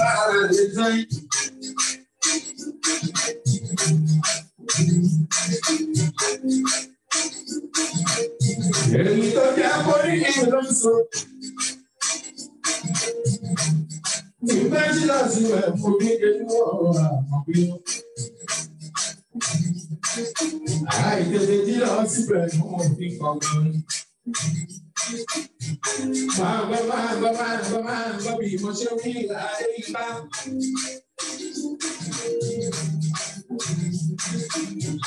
sára lè dán yìí. Èmi tó jẹ́ borí ìlọ́sọ. Ìgbẹ́ jìnnà sí ẹ̀ fún mi nínú ọ̀rọ̀ àmọ́bínú. Àìtètè jìnnà síbẹ̀ fún òfin kọ̀ọ̀kan. Bamba, bamba, bamba, bamba, bimbo, chewila,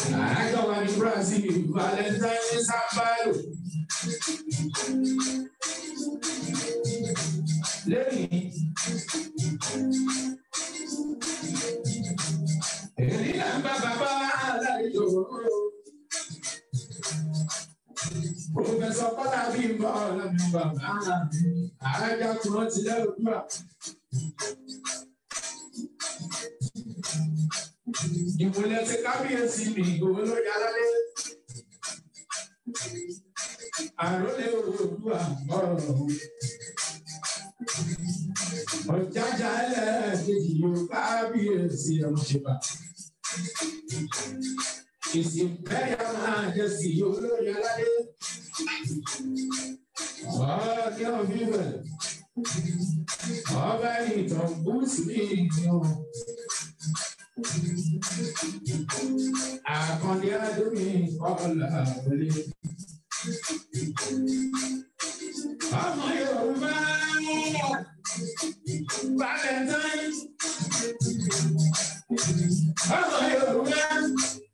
like I don't want to Brazil, Valentine is a battle. Lady. Elina, baba, baba, Òfẹsọ̀ pátá bí n bá ọ̀nà mi bàbá mi, àájá tí wọ́n ti lẹ́rù gbà. Ìmùlẹ̀ ti kábíyèsí mi ìgbòho ló yára lé. Àrólé Oòduà ọ̀rọ̀. Ọ̀jájà ẹlẹ́ẹ̀kejì yóò kábíyèsí ọ̀ṣẹ̀bà. His imperial hand has you realize Wake up, people. Ọba ìtàn gúúsì ìyàn. Àkàndé Adómi ọ̀la wọlé. Ọmọ Yorùbá Valentine. Ọmọ woman.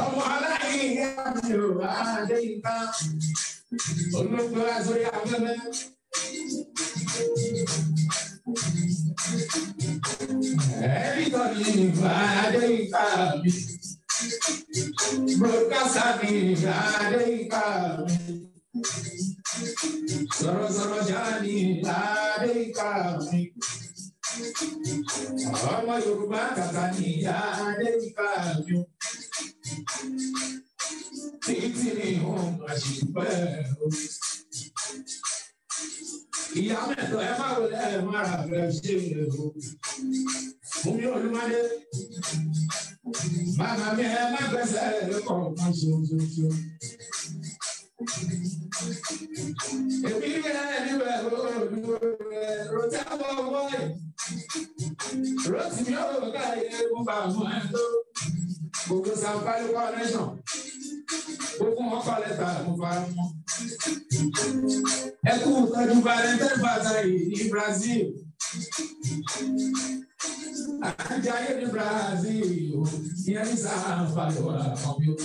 àwọn aláìní yorùbá adé ìta olóògbé àzórí abẹ́rẹ́. Everybody ìbàdé ìta mi. Bọ́dúkásá ni ìbàdé ìta mi. Sọ̀rọ̀sọ̀rọ̀ jáde ọmọ Yorùbá kàkà níyà Adéyíká yó títí ni òun àṣìpẹ́ o. ìyá mẹ́tọ̀ ẹ má wọlé ẹ má ra bẹ̀rẹ̀ ṣe é o. Fúnmi Olúmọdé bàbá mi ẹ má gbẹ́sẹ̀ ẹ lọ́kọ̀ọ̀kan ṣoṣoṣo. If you had you at home, you were at Rotabo White. Rotimi Oga Yebuba Mwendo. Gbogbo Sanfari wa Nation. Gbogbo wọn kọ lẹ́tà mo fara mọ́. Ẹ kú tọ́jú Valentine Battery ní Brazil. Àjàyè ní Brazil yóò yẹ ní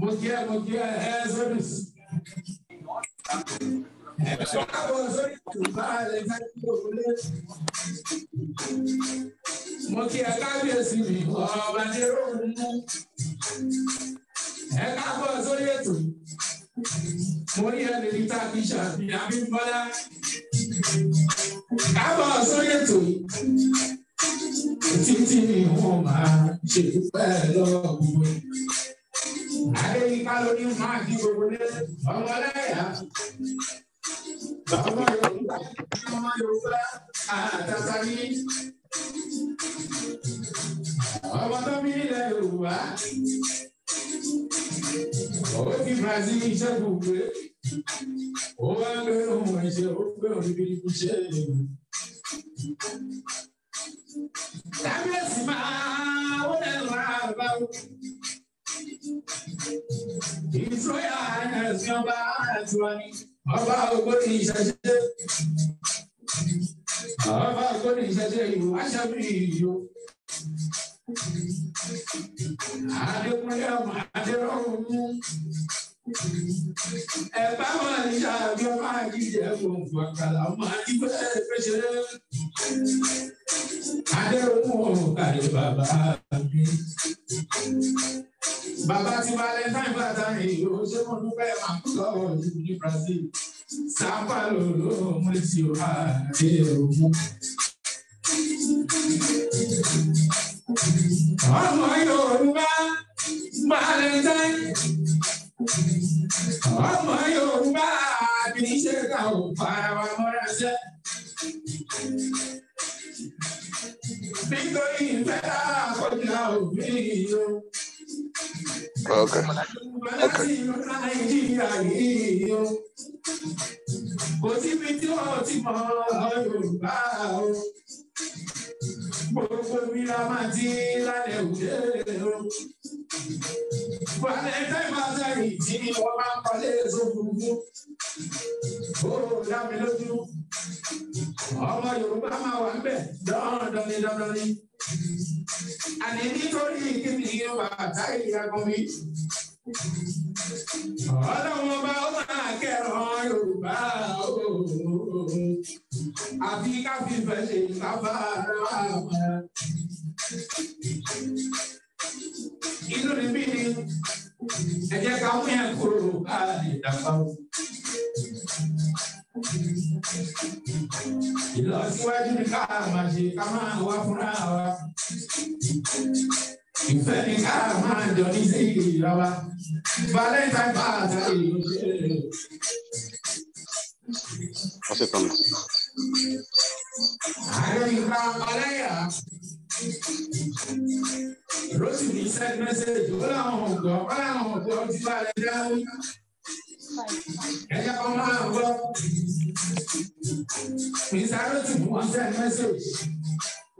Mo jẹ́ mo jẹ́ ẹ sórí. Ẹ̀sọ́ kábọ̀ sórí ìtùbá rẹ̀ fẹ́ kí o lé. Mo kí ẹ kábíyèsí mi, ọba ní ròhùn mú. Ẹ kábọ̀ sórí ètò. Mo rí ẹni níta kí ṣàfihàn bí bọ́lá. Kábọ̀ sórí Ada di kalau ni mah di boleh orang mana ya? Mama yo, mama yo pula, ah, tak ni. Mama tak bila yo, ah. Oh, di Brazil ni saya buka. Oh, aku nak main saya, aku nak beli kucing. Tak biasa, Israel ẹ̀sìn ọba àtúwá ni ọba ògbó ní ìṣẹ̀ṣẹ̀. Ọba ògbó ní ìṣẹ̀ṣẹ̀ ìlú aṣáájú ìyó. Adékúnlé ọmọ Adéròhùn mú. Ẹ̀bá máa ń ṣe àbí ọmọ àjíjẹ gbogbo àkàlà máa ń gbé pẹ́ṣẹ́. Adé òun ò kàdé bàbá mi. Bàbá ti Valentine Valentine yóò ṣé mo dúpẹ́ máa kú lọ́wọ́ ìlú ní Brazil. São Paulo ló mú sí ọ̀hà adé òun. Ọmọ Yorùbá Valentine ọmọ Yorùbá kì ká ò fara wa mọ́ra ṣẹ́. nítorí ìfẹ́ àkọjá òfin yìí o. Okay. Okay. Gbogbo mi la máa ti lálẹ́ òjé o. Balẹ̀ táìmù àtàrí tí wọ́n máa ń palẹ̀ èso gbogbo. Ó dá mi lójú. Ọmọ Yorùbá máa wà níbẹ̀ dandan ni dandan ni. Àní nítorí kí ni Yorùbá àtàrí ìyá kan mi ọlọ́run ọba ó máa kẹ́ràn yorùbá òòrùn àfi káfífẹ́ ṣe kábàárà wa. inú ni bí ẹ jẹ́ ká mú yẹn kúrò ká lè dàgbà o. ìlọsíwájú ni ká máa ṣe ká máa wá fúnra wa ìfẹ́ mi ká máa jọ ní sí ìrọ̀lá valentine pass ọ̀sẹ̀ kan. ààrẹ ìgbà ọlẹ́yà rotimi send message ó láwọn ọ̀gbọ́n ó láwọn ọ̀gbọ́n ti bá rẹ̀ dáwọ́ ẹ̀yà kan máa gbọ́ mr rotimi wọ́n send message.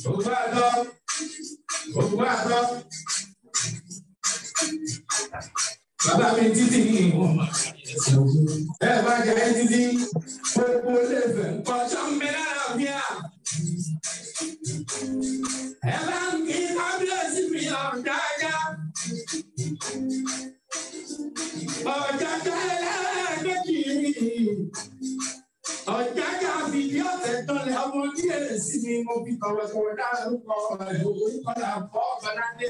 Gbogbo àtọ́. Gbogbo àtọ́. Bàbá mi títí ìwọ̀n. Ẹ bá jẹ ẹ títí. Gbogbo lè fẹ̀ kọjọ́ mi lára bí a. Ẹ bá ń kí kábíyèsí mi ọ̀hún dáadáa. Ọ̀jọ̀ tó lẹ́ẹ̀ẹ́dẹ́gbẹ̀rún ọ̀gágá fìdí ọ̀tẹ̀ tọ́lẹ̀ ọmọ dnc ni mo fi tọ̀wọ̀tọ̀wọ̀ dárúkọ ọ̀dọ̀ oníkọ́lá bọ́ ọ̀bọ̀ládé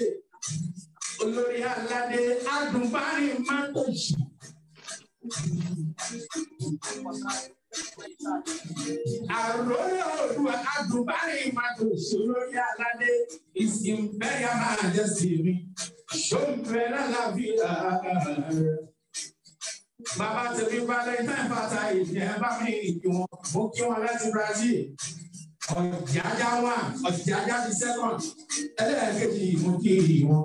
olórí aládé adùnbárì mákòjì. Àròlé Olúwa adùnbárì mákòjì olórí aládé ìsìn bẹ́ẹ̀ yà máa jẹ́ sí mi. Ṣó ń bẹ̀rẹ̀ lábí bàbá tèmi balẹ̀ náà bàtà ìdí ẹ̀ bá mi ìdí wọn mo kí wọn láti Brazil ọ̀jájá wà ọ̀jájá di second ẹlẹ́ẹ̀kejì mo kí ìdí wọn.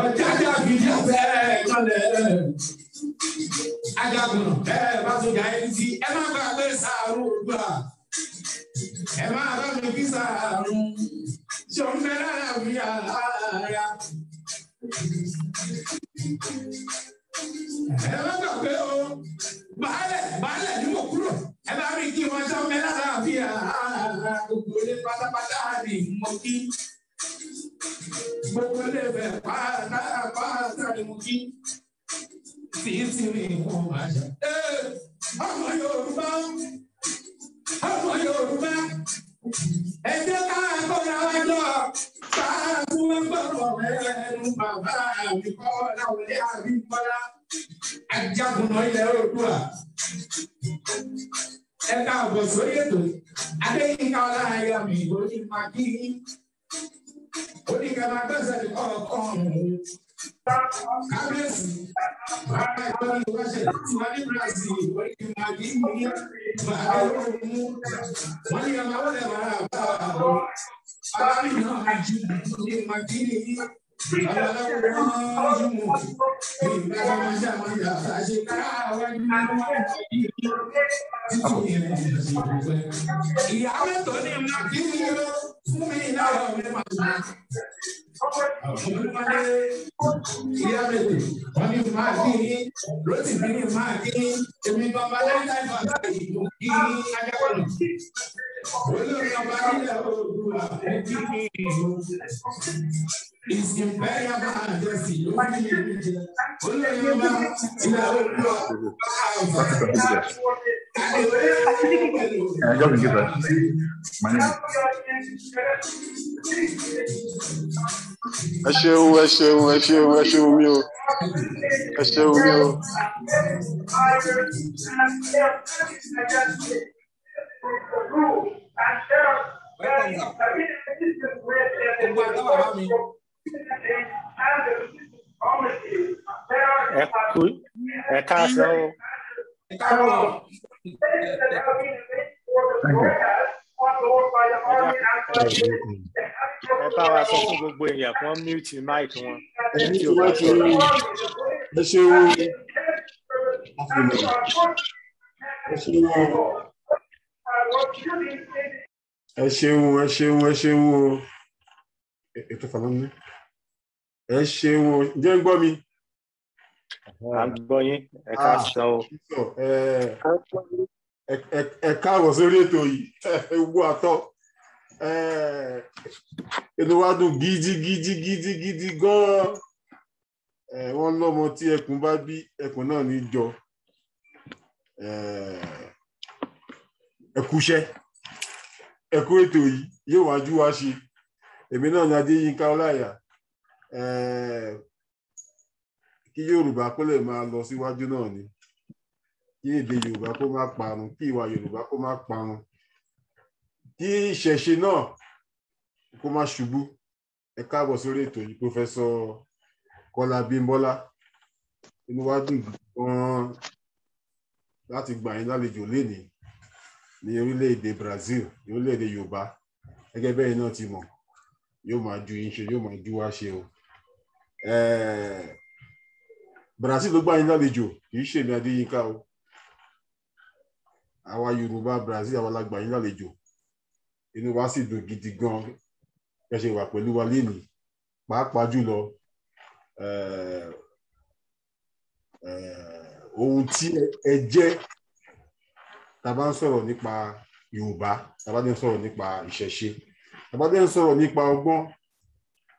ọ̀jájá fi jẹ́ bẹ́ẹ̀ lọ́lẹ̀ ajagun ẹ bá tó jà ẹni tí ẹ má gbàgbé sàárò gbà ẹ má bá mi fi sàárò ṣòun fẹ́ lára mi ẹ má gbà pé o baálẹ̀ baálẹ̀ ni mo kúrò ẹ bá rí kí wọn sọmọ ẹ lára àfi àrà gbogbo ilé pátápátá ni mo kí gbogbo ilé bẹ pátá pátá ni mo kí títí mi kò má ṣe. ọmọ Yorùbá ọmọ Yorùbá ẹ jẹ́ ká kóra wa jọ bá a tún wọ́n gbọ́dọ̀ mẹ́rin bàbá mi kọ́ láwọlé àbí bọ́lá ajagunmọ̀ ilẹ̀ oòdùà ẹ káàbọ̀ sórí ètò adéyínká ọláyà mi lórí màkì oníkàmá gbèsè ọkọ̀ ọ̀hún. Kábíyèsí, bàbá ìwọ́n ní ìwọ́sẹ̀ láti wá ní Brazil, wọ́n ní ìmọ̀ àbí ìmọ̀ bàbá ìwọ́n mú. Wọ́n ní ọmọ àwọn ẹ̀rọ ara àbá àbọ̀. Bàbá mi náà máa ju ní ìmọ̀ àbí ní bàbá aláwọ̀ máa ń mú. Ìgbà kan máa ṣe àwọn ìyá àṣẹ káàwá ní ìlú yẹn ìyá mẹ́tọ́ ní ìmọ̀ àbí ní ìlú fún mi náà ọ̀rẹ́ màá ìyáàbẹ̀tẹ̀ wọn ní máa dín in lọ́sibí ní máa dín in èmi bàbá lẹ́yìn náà bàbá ìlú kí ajákọ̀lù. olórí ọba nílẹ̀ òdùwà ẹ̀jí kí ìlú. His imperial majesty lórí ìrìnjẹ olóyìnbá ilẹ̀ olùkọ́ àgbà I just give her é káàsán o. é káàbọ̀. ẹ bá wa sọ fún gbogbo èèyàn kan mute mic wọn. ẹ ṣeun ẹ ṣeun ẹ ṣeun ẹ ṣeun ẹ ṣeun o ètò fàlọ́nù ẹ ṣeun o ǹjẹ́ ń gbọ́ mi. à ń gbọ́ yín ẹ ká ah, sọ o. ẹ káàbọ̀ sórí ètò yìí gbogbo àtọ́ inú wa dùn gidigidigidi gan-an wọ́n lọ́mọ tí ẹkùn bá bí ẹkùn náà ní jọ ẹkúṣẹ́ ẹkú ètò yìí yóò wájú wá ṣe èmi náà ni Adéyínká Ọláìyá Eh, kí yorùbá kó lè máa lọ síwájú náà ni kí èdè yorùbá kó má parun kí ìwà yorùbá kó má parun kí ìṣẹ̀ṣe náà kó má ṣubú ẹ káàbọ̀ sórí ètò yìí pòfẹ́sọ kọ́lá bímbọ́lá inú wa dùn gan láti gbà yín lálejò lénìí ní orílẹ̀-èdè brazil ní orílẹ̀-èdè yorùbá gẹ́gẹ́ bẹ́ẹ̀ náà ti mọ̀ yóò máa ju yín ṣe yóò máa ju wá ṣe o. Eh, Brazil ló gbà yín lálejò kì í ṣèmi Adéyínká o àwa Yorùbá Brazil àwa la gbà yín lálejò inú wa sì dùn gidi gan ẹ ṣe wà pẹ̀lú wa lénìí pàápàá jùlọ eh, eh, ohun tí ẹ jẹ́ tá a bá ń sọ̀rọ̀ nípa Yorùbá tá a bá ń sọ̀rọ̀ nípa ìṣẹ̀ṣe tá ń sọ̀rọ̀ nípa ọgbọ́n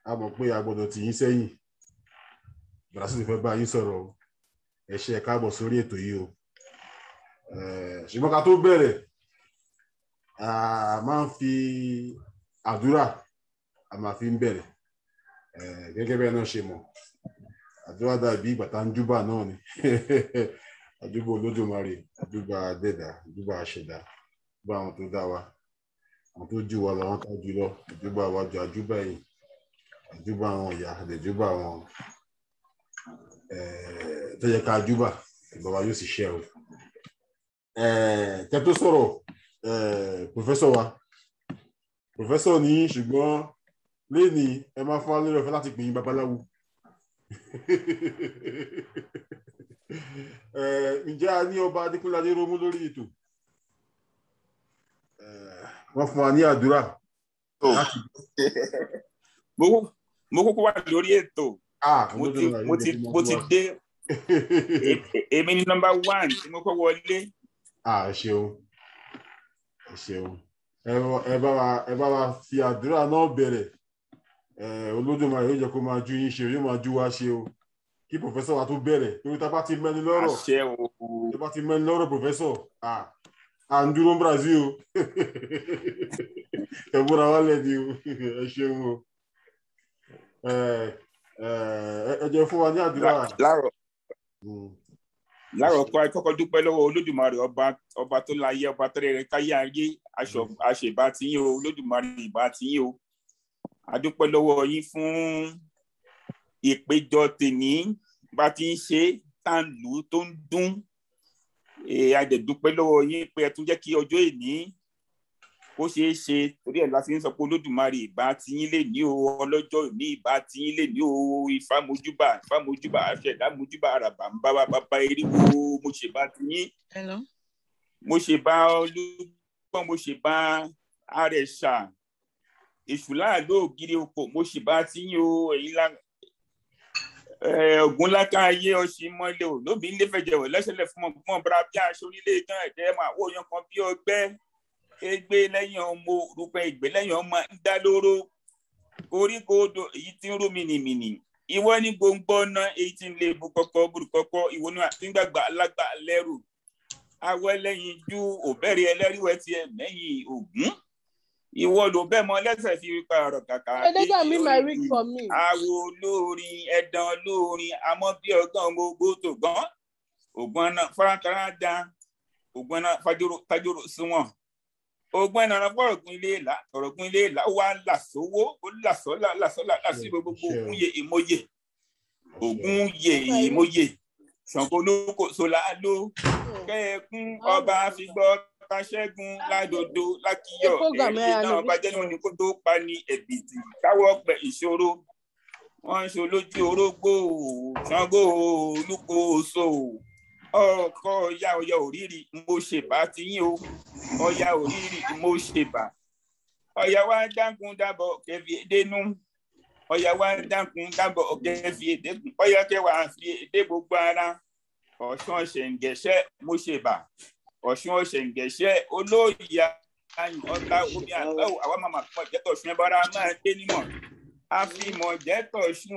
a mọ̀ pé a gbọ́dọ̀ tì yín sẹ́yìn Brazil fẹ́ bá yín sọ̀rọ̀ o ẹ ṣe ẹ káàbọ̀ sórí ètò yìí o ṣùgbọ́n ká tó bẹ̀rẹ̀ a máa ń fi àdúrà a máa fi ń bẹ̀rẹ̀ gẹ́gẹ́ bẹ́ẹ̀ náà ṣe mọ̀ àdúrà dàbí bàtà ń júbà náà ni àdúgbò olódùmarè àdúgbà dẹ́dà àdúgbà àṣẹ̀dá àdúgbà àwọn tó dá wa àwọn tó jù wá làwọn ká jù lọ àdúgbà wájú àdúgbà yìí àdúgbà àwọn ìyá àdẹ̀júbà àwọn Eh, tẹ́jẹ́ ká júbà ìbàbá yóò sì ṣe o eh, kẹ́ tó sọ̀rọ̀ eh, pòfẹ́sọ̀ wa pòfẹ́sọ̀ ní ṣùgbọ́n lẹ́ni ẹ máa fún wa lérò ọ̀fẹ́ láti pè yín babaláwo ǹjẹ́ a ní ọba adékúnlé adéròmú lórí ètò wọ́n fún wa ní àdúrà. Oh. mo kúkú wà lórí ètò Ah, mo ti mo ti mo ti dé èmi ni nọ́mbà one tí mo kọ́ wọlé. Ah, ẹ ṣeun ẹ ṣeun ẹ bá wa ẹ bá wa fi àdúrà náà bẹ̀rẹ̀ olódùmarè yóò jẹ́ kó máa ju yín ṣe yóò máa ju wa ṣe o kí pòfẹ́sọ̀ wa tó bẹ̀rẹ̀ torí tá a bá ti mẹ́ni lọ́rọ̀ tá a bá ti mẹ́ni lọ́rọ̀ pòfẹ́sọ̀ à ń dúró Brazil o ẹ múra wálẹ̀ ni o ẹ ṣeun o. Eh, ẹ jẹ́ fún wa ní àdúrà. láàárọ̀ hmm. láàárọ̀ kọ́ akọ́kọ́ dúpẹ́ lọ́wọ́ olódùmarè ọba ọba tó láyé ọba tó rẹ̀ káyé ayé àṣẹ̀bá hmm. ti yín o olódùmarè ìbá ti yín o adúpẹ́ lọ́wọ́ yín fún ìpéjọ tèmi bá ti ń ṣe tá ń lù ú tó ń dún àdẹ̀dúpẹ́ eh, lọ́wọ́ yín pé ẹ tún jẹ́ kí ọjọ́ èní ó ṣeé ṣe torí ẹ̀ láti ń sọ pé olódùmarè ìbá tiyín lè ní o ọlọ́jọ́ ìní ìbá tiyín lè ní o ìfàmójúbà ìfàmójúbà àṣẹdámójúbà àràbà ń bábà bàbá eriwo mo ṣe bá tiyín mo ṣe bá olúgbọ́n mo ṣe bá àrẹ̀ṣà èṣù láàdó ògiri oko mo ṣe bá tiyín o èyí lá ogun láká ayé ọsìn mọ́lẹ̀ o lóbi ń lé fẹ̀jẹ̀ wọ̀ lẹ́sẹ̀lẹ̀ fún ọmọ bíra bí aṣọ orílẹ̀ ìtàn ẹ̀dẹ́ máa wọ̀ yan kan bí ọgbẹ́ egbe lẹ́yìn ọmọ òrukàn egbe lẹ́yìn ọmọ ń koríko odò èyí tí ń rú mìnìmìnì ìwọ ní gbòǹgbò ọ̀nà èyí tí ń lè bu kọ́kọ́ burú kọ́kọ́ ìwọ ní àtúngbàgbà alágbà lẹ́rù awọ ẹlẹ́yin ju òbẹ̀rẹ̀ ẹlẹ́rìíwẹ̀ tiẹ̀ mẹ́yìn ògún ìwọ ló bẹ́ẹ̀ mọ lẹ́sẹ̀ fi pa ọ̀rọ̀ kàkà àti àwo lórin ẹ̀dán lórin amọ́ bí ọgán gbogbo tó gán ògbọ́n náà farankaran dán ògbọ́n náà fajoro sunwọ̀n ogun ẹnu ọ̀rọ̀ ọ̀gùn ilé ìlà ọ̀rọ̀gùn ilé ìlà ó wá là sówó ó là sọ́là là sọ́là là sí gbogbo ogun yẹ ìmọ̀yẹ ogun yẹ ìmọ̀yẹ ṣàngó olóko sọlá ló kẹ́ẹ̀kún ọba fígbọ́ káṣẹ́gun ládòdò lákìyọ̀ èrè náà bàjẹ́ náà ni kó tó pa ní ẹ̀bìtì káwọ́ pẹ̀ ìṣòro wọ́n ṣe olójú orógbó ṣàngó olúkòóso ọkọ ọya ọya òrìrì mo ṣèbà ti yín o ọya òrìrì mo ṣèbà ọya wa dákun dábọ̀ kẹfì dénú ọya wa dákun dábọ̀ kẹfì dékun ọya kẹwàá fi dé gbogbo ara ọ̀ṣun ṣẹ̀ǹgẹ̀ṣẹ̀ mo ṣèbà ọ̀ṣun ṣẹ̀ǹgẹ̀ṣẹ̀ olóòyà ayin ọba omi àtọ àwọn màmá kan jẹ́tọ̀ sun ẹbọra máa ń gbé nímọ̀ àfihàn jẹ́tọ̀ sun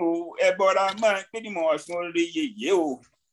ẹbọra máa ń gbé nímọ̀ ọ̀ṣun rẹ yèyé o.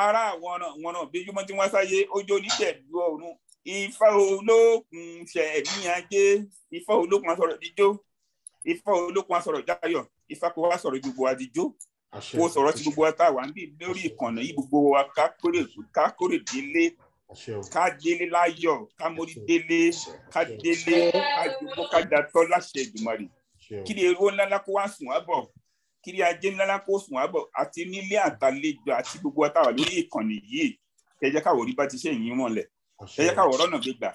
ara àwọn ọ̀nà wọn náà bí júmọ́ tí wọ́n sáyé ọjọ́ oníṣẹ̀dú ọ̀run ifá olókun ṣẹ̀mí ajé ifá olókun asọ̀rọ̀ díjó ifá olókun asọ̀rọ̀ dáyọ̀ ifá kò wá sọ̀rọ̀ gbogbo adijó kò sọ̀rọ̀ sí gbogbo ata wà ń bì lórí ìkànnì yìí gbogbo wa ká kórè délé ká délé láyọ̀ ká mórí délé ká délé ká jogbo ká datọ́ láṣẹ Èdùmàrè kí ni èrò ńlá ńlá kó wá sùn wá bọ̀ káàkiri ajé ńlá lákòóso àbọ̀ àti nílé àtàlejò àti gbogbo àtàwà lórí ìkànnì yìí kẹjẹ káwọ orí bá ti ṣe yín wọn lẹ kẹjẹ káwọ ọ̀rọ̀ náà gbégbà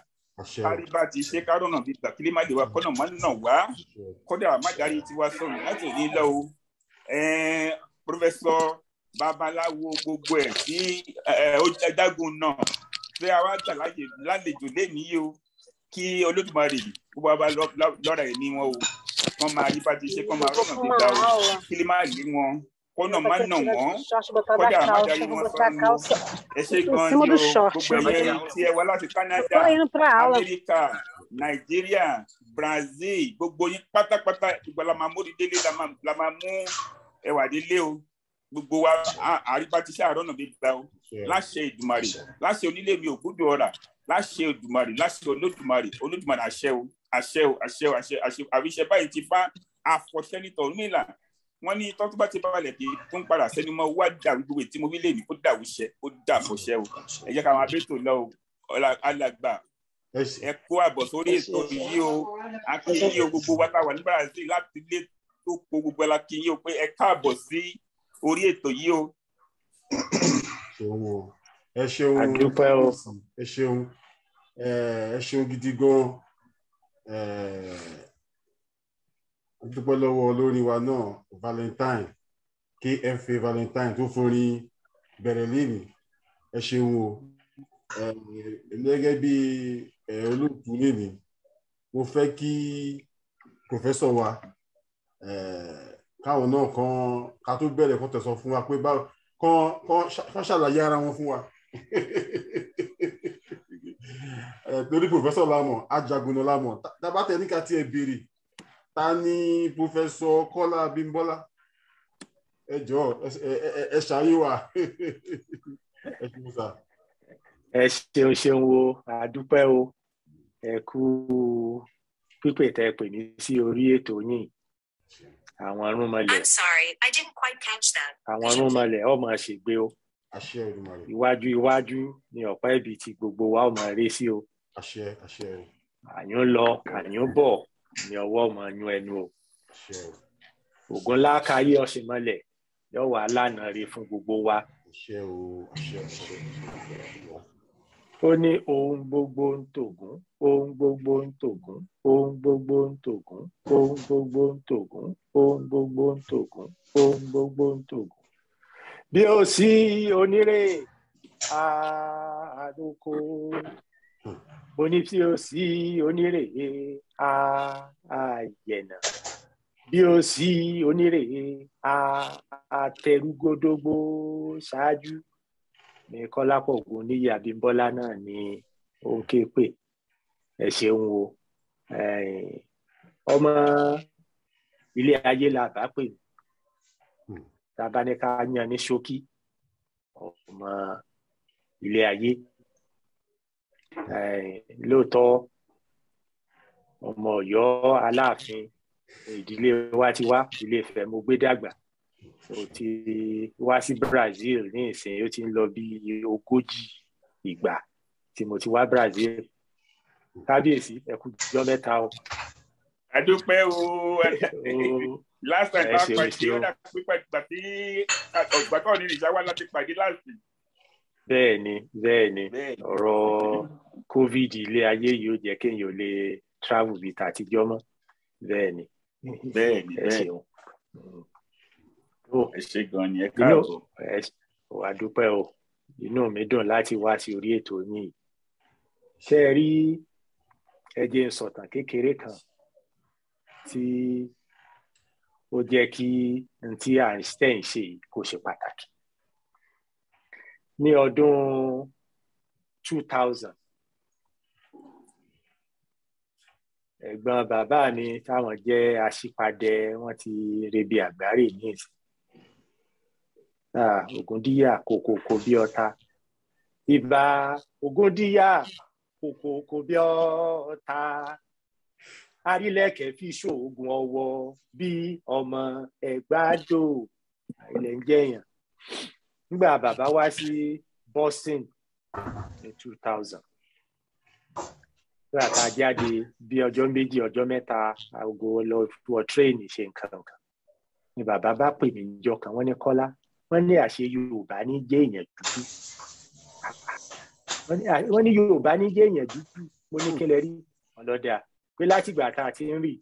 kárí bá ti ṣe kárọ náà gbégbà kí lè má lè wá kọ́nà má nà wá kọ́dà má darí tiwa sọ̀rọ̀ láti òní lọ o pọfẹsọ babaláwo gbogbo ẹ sí ẹdágun náà fẹ àwa gbà lálejò lẹ́nìí o kí Olódùmarè gbogbo àbá lọ́ra ẹ̀ ní wọn o. wọ́n máa yí Baptist kọ́ máa rọ́nà tó dá o kí lè má yí wọn kọ́nà má nà wọ́n kọ́dà má darí wọn é ẹ ṣe gan ni o gbogbo ẹ̀yẹ tí ẹ wá láti Canada Amẹ́ríkà pata Brazil gbogbo mamu pátápátá ìgbà la máa mú dídélé la máa mú ẹwà délé o gbogbo wa àríbátíṣẹ́ àrọ́nà bíbá o láṣẹ Ìdùmarè láṣẹ onílé mi ògúdù láṣẹ Olódùmarè láṣẹ Olódùmarè Olódùmarè àṣẹ o àṣẹ o àṣẹ o àṣẹ àṣẹ àríṣẹ báyìí ti fa àfọ̀sẹ́nitọ̀ nílà wọ́n ní tọ́tún bá ti balẹ̀ bí tó ń padà sẹ́ni mọ́ wá dàrú gbogbo tí mo fi lè ní kó dàrú ṣẹ kó dà fọ̀ṣẹ́ o ẹ jẹ́ ká máa bẹ́ẹ̀ tó lọ o alàgbà ẹ kó àbọ̀ sórí ètò yìí o akínyí o gbogbo wa táwa ní Brazil láti lé tó po gbogbo alákínyí o pé ẹ káàbọ̀ sí orí ètò yìí o ẹ ṣeun àdúpẹ́ o ẹ ṣeun ẹ ṣeun gidi gan a dúpẹ́ lọ́wọ́ olórí wa náà valentine kfa valentine tó forin bẹ̀rẹ̀ lẹ́nu ẹ ṣeun o gẹ́gẹ́ bí olóòtú lẹ́nu mo fẹ́ kí pòfẹ́sọ̀ wa káwọn náà kan ká tó bẹ̀rẹ̀ kan tẹ̀sán fún wa pé báwo kan ṣàlàyé ara wọn fún wa. Eh, torí professor lamọ ajagunna lamọ dábàtẹ ní ká tiẹ̀ béèrè ta ni professor kọ́lá abímbọ́lá ẹ jọ ẹ ṣàyè wa ẹ ṣeun sá. ẹ ṣeun ṣeun o àdúpẹ́ o ẹ kú pípè tẹ pè mí sí orí ètò yìí àwọn arúnmọlẹ̀ àwọn arúnmọlẹ̀ ọmọ àṣègbè o àṣẹ Olódùmarè. iwájú iwájú ni ọ̀pá ẹ̀bì tí gbogbo wa ó máa ré sí o. àṣẹ àṣẹ. àyùn lọ àyùn bọ̀ ni ọwọ́ máa yún ẹnu o. ògùn lákàáyé ọ̀sìn mọ́lẹ̀ yóò wà lánàá rí fún gbogbo wa. àṣẹ o àṣẹ àṣẹ. ó ní ohun gbogbo ń tògún ohun gbogbo ń tògún ohun gbogbo ń tògún ohun gbogbo ń tògún ohun gbogbo ń tògún ohun gbogbo ń tògún bí ó sí onírè àdókò mo ní bí ó sí onírè àyẹ̀nà bí ó sí onírè àtẹrúgódógbó ṣáájú ní kọ́lápọ̀ ògùn níyì àbímbọ́lá náà ní òkè pé ẹ ṣeun o ọmọ ilé ayé la bá pè mí tá a tàbá ní ká yan ní ṣókí ọmọ ilé ayé lóòótọ́ ọmọ Ọ̀yọ́ Aláàfin ìdílé wa ti wá ilé Ifẹ̀ mo gbé dàgbà o ti wá sí Brazil ní ìsìn ó ti ń lọ bí ogójì ìgbà tí mo ti wá Brazil kábíyèsí ẹ kú jọ́ mẹ́ta o. a dúpẹ́ o. last time bá pàdé ó dàbí pípẹ́ ìgbà tí ọ̀gbà kan ní ìyá wa láti pàdé láti. bẹ́ẹ̀ni bẹ́ẹ̀ni ọ̀rọ̀ covid ilé ayé yìí ó jẹ́ kéèyàn lè travel bíi tàtijọ́ mọ́ bẹ́ẹ̀ni. bẹ́ẹ̀ni bẹ́ẹ̀ni ẹ ṣe oh. gan ni ẹ káàbọ̀. ẹ wà dúpẹ́ o inú mi dùn láti wá sí orí ètò yìí ṣe é rí ẹ jẹ́ n sọ̀tàn kékeré kan tí. Si ó jẹ́ kí n tí Einstein ṣe kó ṣe pàtàkì. Ní ọdún 2000 ẹ̀gbọ́n bàbá mi táwọn jẹ́ aṣípadẹ wọ́n ti rebi àgbárí ní ìsìn ah, Ògúndíyà kòkòkò bí ọ̀tá ìbà Ògúndíyà kòkòkò bí ọ̀tá arílẹ̀kẹ̀ fi ṣoògùn ọwọ́ bí ọmọ ẹ̀gbádò ilẹ̀ ń jẹ̀yàn nígbà bàbá wá sí Boston ní two thousand nígbà tá a jáde bí ọjọ́ méjì ọjọ́ mẹ́ta àgọ́ lọ wọ tírẹ́ẹ̀nì ṣe nǹkan kan ni bàbá bá pè mí jọ kan wọ́n ní Kọ́lá wọ́n ní àṣẹ Yorùbá ní jẹ́ èèyàn dúdú wọ́n ní Yorùbá ní jẹ́ èèyàn dúdú mo ní kẹlẹ́ rí ọlọ́dà pé látìgbà tá a ti ń rí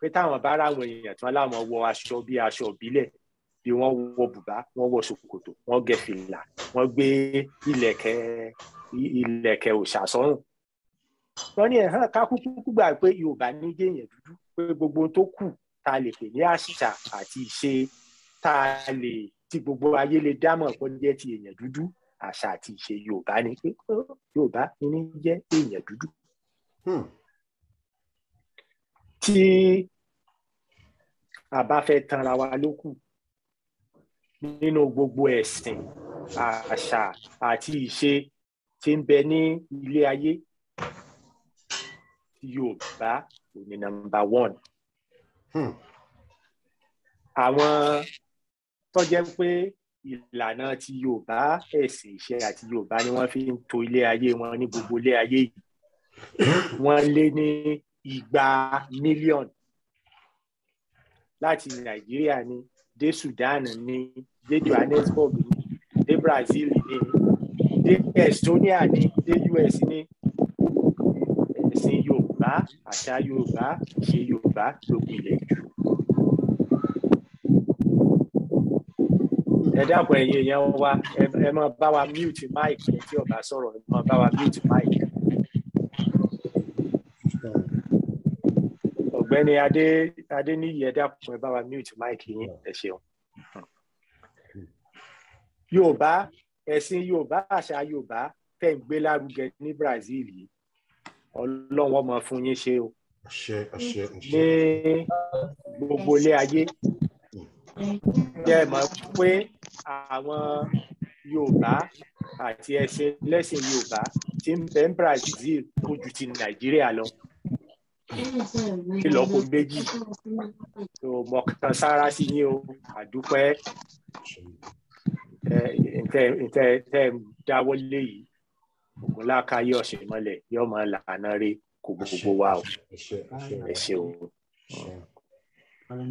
pé táwọn bá ráwọn èèyàn tí wọ́n láwọn wọ aṣọ bí aṣọ òbílẹ̀ bí wọ́n wọ bùbá wọ́n wọ ṣòkòtò wọ́n gẹ fìlà wọ́n gbé ìlẹ̀kẹ̀ ìlẹ̀kẹ̀ òòṣà sọ́rùn wọ́n ní ẹ̀hán kákúkú gbà pé yorùbá ní géèyàn dúdú pé gbogbo tó kù tá a lè pè ní àṣà àti ìṣe tá lè tí gbogbo ayé lè dámọ̀ kó jẹ́ ti èèyàn dúdú àṣà àti ìṣe yorùbá ni pé yorùbá ní jẹ́ èèyàn dúdú. Hmm tí a bá fẹ́ tanra wa lókù nínú gbogbo ẹ̀sìn àṣà àti ìṣe tí ń bẹ ní ilé ayé Yorùbá ò ní nọ́mbà one. Hmm. àwọn tó jẹ́ pé ìlànà ti Yorùbá ẹ̀sìn ìṣe àti Yorùbá ni wọ́n fi ń tò ilé ayé wọn ní gbogbo ilé ayé yìí wọ́n lé ní igba mílíọ̀nù láti nàìjíríà ni dé sudan ni dé johannesburg ni dé brazil ni dé estonia ni dé us ni ẹ̀sìn yorùbá àṣà yorùbá ṣe yorùbá ló pilẹ̀ jù. ẹ dákun ẹ̀yin èèyàn wa ẹ máa bá wa mute mic tí ó bá sọ̀rọ̀ ẹ máa bá wa mute mic ọ̀gbẹ́ni adé adéníyì ẹ dákun ẹ bá wa mute mic yín ẹ ṣeun yorùbá ẹ̀sìn yorùbá àṣà yorùbá tẹ̀ ń gbé lárugẹ ní brazil yìí ọlọ́run ọmọ fún yín ṣe o ní gbogbo ilé ayé jẹ́ mọ̀ pé àwọn yorùbá àti ẹ̀sìn lẹ́sìn yorùbá ti ń bẹ ní brazil ojú ti nàìjíríà lọ ìlọ́po méjì tó mọ̀kàn sára sí yín o àdúpẹ́ ntẹ́ ń dáwọ́ lé yìí òun láàkáyé ọ̀sìn mọ́lẹ̀ yóò máa làánà rí kò gbogbo wa o ẹ ṣe mm.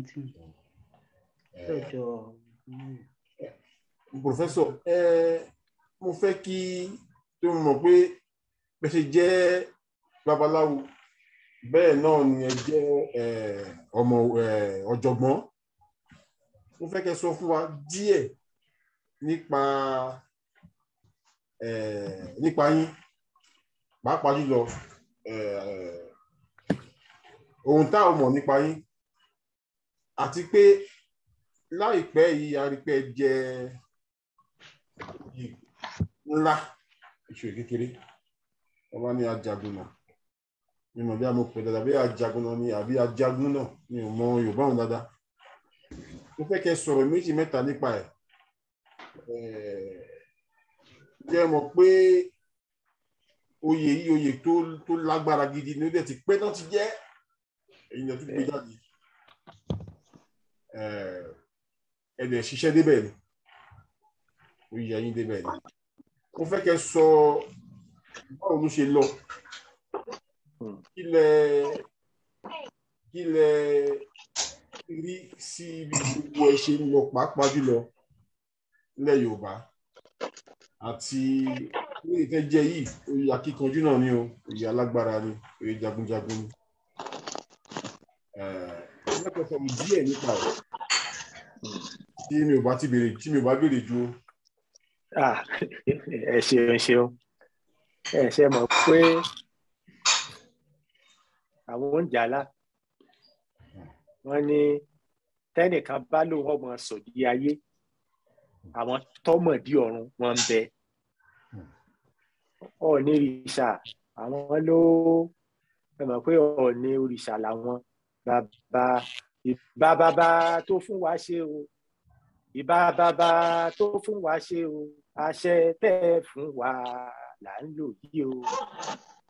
Professor ẹ mo fẹ́ kí tó mọ̀ pé bẹ́sẹ̀ jẹ́ babaláwo bẹ́ẹ̀ náà ni ẹ jẹ́ ọmọ ọ̀jọ̀gbọ́n mo fẹ́ kẹ́ sọ fún wa díẹ̀ nípa nípa yín pàápàá jùlọ ohun tá ò mọ̀ nípa yín àti pé láìpẹ́ yìí a rí pé ẹ jẹ́ ńlá ìṣòro kékeré ọba ní ajagunà mi mọ̀ bí a mọ̀ pé dáadáa bí ajagun náà ni àbí ajagun náà mi ò mọ Yorùbá òun dáadáa mo fẹ́ kẹ́ sọ̀rọ̀ méjì mẹ́ta nípa ẹ̀ jẹ́ mọ̀ pé oyè yìí oyè tó tó lágbára gidi ni ó dẹ̀ ti pẹ́ náà ti jẹ́ èyí ni ẹ tún gbé jáde ẹ ṣiṣẹ́ débẹ̀ ni oyè ayé débẹ̀ ni mo fẹ́ kẹ́ sọ báwo ló ṣe lọ. Hmm. kí lẹ kí lẹ rí sí ibi gbogbo ẹ ṣe ń lọ pàápàá jùlọ nílẹ̀ Yorùbá àti ilé ìtẹ́jẹ yìí oyè akíkanjú náà ni o oyè alágbára ni oyè jagunjagun ni lẹ́kọ̀ọ́ sọ̀rọ̀ díẹ̀ nípa rẹ̀ tí mi ò bá ti béèrè tí mi ò bá béèrè ju. Ah, ẹ ṣeun ṣeun ẹ ṣe mọ̀ pé àwọn oúnjẹ alá wọn ní tẹnìkan bá lóun ọmọ sòdí ayé àwọn tọmọdí ọ̀run wọn ń bẹ ọ̀ọ́ni ìṣà àwọn ló ẹ mọ̀ pé ọ̀ọ́ni òrìṣà làwọn bàbá ìbábàbà tó fún wa ṣe o ìbábàbà tó fún wa ṣe o àṣẹ tẹ́ fún wa là ń lò yìí o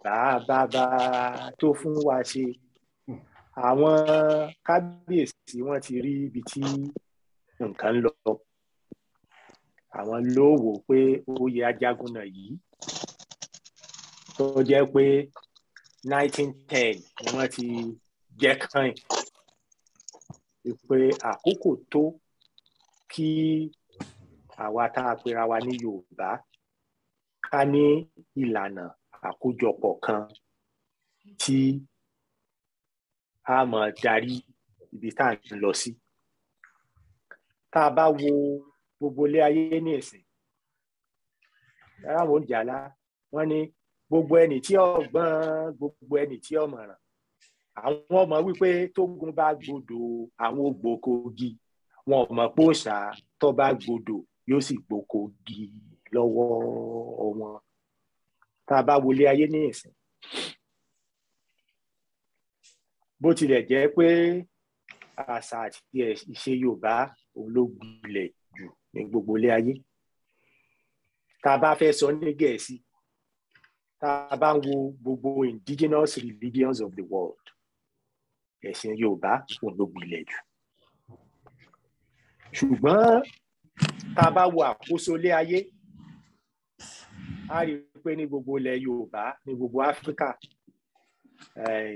bàbá tó fún wa ṣe àwọn kábíyèsí wọn ti rí ibi tí nǹkan ń lọ àwọn ló wò pé oyè ajagun náà yìí tó jẹ́ pé 1910 ni wọ́n ti jẹ́ kàn pé àkókò tó kí àwa tá a pera wa ní Yorùbá ká ní ìlànà àkójọpọ̀ kan tí a máa darí ibi tá à ń lọ sí tá a bá wo gbogbo ilé ayé ní ẹ̀sìn aráwọ̀ ìjàlá wọn ni gbogbo ẹni tí ọgbọ́n gbogbo ẹni tí ọmọràn àwọn ọmọ wípé tógun bá gbodò àwọn ògbó kogi wọn ọmọ pòṣà tó bá gbodò yóò sì gboko lọ́wọ́ wọn tá a bá wọlé ayé ní ìsìn bó tilẹ̀ jẹ́ pé àṣà àti ìṣe Yorùbá òun ló gbilẹ̀ jù ní gbogbo ilé ayé tá a bá fẹ́ sọ ní Gẹ̀ẹ́sì tá a bá ń wo gbogbo indigenous religions of the world ẹ̀sìn Yorùbá òun ló gbilẹ̀ jù ṣùgbọ́n tá a bá wo àkóso ilé ayé a rí pé ní gbogbo ilẹ̀ Yorùbá ní gbogbo Áfíríkà eh,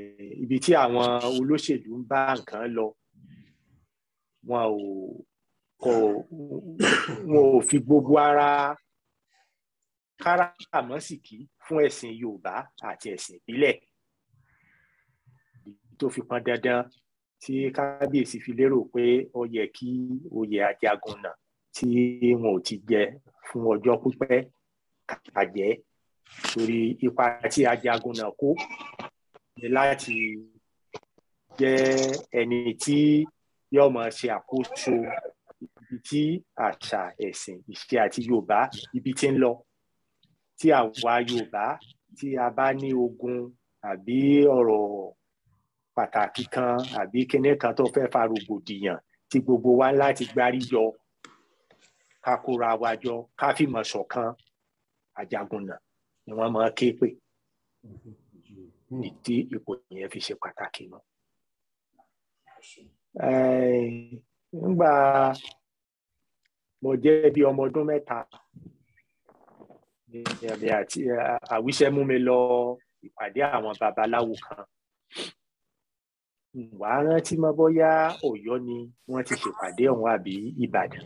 ibi tí àwọn olóṣèlú ń bá nǹkan lọ wọn ò kò wọn ò fi gbogbo ara káràmọ́sìkí fún ẹ̀sìn Yorùbá àti ẹ̀sìn ìbílẹ̀ tó fi pọn dandan tí kábíyèsí fi lérò pé ó yẹ kí oyè ajagun náà tí wọn ò ti jẹ fún ọjọ́ pípẹ́ kàjẹ́ torí ipa tí ajagun náà kó ni láti jẹ́ ẹni tí yóò máa ṣe àkóso ibi tí àṣà ẹ̀sìn ìṣe àti Yorùbá ibi tí ń lọ tí àwa Yorùbá tí a bá ní ogun àbí ọ̀rọ̀ pàtàkì kan àbí kíní kan tó fẹ́ fa tí gbogbo wa láti gbárí yọ ká kóra wa ṣọ̀kan àjagun náà ni wọ́n máa ké pè hmm. ìdí ipò yẹn fi ṣe pàtàkì náà hmm. nígbà mo jẹ́ bí ọmọ ọdún mẹ́ta ẹ̀mí àti àwíṣẹ́ mú mi lọ ìpàdé àwọn babaláwo kan wà á rántí mọ́ bóyá Ọ̀yọ́ ni wọ́n ti ṣèpàdé ọ̀hún àbí Ìbàdàn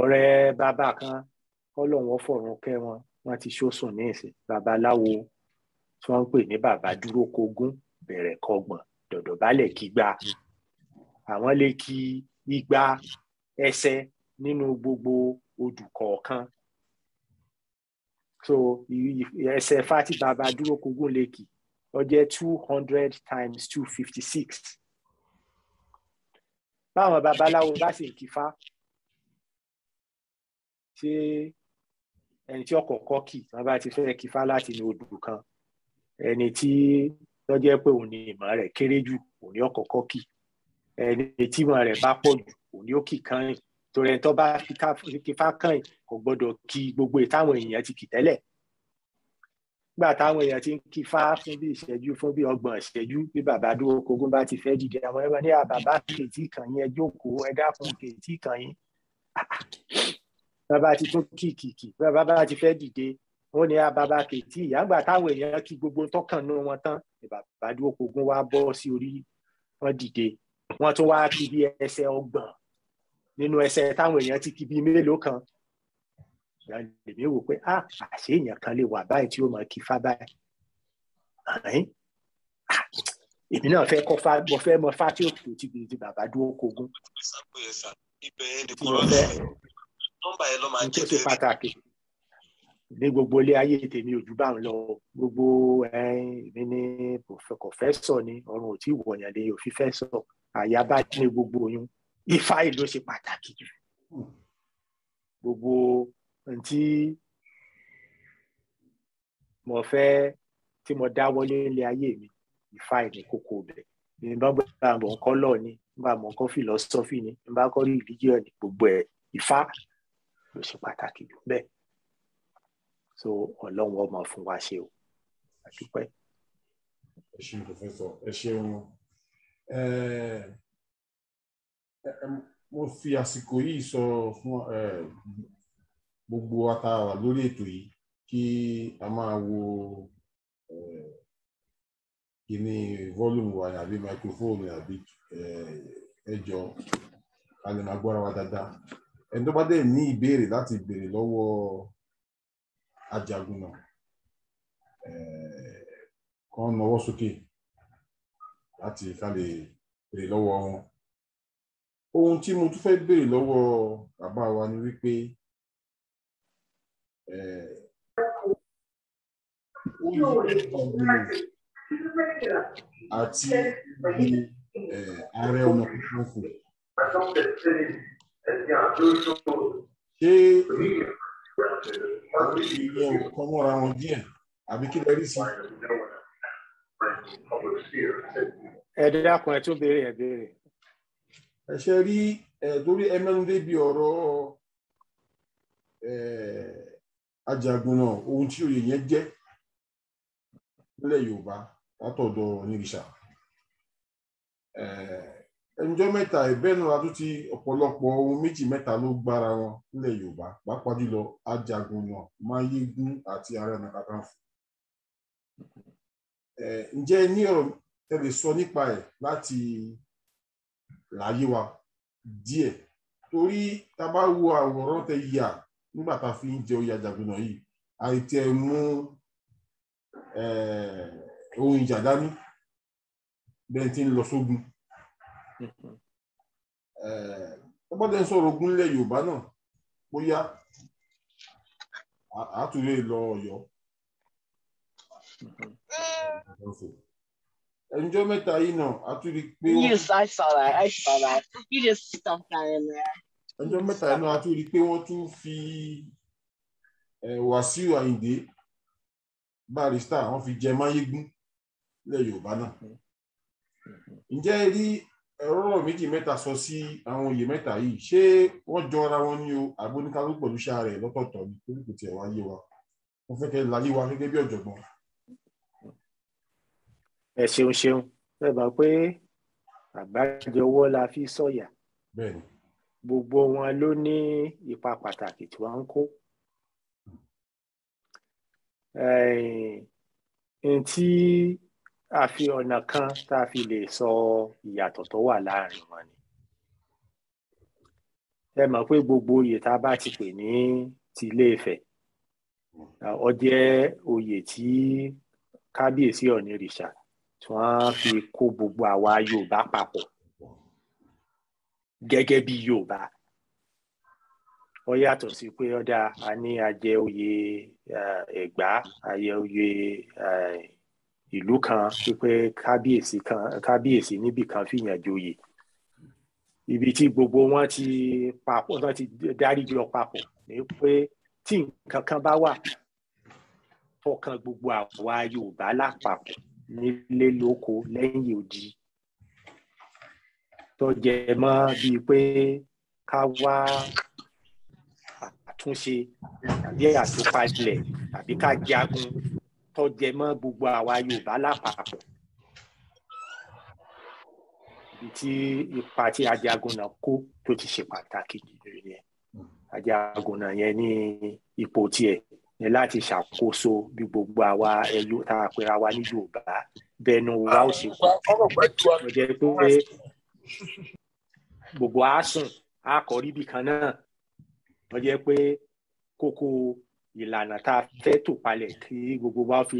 ọ̀rẹ́ bàbá kan ọlọ́run fọ̀run kẹ́ wọn wọn ti ṣóṣùn ní ìsìn babaláwo tí wọ́n ń pè ní bàbá dúró kogún bẹ̀rẹ̀ kọgbọ̀n dọ̀dọ̀bálẹ̀ kígbà àwọn lè kí igba ẹsẹ̀ nínú gbogbo odù kọ̀ọ̀kan so ẹsẹ̀ fati bàbá dúró kogún lè kí ó two hundred times two fifty six báwọn babaláwo bá sì ń kífá ṣé ẹni tí ọkọ̀ọ̀kọ́ kì wọ́n bá ti fẹ́ kí fá láti ní odò kan ẹni tí wọ́n jẹ́ pé òun ni ìmọ̀ rẹ̀ kéré jù òun ni ọkọ̀ọ̀kọ́ kì ẹni tí ìmọ̀ rẹ̀ bá pọ̀ jù òun ni ó kì kan yìí torí ẹni tó bá kí fá kan yìí kò gbọ́dọ̀ kí gbogbo ìtàwọn èèyàn ti kì tẹ́lẹ̀ nígbà táwọn èèyàn ti ń kí fá fún bí ìṣẹ́jú fún bí ọgbọ̀n ìṣẹ́jú bí bàbá dúró kogun bá ti fẹ́ dìde àwọn ẹgbẹ́ ní àbàbá kèétí kan yín ẹ jókòó ẹ dákun kèétí kan yín bàbá ti tún kìkìkì bàbá ti fẹ́ dìde wọn ni bàbá kẹtì ìyàgbà táwọn èèyàn kí gbogbo tọkàn nú wọn tán ni bàbá dúró kogun wá bọ́ sí orí wọn dìde wọn tún wá kí bí ẹsẹ̀ ọgbọ̀n nínú ẹsẹ̀ táwọn èèyàn ti kí bí mélòó kan lèmi wò pé a ah, àṣé èèyàn kan lè wà báyìí tí ó máa kí fá báyìí ah, èmi náà fẹ́ kọ́ fá mo fẹ́ mọ fá tí ó tó ti bèrè bàbá dúró kogun nọ́mbà yẹn ló máa jẹ́ fẹ́ẹ́. pàtàkì ní gbogbo ilé ayé tèmi ojú bá ń lọ gbogbo mi ní kọfẹsọ ni ọrùn ò tí wọ̀nyàn lè òfin fẹ́ sọ àyàbá ní gbogbo oyún ifá ìlú ṣe pàtàkì jù gbogbo ntí mo fẹ́ tí mo dáwọ́lé ilé ayé mi ifá ìní kókó bẹ̀ nígbà bá mọ̀ ń kọ́ lọ́ọ̀ ni nígbà mọ̀ ń kọ́ fìlọ́sọ́fì ni nígbà kọ́ religion ni gbogbo ẹ̀ ifá o si pataki jù bẹ́ẹ̀ so ọlọ́run ọmọ fún wa ṣe o àdúpẹ́. ẹ ṣe pòfẹ́sọ̀ fi sọ fún gbogbo àtàwà lórí ètò kí a wo volume wa microphone ẹni tó bá dẹ̀ ní ìbéèrè láti béèrè lọ́wọ́ ajagun náà kan nawọ́ sókè láti ká lè béèrè lọ́wọ́ wọn. ohun tí mo tún fẹ́ béèrè lọ́wọ́ bàbá wa ni wípé àti ààrẹ ọ̀nà kúkúrú ṣé ìyẹn ò kọ́ mọ́ra wọn díẹ̀ àbí kí lè rí sí. ẹ dákun ẹ tún béèrè ẹ béèrè. ẹ ṣe rí torí ẹ mẹ́nu débi ọ̀rọ̀ ajagun náà ohun tí òye yẹn jẹ́ nílẹ̀ yorùbá látọ̀dọ̀ onírìṣà. ẹnjọ́ mẹ́ta ìbẹ́nu ti ọ̀pọ̀lọpọ̀ ohun méjì mẹ́ta ló gbára wọn nílẹ̀ Yorùbá pàápàá jùlọ ajagunà Máyégún àti Ààrẹ Ọ̀nà Kakanfò. ǹjẹ́ ní ọ̀rọ̀ ẹ lè sọ nípa ẹ̀ láti láyé wa díẹ̀ torí tá a bá wo àwòrán tẹ yà nígbà tá a fi ń jẹ oyè yi yìí àìtí ẹ mú ohun ìjà dání bẹ́ẹ̀ ti ń lọ sógun. Mm-hmm. ẹ gbọ́dọ̀ ń sọ̀rọ̀ ogun ilẹ̀ yorùbá náà bóyá àtúnlé lọ ọ̀yọ́ mm-hmm. ẹnjọ́ mẹ́ta yìí náà àtúnlé pé. yes i saw that i saw that you just stuck that in there. ẹnjọ́ mẹ́ta yìí náà àtúnlé pé wọ́n tún fi wàsíù àyìndé barrister wọ́n fi jẹ máyégún ilẹ̀ yorùbá náà mm-hmm. ǹjẹ́ ẹ rí ọ̀rọ̀ méjì mẹ́ta sọ sí àwọn oyè mẹ́ta yìí ṣé wọ́n jọra wọn ní o àgbóníkálù pẹ̀lú iṣẹ́ rẹ̀ lọ́tọ̀ọ̀tọ̀ ní torí kò tiẹ̀ wá yé wa wọ́n fẹ́ kẹ́ láyé wa gẹ́gẹ́ bí ọ̀jọ̀gbọ́n. ẹ ṣeun ṣeun ẹ mọ̀ pé àgbájọwọ́ la fi sọ̀yà gbogbo wọn ló ní ipa pàtàkì tí wọ́n ń kó n tí a fi ọ̀nà kan tá a fi lè sọ ìyàtọ̀ tó wà láàrin wọn ni ẹ mọ̀ pé gbogbo oyè tá a bá ti pè ní ti ilé Ifẹ̀ ó jẹ́ oyè tí kábíyèsí ọ̀ní rìṣà tí wọ́n fi kó gbogbo àwa Yorùbá papọ̀ gẹ́gẹ́ bí Yorùbá ó yàtọ̀ sí pé ọ̀dà a ní ajẹ́ oyè eh, Ẹ̀gbá ajẹ́ oyè eh, ìlú kan wípé kábíyèsí kan kábíyèsí níbì kan fìyàn joyè ibi tí gbogbo wọn ti papọ̀ wọn ti darí jọ papọ̀ ni pé tí nǹkan kan bá wà fọkàn gbogbo àwa Yorùbá lápapọ̀ nílé lóko lẹ́yìn odi tó jẹ mọ́ bíi pé ká wá àtúnṣe àbí àtúpalẹ̀ àbí ká jagun tó jẹ mọ́ gbogbo àwa Yorùbá lápapọ̀ ibi tí ipa tí Ajagunna kó tó ti ṣe pàtàkì jùlọ yẹn Ajagunna yẹn ní ipò tiẹ̀ ní láti ṣàkóso bí gbogbo àwa ẹyọ tá a pera wa ní Yorùbá bẹnu wa ó sì kú ó jẹ pé gbogbo àásùn àkọrí bìkan náà ó jẹ pé kókó ìlànà tá a fẹ́ tò palẹ̀ kí gbogbo wa fi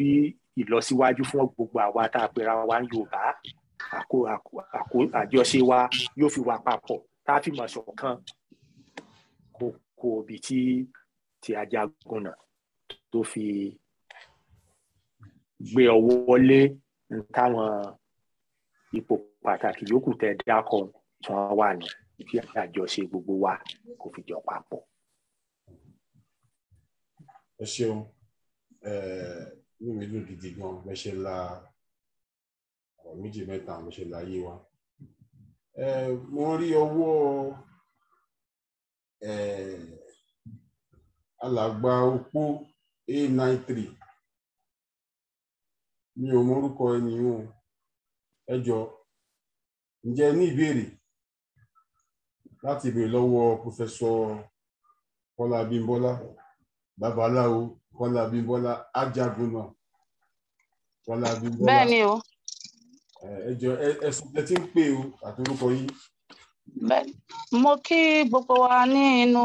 rí ìlọsíwájú fún gbogbo àwa tá a pera wa ń Yorùbá àjọṣe wa yóò fi wà papọ̀ tá a fi mọ̀ ṣọ̀kan kò kò bí tí tí Ajagunna tó fi gbé ọwọ́ lé táwọn ipò pàtàkì yòókù tẹ dákọ̀ tí wọ́n wà ní kí àjọṣe gbogbo wa kò fi jọ papọ̀. ẹ ṣeun inú mi dùn gidi gan ẹ mẹ́ta wa rí ọwọ́ alàgbà opó a nine three ẹni o ẹ jọ ǹjẹ́ a ìbéèrè lati béèrè lọ́wọ́ Profesọ Kọ́lá Abímbọ́lá. babaláwo Kọ́lá Abímbọ́lá ajagun náà Kọ́lá Abímbọ́lá bẹ́ẹ̀ ni o ẹjọ ẹsùn tẹ ti ń pè o àtòrúkọ yín. mo kí gbogbo wa ní inú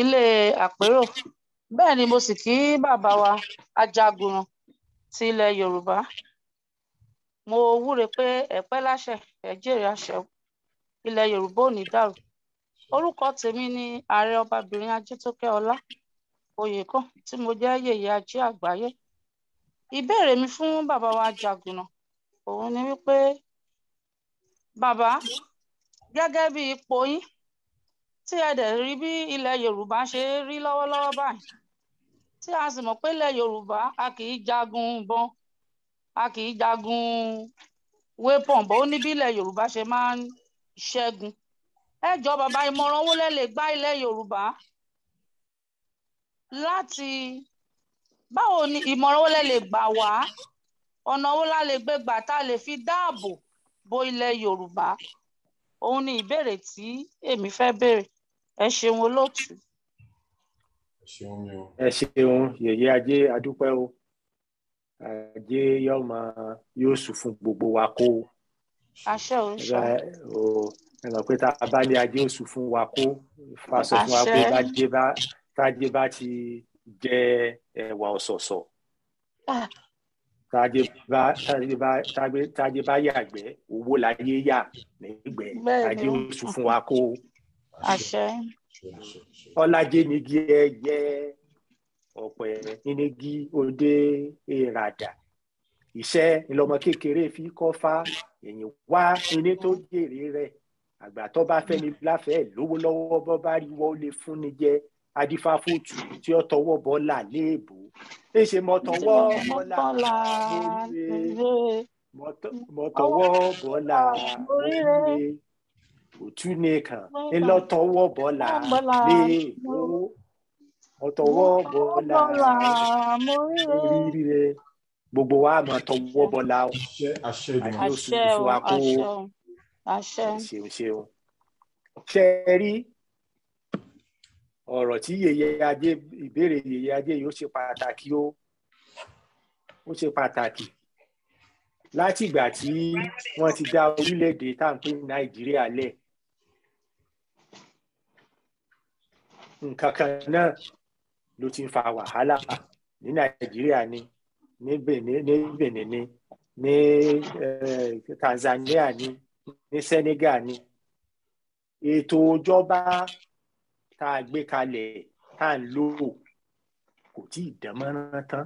ilé àpérò bẹ́ẹ̀ ni mo sì kí bàbá wa ajagun ti ilẹ̀ Yorùbá mo wúre pé ẹ̀pẹ́ láṣẹ ẹ̀jẹ̀rẹ̀ àṣẹ ilẹ̀ Yorùbá ò ní dàrú orúkọ tèmi ni ààrẹ ọbabìnrin Ajétókè Ọlá oyèkan tí mo jẹ́ yèyé ajé àgbáyé ìbéèrè mi fún bàbá wa jagùnà òun ni wípé bàbá gẹ́gẹ́ bí ipò yín tí ẹ dẹ̀ rí bí ilẹ̀ yorùbá ṣe rí lọ́wọ́lọ́wọ́ báyìí tí a sì mọ̀ pé ilẹ̀ yorùbá a kì í jagun bọn a kì í jagun wépọ̀n bọ́ ó ní bí ilẹ̀ yorùbá ṣe máa ń ṣẹ́gun ẹ jọ bàbá ìmọ̀ràn wo lẹ lè gba ilẹ̀ yorùbá láti báwo ni ìmọ̀ràn wo lẹ lè gbà wá ọ̀nà wo la lè gbé gbà tá a lè fi dáàbò bo ilẹ̀ Yorùbá òun ni ìbéèrè tí èmi fẹ́ béèrè ẹ ṣeun olóòtú. ẹ ṣeun mi o. ẹ ṣeun yèyé ajé adúpẹ́ o ajé yóò máa yóò sùn fún gbogbo wa kó o. àṣẹ òrìṣà. ẹ mọ̀ pé tá a bá ní ajé òsùn fún wa kó fàṣọ fún wa pé bá dé bá tájé bá ti jẹ ẹ̀wà ọ̀sọ̀ọ̀sọ̀ ah. tájé bá tájé bá tájé bá yàgbẹ́ owó láyé yà nígbẹ́ tájé oṣù fún wa kó ọlájé nigi ẹyẹ ọ̀pẹ nínigi òde èràdà iṣẹ́ ìlọmọ kékeré fi kọ́fà èyí wá iné tó jèrè rẹ̀ àgbà tó bá fẹ́ni láfẹ́ lówó lọ́wọ́ bọ́ bá rí wọ́n ó lè fúnni jẹ adífáfóòtù tí ó tọwọ́ bọ́là léèbó èsè mọ̀tọ̀wọ́ bọ́là mọ̀tọ̀wọ́ bọ́là lóríire òtú nìkan ńlọ́tọ̀wọ́ bọ́là léèbó mọ̀tọ̀wọ́ bọ́là lóríire gbogbo wa mọ̀tọ̀wọ́ bọ́là àṣẹ àṣẹ àṣẹ àṣẹ ṣeun ṣeun ṣe rí ọ̀rọ̀ tí yèyé adé ìbéèrè yèyé adé yìí ó ṣe pàtàkì ó ó ṣe pàtàkì láti ìgbà tí wọ́n ti dá orílẹ̀-èdè tá nàìjíríà lẹ̀ nǹkan náà ló ti ń fa wàhálà ní nàìjíríà ni ní benin ni ní eh, tanzania ni ní senegal ni ètò ìjọba tá a gbé kalẹ̀ tá a ń lò kò tí ì dánmọ́rán tán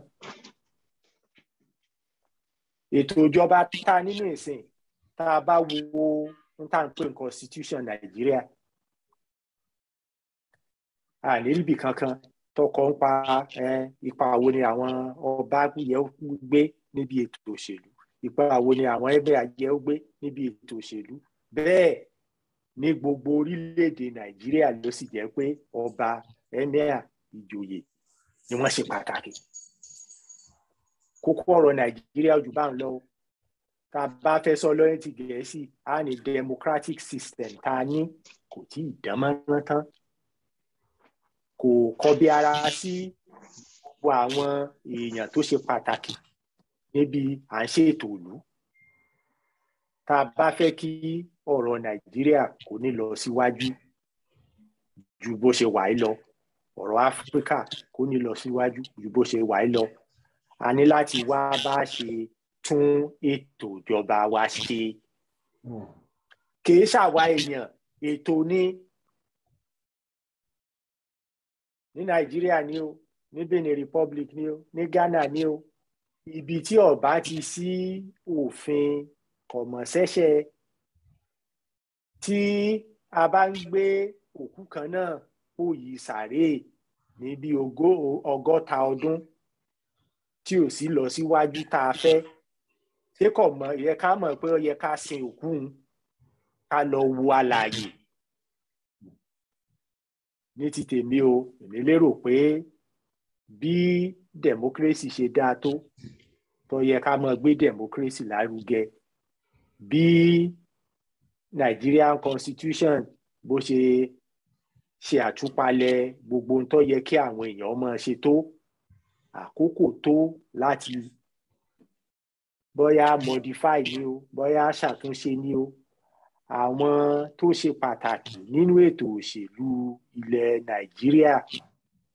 ètò ìjọba tá a nínú ìsìn tá a bá wo n tá à pè ní constitution nàìjíríà a ní ríbi kankan tọkọ ń pa ipa wo ni àwọn ọba yẹ ó gbé níbi ètò òṣèlú ipa wo ni àwọn ẹgbẹ́ àjẹ́ ó gbé níbi ètò òṣèlú bẹ́ẹ̀ ní gbogbo orílẹ̀-èdè nàìjíríà ló sì jẹ́ pé ọba emir ìjòyè ni wọ́n ṣe pàtàkì kókó ọ̀rọ̀ nàìjíríà jù bá ń lọ tá a bá fẹ́ sọ lọ́yìn ti gẹ̀ẹ́sì á ní democratic system tá a ní kò tí ì dánmọ́rán tán kò kọbi ara sí gbogbo àwọn èèyàn tó ṣe pàtàkì níbi à ń ṣètò ìlú tá a bá fẹ́ kí ọ̀rọ̀ nàìjíríà kò ní lọ síwájú ju bó ṣe wà í lọ ọ̀rọ̀ áfíríkà kò ní lọ síwájú ju bó ṣe wà í lọ a ní láti wá bá ṣe tún ètò ìjọba wa ṣe kìí ṣàwa èèyàn ètò ní ní nàìjíríà ni o ní benin republic ni o ní ghana ni o ibi tí ọba ti sí òfin kọmọṣẹṣẹ tí a bá ń gbé òkú kan náà kó yí sàréè ní bí ọgọ́ta ọdún tí ò sí lọ síwájú tá a fẹ́ ṣé kò mọ yẹ ká mọ̀ pé ó yẹ ká sin òkú un ká lọ wo alààyè ní ti tèmi o èmi lérò pé bí democracy ṣe dáa tó tó yẹ ká mọ gbé democracy lárugẹ bí. Nigerian constitution bó ṣe ṣe àtúpalẹ̀ gbogbo ohun tó yẹ kí àwọn èèyàn máa ṣe tó àkókò tó láti bóyá modify ni o bóyá ṣàtúnṣe ni o àwọn tó ṣe pàtàkì nínú ètò òṣèlú ilẹ̀ Nàìjíríà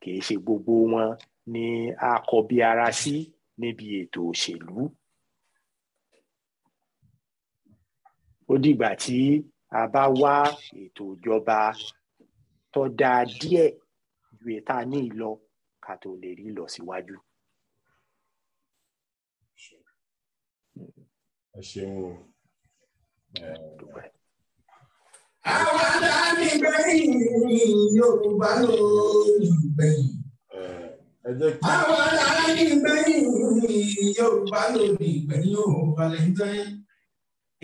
kì í ṣe gbogbo wọn ni a kọbi ara sí níbi ètò òṣèlú. ó dìgbà tí a bá wá ètò ìjọba tó dáa díẹ̀ ju ètà ní ìlọ ká tó lè rí lọ síwájú. ẹ ṣeun o. àwa dání gbẹ̀yìn Yorùbá ló gbẹ̀yìn. àwa dání gbẹ̀yìn Yorùbá ló gbẹ̀yìn ò balẹ̀ ń tẹ́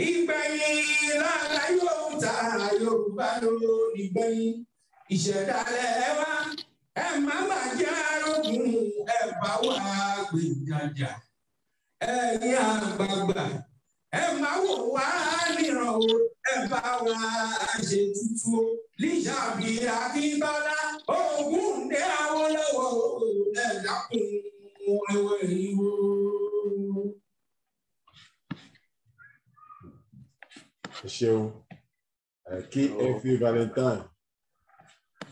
ìgbẹ̀yìn lára yóò tààrà yorùbá ló ìgbẹ̀yìn ìṣẹ̀dálẹ̀ ẹ wá ẹ má bàjẹ́ arógùn ẹ bá wà gbẹ̀ngàjà ẹ̀yin àgbààgbà ẹ má wò wá nìran o ẹ bá wà ṣe tútù o níjàmbí akínbálá ògùn ní Awólọ́wọ̀ ẹ̀dá kún ẹwẹ́ ìwò. ẹ ṣeun kí ẹ fi valentine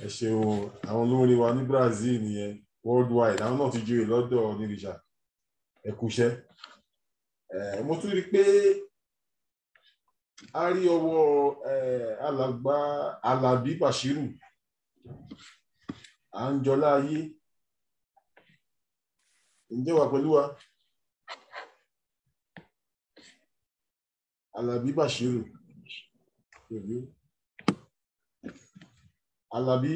ẹ ṣeun àwọn olórin wa ní Brazil nìyẹn worldwide àwọn náà ti joyè lọ́dọ̀ onírìṣà ẹ kúṣẹ́ mo tún rí i pé a rí ọwọ́ alàgbà Alábí Bashiru à ń jọlá ayé ǹjẹ́ wà pẹ̀lú wa Alábí Bashiru. Alábí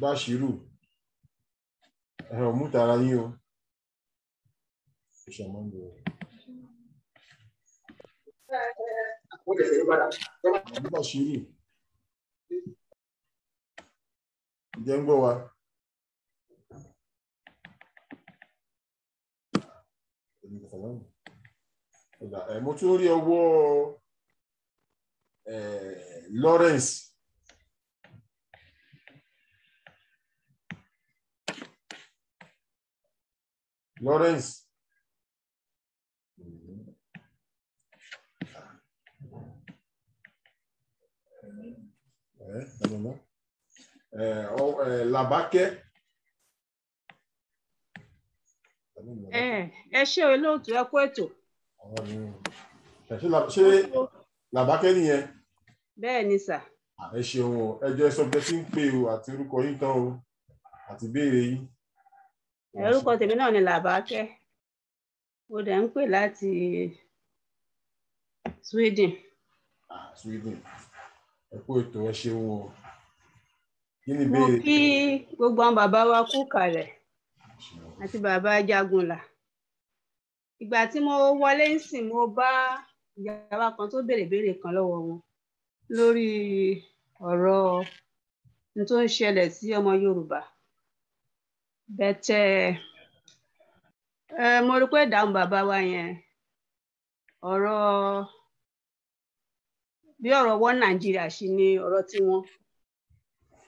Bashiru ẹ̀rọ mútara yín o. Báṣírù jẹ́ ń gbọ́ wa. Mo tún rí ọwọ́ eh, Lorenz Lawrence. Eh, eh, oh, eh, Labake. Eh, ẹ ṣé olóòtú ẹ kú ètò. Oh, ṣé làbákẹ́ nìyẹn. bẹ́ẹ̀ ni sà. ẹ ṣeun o ẹ jẹ́ sọ pé tí ń pè o àti orúkọ yín tán o àti béèrè yín. orúkọ tèmi náà ni làbákẹ́ mo dẹ̀ ń pè láti Sweden. Ah, Sweden ẹ kú ètò ẹ ṣeun o. mo kí gbogbo àwọn bàbá wa kú kalẹ̀ àti bàbá jagunlà ìgbà tí mo wọlé ń sìn mo bá. Ba ìyàwó kan tó béèrè béèrè kan lọ́wọ́ wọn lórí ọ̀rọ̀ tó ń ṣẹlẹ̀ sí ọmọ Yorùbá bẹ́tẹ̀ ẹ mo rí pé ìdáhùn bàbá wa yẹn ọ̀rọ̀ bí ọ̀rọ̀ wọ́n Nàìjíríà ṣì ni ọ̀rọ̀ tiwọn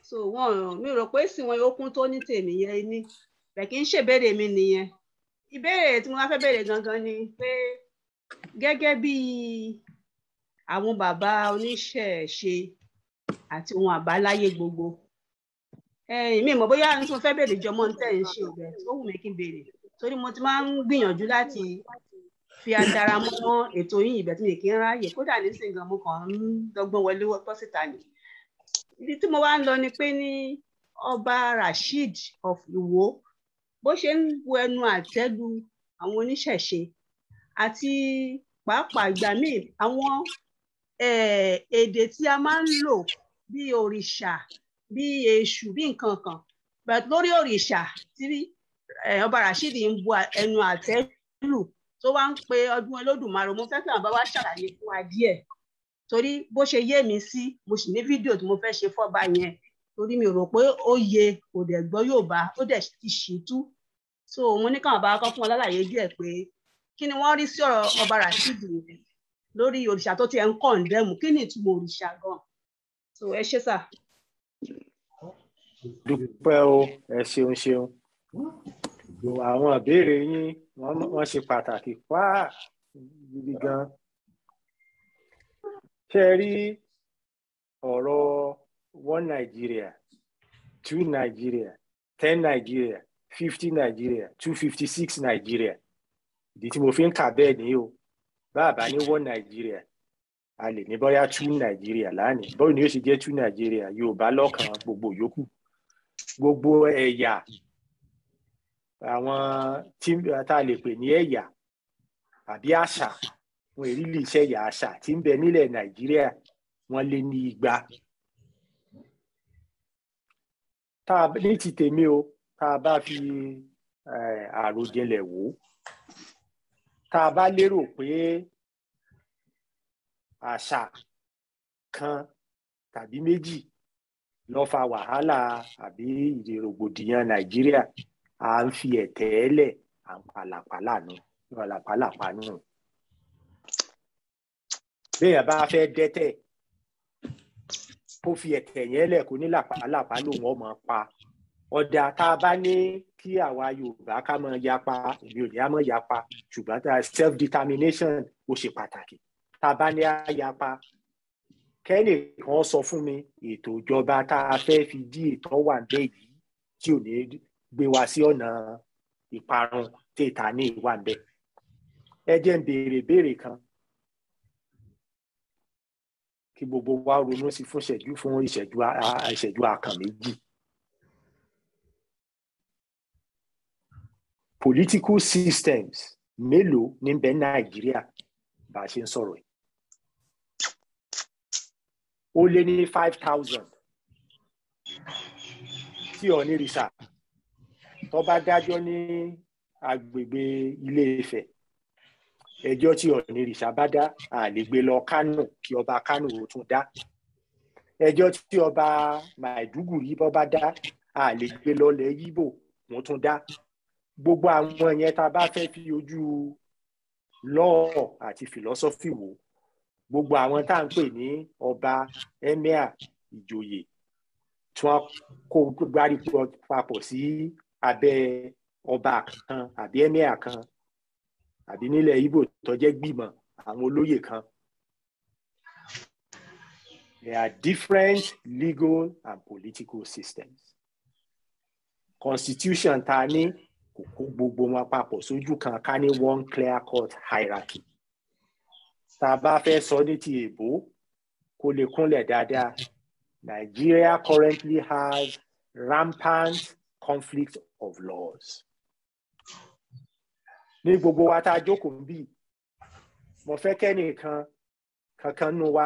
so wọn mi rò pé sì wọn yóò kún tó ní tèmi yẹn ní bẹ́ẹ̀ kì í ṣèbéèrè mi nìyẹn ìbéèrè tí mo bá fẹ́ béèrè gangan ni pé. Pe gẹ́gẹ́ bí àwọn bàbá oníṣẹ̀ṣe àti ohun àbáláyé gbogbo mi mọ̀ bóyá n tó fẹ́ béèrè jọmọ n tẹ́ ń ṣe ọ̀gbẹ́ tó wù mí kí n béèrè torí mo ti máa ń gbìyànjú láti fi adara mọ́ ètò yìí ìbẹ̀ tí mi kì í ráàyè kódà nísìnyí gan mo kàn ń dọ́gbọ́n wọlé pọ́sítà ni ibi tí mo wá ń lọ ni pé ní ọba Rasheed of Ìwó bó ṣe ń wo ẹnu àtẹ́lu àwọn oníṣẹ̀ṣe àti pàápàá ìgbà míì àwọn eh, èdè tí a máa ń lò bí òrìṣà bí èṣù bí nǹkan kan but lórí òrìṣà tí eh, ọba Rashidi ń bu ẹnu àtẹ́ lù tó wá ń pe ọdún Olódùmarè mo fẹ́ kí àwọn bàbá ṣàlàyé fún wa díẹ̀ torí bó ṣe yé mi sí mo sì ní fídíò tí mo fẹ́ ṣe fọ́ba yẹn torí mi ò rò pé ó yẹ kò dẹ̀ gbọ́ Yorùbá ó dẹ̀ ti ṣètú so mo ní káwọn bàbá kan fún ọ lálàyé díẹ̀ pé kí ni wọ́n rí sí ọ̀rọ̀ ọba Rasheed yẹn lórí òrìṣà tó ti ẹ̀ ń kọ̀ǹdẹ́mù kí ni ìtumọ̀ òrìṣà gan so ẹ ṣé sà. dúpẹ́ o ẹ ṣeun ṣeun àwọn ìbéèrè yín wọ́n ṣe pàtàkì fáà gidi gan ṣe rí ọ̀rọ̀ one Nigeria two Nigeria ten Nigeria fifty Nigeria two fifty six Nigeria ìdí tí mo fi ń kà bẹ́ẹ̀ ni o bá a bá ní wọ́n nàìjíríà a lè ní bóyá tú nàìjíríà lánìí bóyá ni yóò ṣe jẹ́ tú nàìjíríà yorùbá lọ́kàn gbogbo yòókù gbogbo ẹ̀yà àwọn tí a lè pè ní ẹ̀yà àbí àṣà wọn èrí lè ṣe ẹ̀yà àṣà tí ń bẹ nílẹ̀ nàìjíríà wọ́n lé ní igba tá ní ti tèmi o tá a bá fi àròjinlẹ̀ wò ó tá a bá lérò pé àṣà kan tàbí méjì ló fa wàhálà àbí rògbòdìyàn nàìjíríà à ń fi ẹ̀tẹ́ lẹ̀ à ń palàpalà nù palàpalàpà nù. béèyàn bá fẹ́ dẹ́tẹ̀ kó fi ẹ̀tẹ̀ yẹn lẹ̀ kó ní làpálàpá lòun ọmọ pa ọ̀dà tá a bá ní kí àwa Yorùbá ká mọ yapa èmi ò ní á mọ yapa ṣùgbọ́n self determination ó ṣe pàtàkì tá a bá ní á yapa kẹ́nìkan sọ fún mi ètò ìjọba tá a fẹ́ fi dí ètò wà bẹ́ẹ̀ yìí tí ò ní gbé wa sí ọ̀nà ìparun tètà ní ìwà bẹ́ẹ̀. ẹ jẹ́ ń béèrè béèrè kan kí gbogbo wa ronú sí fún ìṣẹ́jú fún ìṣẹ́jú àkàn political systems mélòó ní bẹ nàìjíríà bá a ṣe ń sọ̀rọ̀ yìí ó lé five thousand tí ò ní rìsà tó bá dájọ́ ní agbègbè Ilé-Ifẹ̀ ẹjọ́ tí Ọọ̀ni rìsà bá dá àlégbé lọ Kánò kí ọba Kánò ó tún dá ẹjọ́ tí ọba Maiduguri bọ́ bá dá àlégbé lọ lẹ́ Yíbò wọ́n tún dá gbogbo àwọn yẹn tá a bá fẹ́ fi ojú lọ́ọ̀ àti fìlọ́sọ́fì wò gbogbo àwọn tá à ń pè ní ọba emir ìjòyè tí wọ́n kó gbárí papọ̀ sí abẹ́ ọba kan àbí emir kan àbí nílẹ̀ Ìgbò tó gbìmọ̀ àwọn olóyè kan. There are different legal and political systems. Constitution ta ní kò kó gbogbo wọn papọ̀ sójú kan ká ní one clear cut hierarchy tá a bá fẹ́ sọ ní ti èbó kó lè kúnlẹ̀ dáadáa Nigeria currently has rampant conflict of laws ní gbogbo wa tá a jókòó bí mo fẹ́ kẹ́nìkan kankan nu wa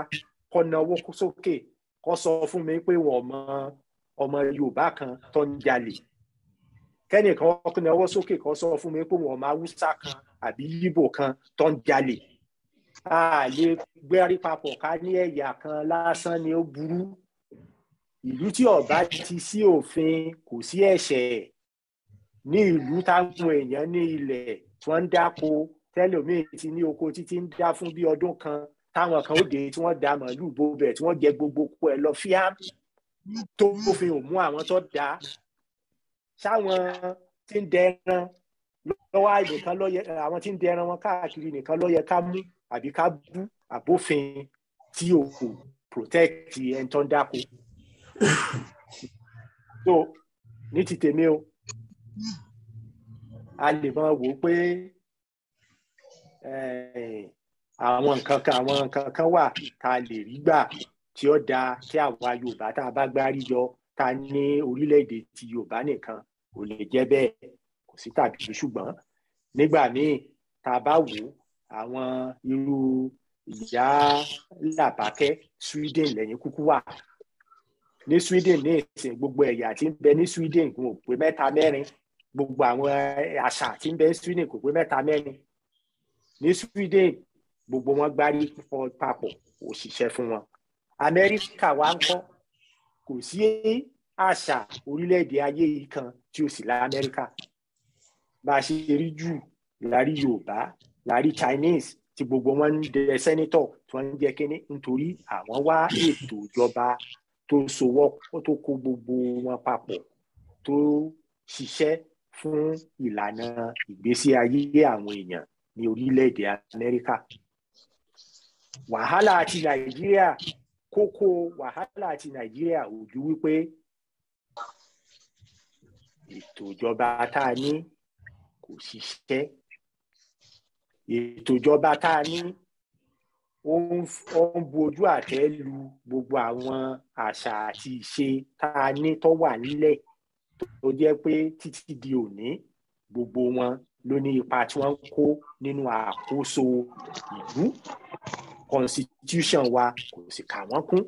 kó náwó sókè kó sọ fún mi pé wọ́n mọ ọmọ Yorùbá kan tó ń jalè kẹ́nìkan náwó sókè kan sọ fún mi pé wọ́n máa wúsà kan àbí yíbò kan tó ń jalè a lè gbẹ́rí papọ̀ ká ní ẹ̀yà kan lásán ni ó burú ìlú tí ọba ti sí òfin kò sí ẹ̀ṣẹ̀ ní ìlú táwọn èèyàn ní ilẹ̀ tí wọ́n ń dáko tẹ́lòmíì ti ní oko títí ń dá fún bí ọdún kan táwọn kan ó dé tí wọ́n da màálù bó tí wọ́n jẹ gbogbo ẹ̀ lọ fíà tó fi ò mú àwọn tó dáa sáwọn tí ń dẹran lọ́wọ́ àìnìkan lọ́yẹ àwọn tí ń dẹran wọn káàkiri nìkan lọ́yẹ ká mú àbí ká bú àbófin tí o kò protect ẹni tó ń dáko. so ní ti tèmi o a lè máa wò ó pé eh, àwọn nǹkan kan àwọn nǹkan kan wà tá a lè rí gbà tí ó dáa tí àwa Yorùbá tá a bá gbárí jọ ta ní orílẹ̀-èdè ti Yorùbá nìkan kò lè jẹ́ bẹ́ẹ̀ kò sí tàbí ṣùgbọ́n nígbà míì tá a bá wò àwọn irú ìyá làbákẹ́ Sweden lẹ́yìn kúkú wà ní Sweden ní ìsìn gbogbo ẹ̀yà tí ń bẹ ní Sweden kò pé mẹ́ta mẹ́rin gbogbo àwọn àṣà tí ń bẹ Sweden kò pé mẹ́ta mẹ́rin ní Sweden gbogbo wọn gbárí papọ̀ òṣìṣẹ́ fún wọn Amẹ́ríkà wa ń kọ́ kò sí àṣà orílẹ̀-èdè ayé yìí kan tí ó sì la amẹ́ríkà bá a ṣe rí jù lárí yorùbá lárí chinese tí gbogbo wọn ń jẹ sẹ́nítọ̀ tí wọ́n ń jẹ kínní nítorí àwọn wá ètò ìjọba tó sowọ́pọ̀ tó kó gbogbo wọn papọ̀ tó ṣiṣẹ́ fún ìlànà ìgbésí ayé àwọn èèyàn ní orílẹ̀-èdè amẹ́ríkà wàhálà àti nàìjíríà kókó wàhálà ti nàìjíríà ò ju wípé ètò ìjọba tá a ní kò ṣiṣẹ́ ètò ìjọba tá a ní ó ń bu ojú àtẹ́ lu gbogbo àwọn àṣà àti ìṣe tá a ní tó wà nílẹ̀ tó jẹ́ pé títí di òní gbogbo wọn ló ní ipa tí wọ́n ń kó nínú àkóso ìlú constitution wa kò sì kà wọ́n kún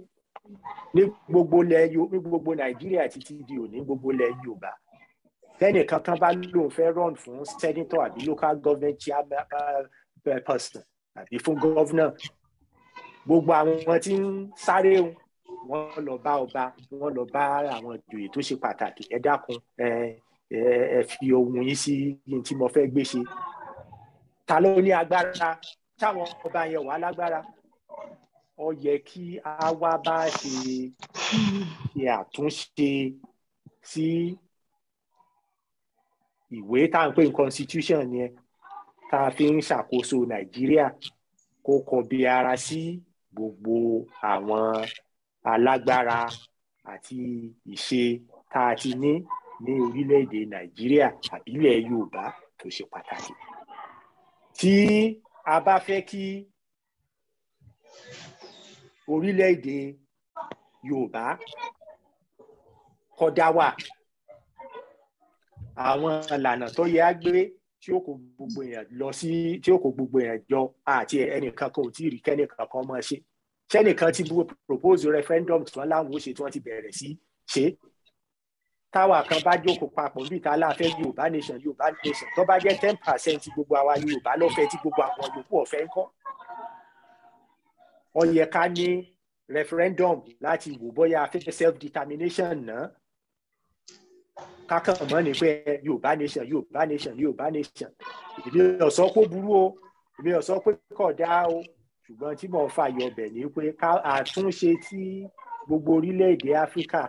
ní gbogbo ilẹ̀ ní gbogbo nàìjíríà títí di òní gbogbo ilẹ̀ yorùbá tẹ́nì kankan bá lóun fẹ́ run fún senator àbí local government chairperson eh, àbí fún governor gbogbo àwọn tí ń sáré wọn lọ bá ọba wọn lọ bá àwọn ìjòyè tó ṣe pàtàkì ẹ dákun ẹ ẹ fi ohun yín sí ní tí mo fẹ́ gbé ṣe ta ló ní agbára táwọn ọba yẹn wà lágbára ó yẹ kí a wá bá ṣe ṣe àtúnṣe sí ìwé tá à ń pè ní constitution yẹn tá a fi ń ṣàkóso nàìjíríà kó kọbi ara sí gbogbo àwọn alágbára àti ìṣe tá a ti ní ní orílẹ̀-èdè nàìjíríà àbílẹ̀ yorùbá tó ṣe pàtàkì tí a bá fẹ́ kí orílẹ̀-èdè Yorùbá kọjá wà àwọn ìlànà tó yẹ á gbé tí ó kó gbogbo èèyàn lọ sí tí ó kó gbogbo èèyàn jọ àti ẹnìkan kan tí ì rí kẹ́nìkan kan mọ́ ṣe ṣẹ́nìkan ti propose referendum tí wọ́n láwọn ó ṣe tí wọ́n ti bẹ̀rẹ̀ sí ṣe táwa kan bá jókòó papọ̀ bíi tá a láfẹ́ yorùbá nation yorùbá nation tó bá jẹ́ ten percent gbogbo àwa yorùbá lọ́fẹ́ tí gbogbo àwọn yòókù ọ̀fẹ́ ń kọ́ ó ká ní referendum láti wò bóyá a self determination náà kákan mọ́ ni pé yorùbá nation yorùbá nation yorùbá nation èmi ò sọ burú o èmi ò pé kò dáa o ṣùgbọ́n tí mo fa yọ ọbẹ̀ ni pé ká àtúnṣe tí gbogbo orílẹ̀-èdè áfíríkà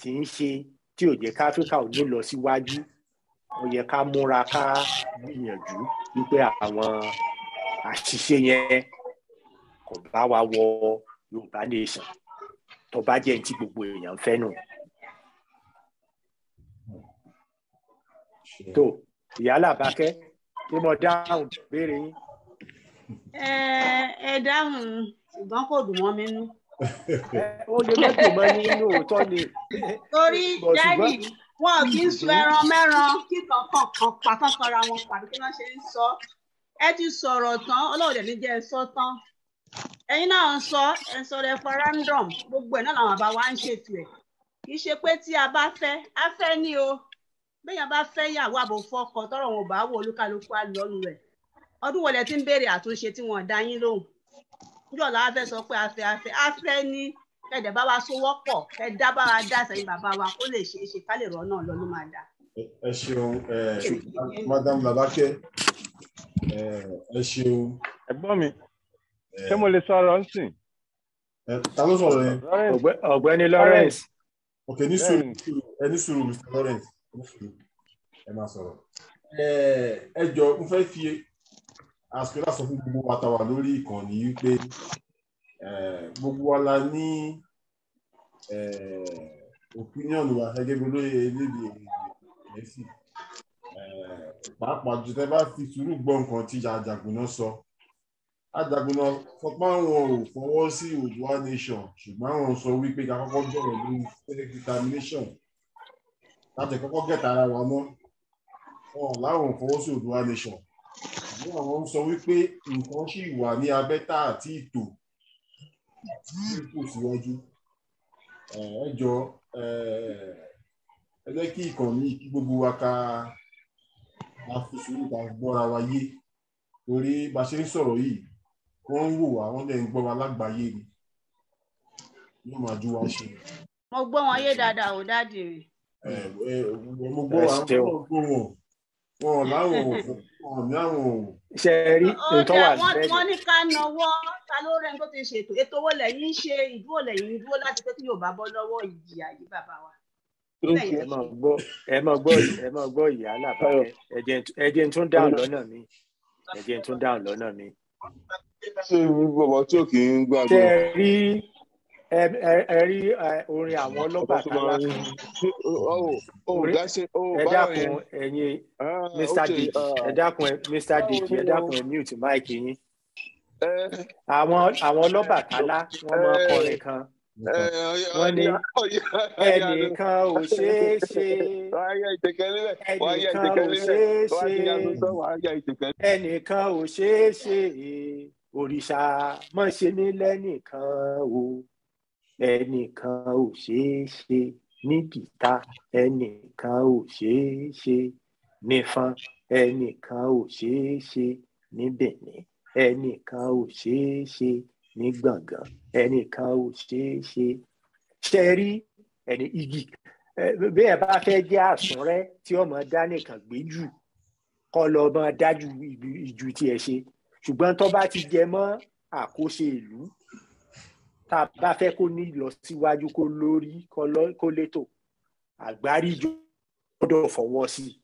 ti ń ṣe tí ò jẹ́ káfíríkà ò ní lọ síwájú ó yẹ ká múra ká gbìyànjú wípé àwọn àṣìṣe yẹn kò bá wa wọ Yorùbá nation tó bá jẹ́ ti gbogbo èèyàn fẹ́ nù. tó ìyálà bákẹ́ tí mo dáhùn béèrè yín. ẹ ẹ dáhùn ṣùgbọ́n kò dùn mọ́ mi nú ó lè mọ́tò mọ́ nínú òótọ́ ni. torí dádì wọn kì í sun ẹran mẹ́ran kí kankan kan pàtàkọ́ra wọn pàbí kí wọ́n ṣe ń sọ ẹ ti sọ̀rọ̀ tán ọlọ́ọ̀dẹ̀ ní jẹ́ ẹ sọ tán ẹ̀yin náà ń sọ ẹ sọ referendum gbogbo ẹ̀ náà làwọn àbá wa ń ṣètò ẹ̀ kì í ṣe pé tí a bá fẹ́ a fẹ́ ní o béèyàn bá fẹ́ yàwó àbòfọkọ tọrọ wọn ò bá wọ olúkálukú á lọ́nu rẹ̀ ọdún wọlé tí ń béèrè àtúnṣe tí wọ́n dá yín lóhùn níjọ́ la fẹ́ sọ pé afẹ́ afẹ́ afẹ́ ní kẹ̀dẹ̀ bá wa sówọ́ pọ̀ kẹ̀ dá wa dá sẹ́yìn bàbá wa kó lè ṣe é ṣe ká lè rọ́ náà lọ ló máa dá. ẹ ṣeun madam Labake ẹ ṣeun. ẹ̀gbọ́n mi ṣé mo lè sọ ọ̀rọ̀ ń sìn. ta ló sọ̀rọ̀ yẹn. ọ̀gbẹ́ni Lawrence. ok ní sùúrù ní sùúrù Mr Lawrence ní sùúrù ẹ máa sọ̀rọ̀. ẹ jọ n fẹ́ fi aspira sọ fún gbogbo wa tá wà lórí ìkànnì wípé eh, gbogbo wa la ní eh, opinion wa gẹ́gẹ́ bí olóyè elébi ẹ̀sìn eh, pàápàá jù tẹ́ bá fi sùúrù gbọ́ nǹkan tí Àjàgùnnà sọ Àjàgùnnà sọ pé àwọn ò fọwọ́ sí Oòduà nation ṣùgbọ́n àwọn sọ wípé ká kọ́kọ́ jọ̀rọ̀ lórí self determination láti kọ́kọ́ gẹ̀ta ara wa mọ́ wọn làwọn ò fọwọ́ sí Oòduà nation ní àwọn ń sọ wípé nǹkan ṣì wà ní abẹ́tà àti ìtò kò síwájú ẹ jọ ẹ jẹ́ kí ìkànnì kí gbogbo wa ká a fi sùúrù ká gbọ́ra wa yé torí bá ṣe ń sọ̀rọ̀ yìí wọ́n ń wò wá wọ́n dẹ̀ gbọ́ wa lágbàáyé ni yóò máa ju wa ṣe. mo gbọ́ wọn yé dáadáa ò dáàdì rè. mo gbọ́ wa mo gbọ́ wọn wọn ò láwọn òògùn wọn ò ní àwọn òògùn. ṣe é rí nǹkan wà bẹ́ẹ̀. wọ́n ní ká náwó ta ló rẹ̀ tó ti ṣètò ètò owó lẹ́yìn ṣe ìdúró lẹ́yìn dúró láti pé kí Yorùbá bọ́ lọ́wọ́ ìjìyà yìí bàbá wa. ẹ máa gbọ́ ẹ máa gbọ́ ẹ máa gbọ́ ìyá làbáyé ẹ̀jẹ̀ tún dáhùn lọ́nà mi ẹ̀jẹ̀ tún dáhùn lọ́nà mi. ṣé gbogbo ọ̀bọ̀ tí ò kì í gbàgbọ́. ṣe é rí ẹ rí orin àwọn Ọlọ́bàtálá ah, ah. ẹ dákun ẹ̀yin Mr. Deji ẹ dákun Mr. Deji ẹ dákun ẹ mute mic yín eh. àwọn àwọn Ọlọ́bàtálá wọ́n máa kọrin eh. kan eh, wọ́n ní ẹnìkan ò ṣeé ṣe ẹnìkan ò ṣeé ṣe ẹnìkan ò ṣeé ṣe òrìṣà mọ̀ṣẹ́ nílẹ̀ nìkan o ẹnìkan ò ṣeé ṣe ní pìtà ẹnìkan ò ṣeé ṣe nífọn ẹnìkan ò ṣeé ṣe ní benin ẹnìkan ò ṣeé ṣe ní gbọ̀ngàn ẹnìkan ò ṣeé ṣe ṣe rí ẹni igi bí ẹ bá fẹ́ jẹ́ àsúnrẹ́ tí ọmọ dá nìkan gbé jù kọ́ lọ ọmọ dájú ìjù tiẹ̀ ṣe ṣùgbọ́n tó bá ti jẹ mọ́ àkóso ìlú tá a bá fẹ́ kó ní ìlọsíwájú kó lórí kó létò àgbáríjọ gbọ́dọ̀ fọwọ́ sí i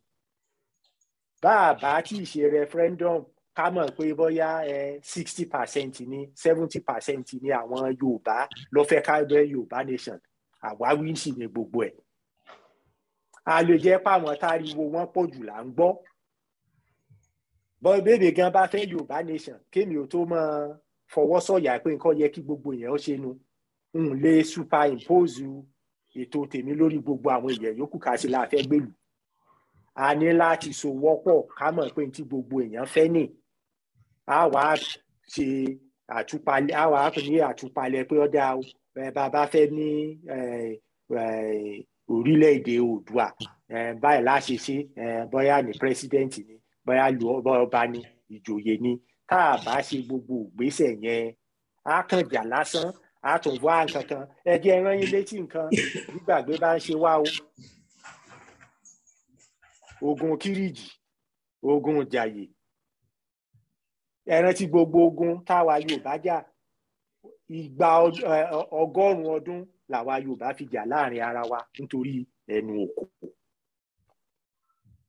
bá a bá tí ì ṣe referendum ká mọ̀ pé bóyá sixty percent ní seventy percent ní àwọn Yorùbá ló fẹ́ ká bẹ́ Yorùbá nation àwáwí sì ni gbogbo ẹ̀ a lè jẹ́ páwọn táriwo wọn pọ̀ jù là ń gbọ́ bọ́ bébè gan bá fẹ́ Yorùbá nation kémi ò tó mọ́ ọ fọwọ́sọ̀yà pé nǹkan yẹ kí gbogbo èèyàn ṣe nu n lè superimpose ètò tèmi lórí gbogbo àwọn èèyàn yòókù ká sí la fẹ́ gbèlú a ní láti sowọ́pọ̀ ká mọ̀ pé tí gbogbo èèyàn fẹ́ nì a wá ṣe àtúpalẹ̀ a wá ní àtúpalẹ̀ pé ọ̀dà bàbá fẹ́ ní orílẹ̀-èdè oòdùà báyìí láṣẹ ṣe bóyá ní pírẹsidẹ́ǹtì ni bóyá ọba ní ìjòyè ni tá a bá ṣe gbogbo ìgbésẹ̀ yẹn á kàn jà lásán á tún wá nǹkan kan ẹ jẹ́ yín létí nǹkan gbígbàgbé bá ń ṣe wá o ogun Kírìjì ogun Ìjàyè ẹ rántí gbogbo ogun táwa Yorùbá jà ìgbà ọgọ́rùn-ún ọdún làwa Yorùbá fi jà láàrin ara wa nítorí ẹnu òkò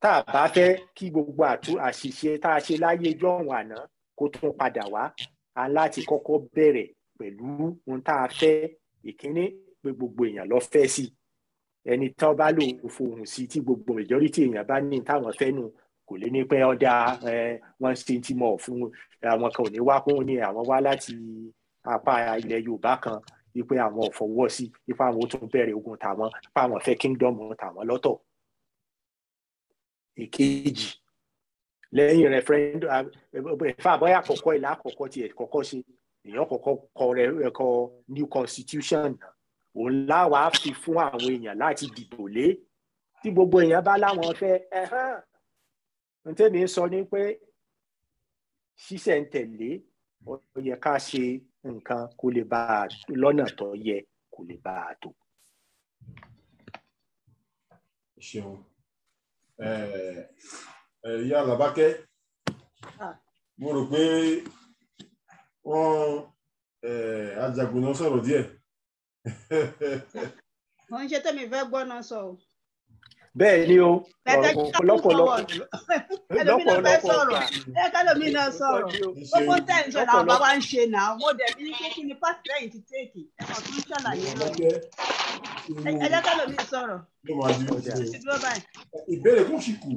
tá a bá fẹ́ kí gbogbo àṣìṣe tá a ṣe láyé jọ̀hún àná kó tún padà wá a láti kọ́kọ́ bẹ̀rẹ̀ pẹ̀lú ohun tá a fẹ́ ìkíní pé gbogbo èèyàn lọ fẹ́ sí ẹni tán bá lò fohùn sí tí gbogbo majority èèyàn bá ní táwọn fẹ́ nù kò lè ní pé ọ̀dà wọn ṣe ti mọ̀ fún àwọn kan ò ní wá kún ní àwọn wá láti apá ilẹ̀ Yorùbá kan wípé àwọn ò fọwọ́ sí wípé àwọn ò tún bẹ̀rẹ̀ ogun tàwọn wípé àwọn fẹ́ kingdom tàwọn lọ́tọ̀ èkejì lẹ́yìn referendum ìfàbọyà àkọ́kọ́ ìlà àkọ́kọ́ tiẹ̀ kọ́kọ́ ṣe èèyàn kọ́kọ́ kọ ẹkọ new constitution òun láwa fi fún àwọn èèyàn láti dìbò lé tí gbogbo èèyàn bá láwọn fẹ́ ẹhán ntẹ́mi sọ ni pé ṣísẹ̀ntẹ̀lé ó yẹ ká ṣe nǹkan kó lè bá a lọ́nà tó yẹ kó lè bá a tó. ṣeun ìyá làbákẹ́ ah. mo rò pé wọ́n ajagunà sọ̀rọ̀ díẹ̀. wọ́n ń ṣe tẹ́mi fẹ́ gbọ́ náà sọ o. bẹ́ẹ̀ ni o lọ́pọ̀lọpọ̀ lọ́pọ̀lọpọ̀ ẹ̀kálómi náà sọ̀rọ̀ gbogbo tẹ̀ ń sọ làwọn bàbá ń ṣe náà mo dẹ̀ bí ké kí ni pásítì lẹ́yìn ti téèkì ẹ̀kọ́ tó ń ṣàlàyé lọ́wọ́ ẹ̀jẹ̀ sọ̀rọ̀ ìbéèrè kò sì kù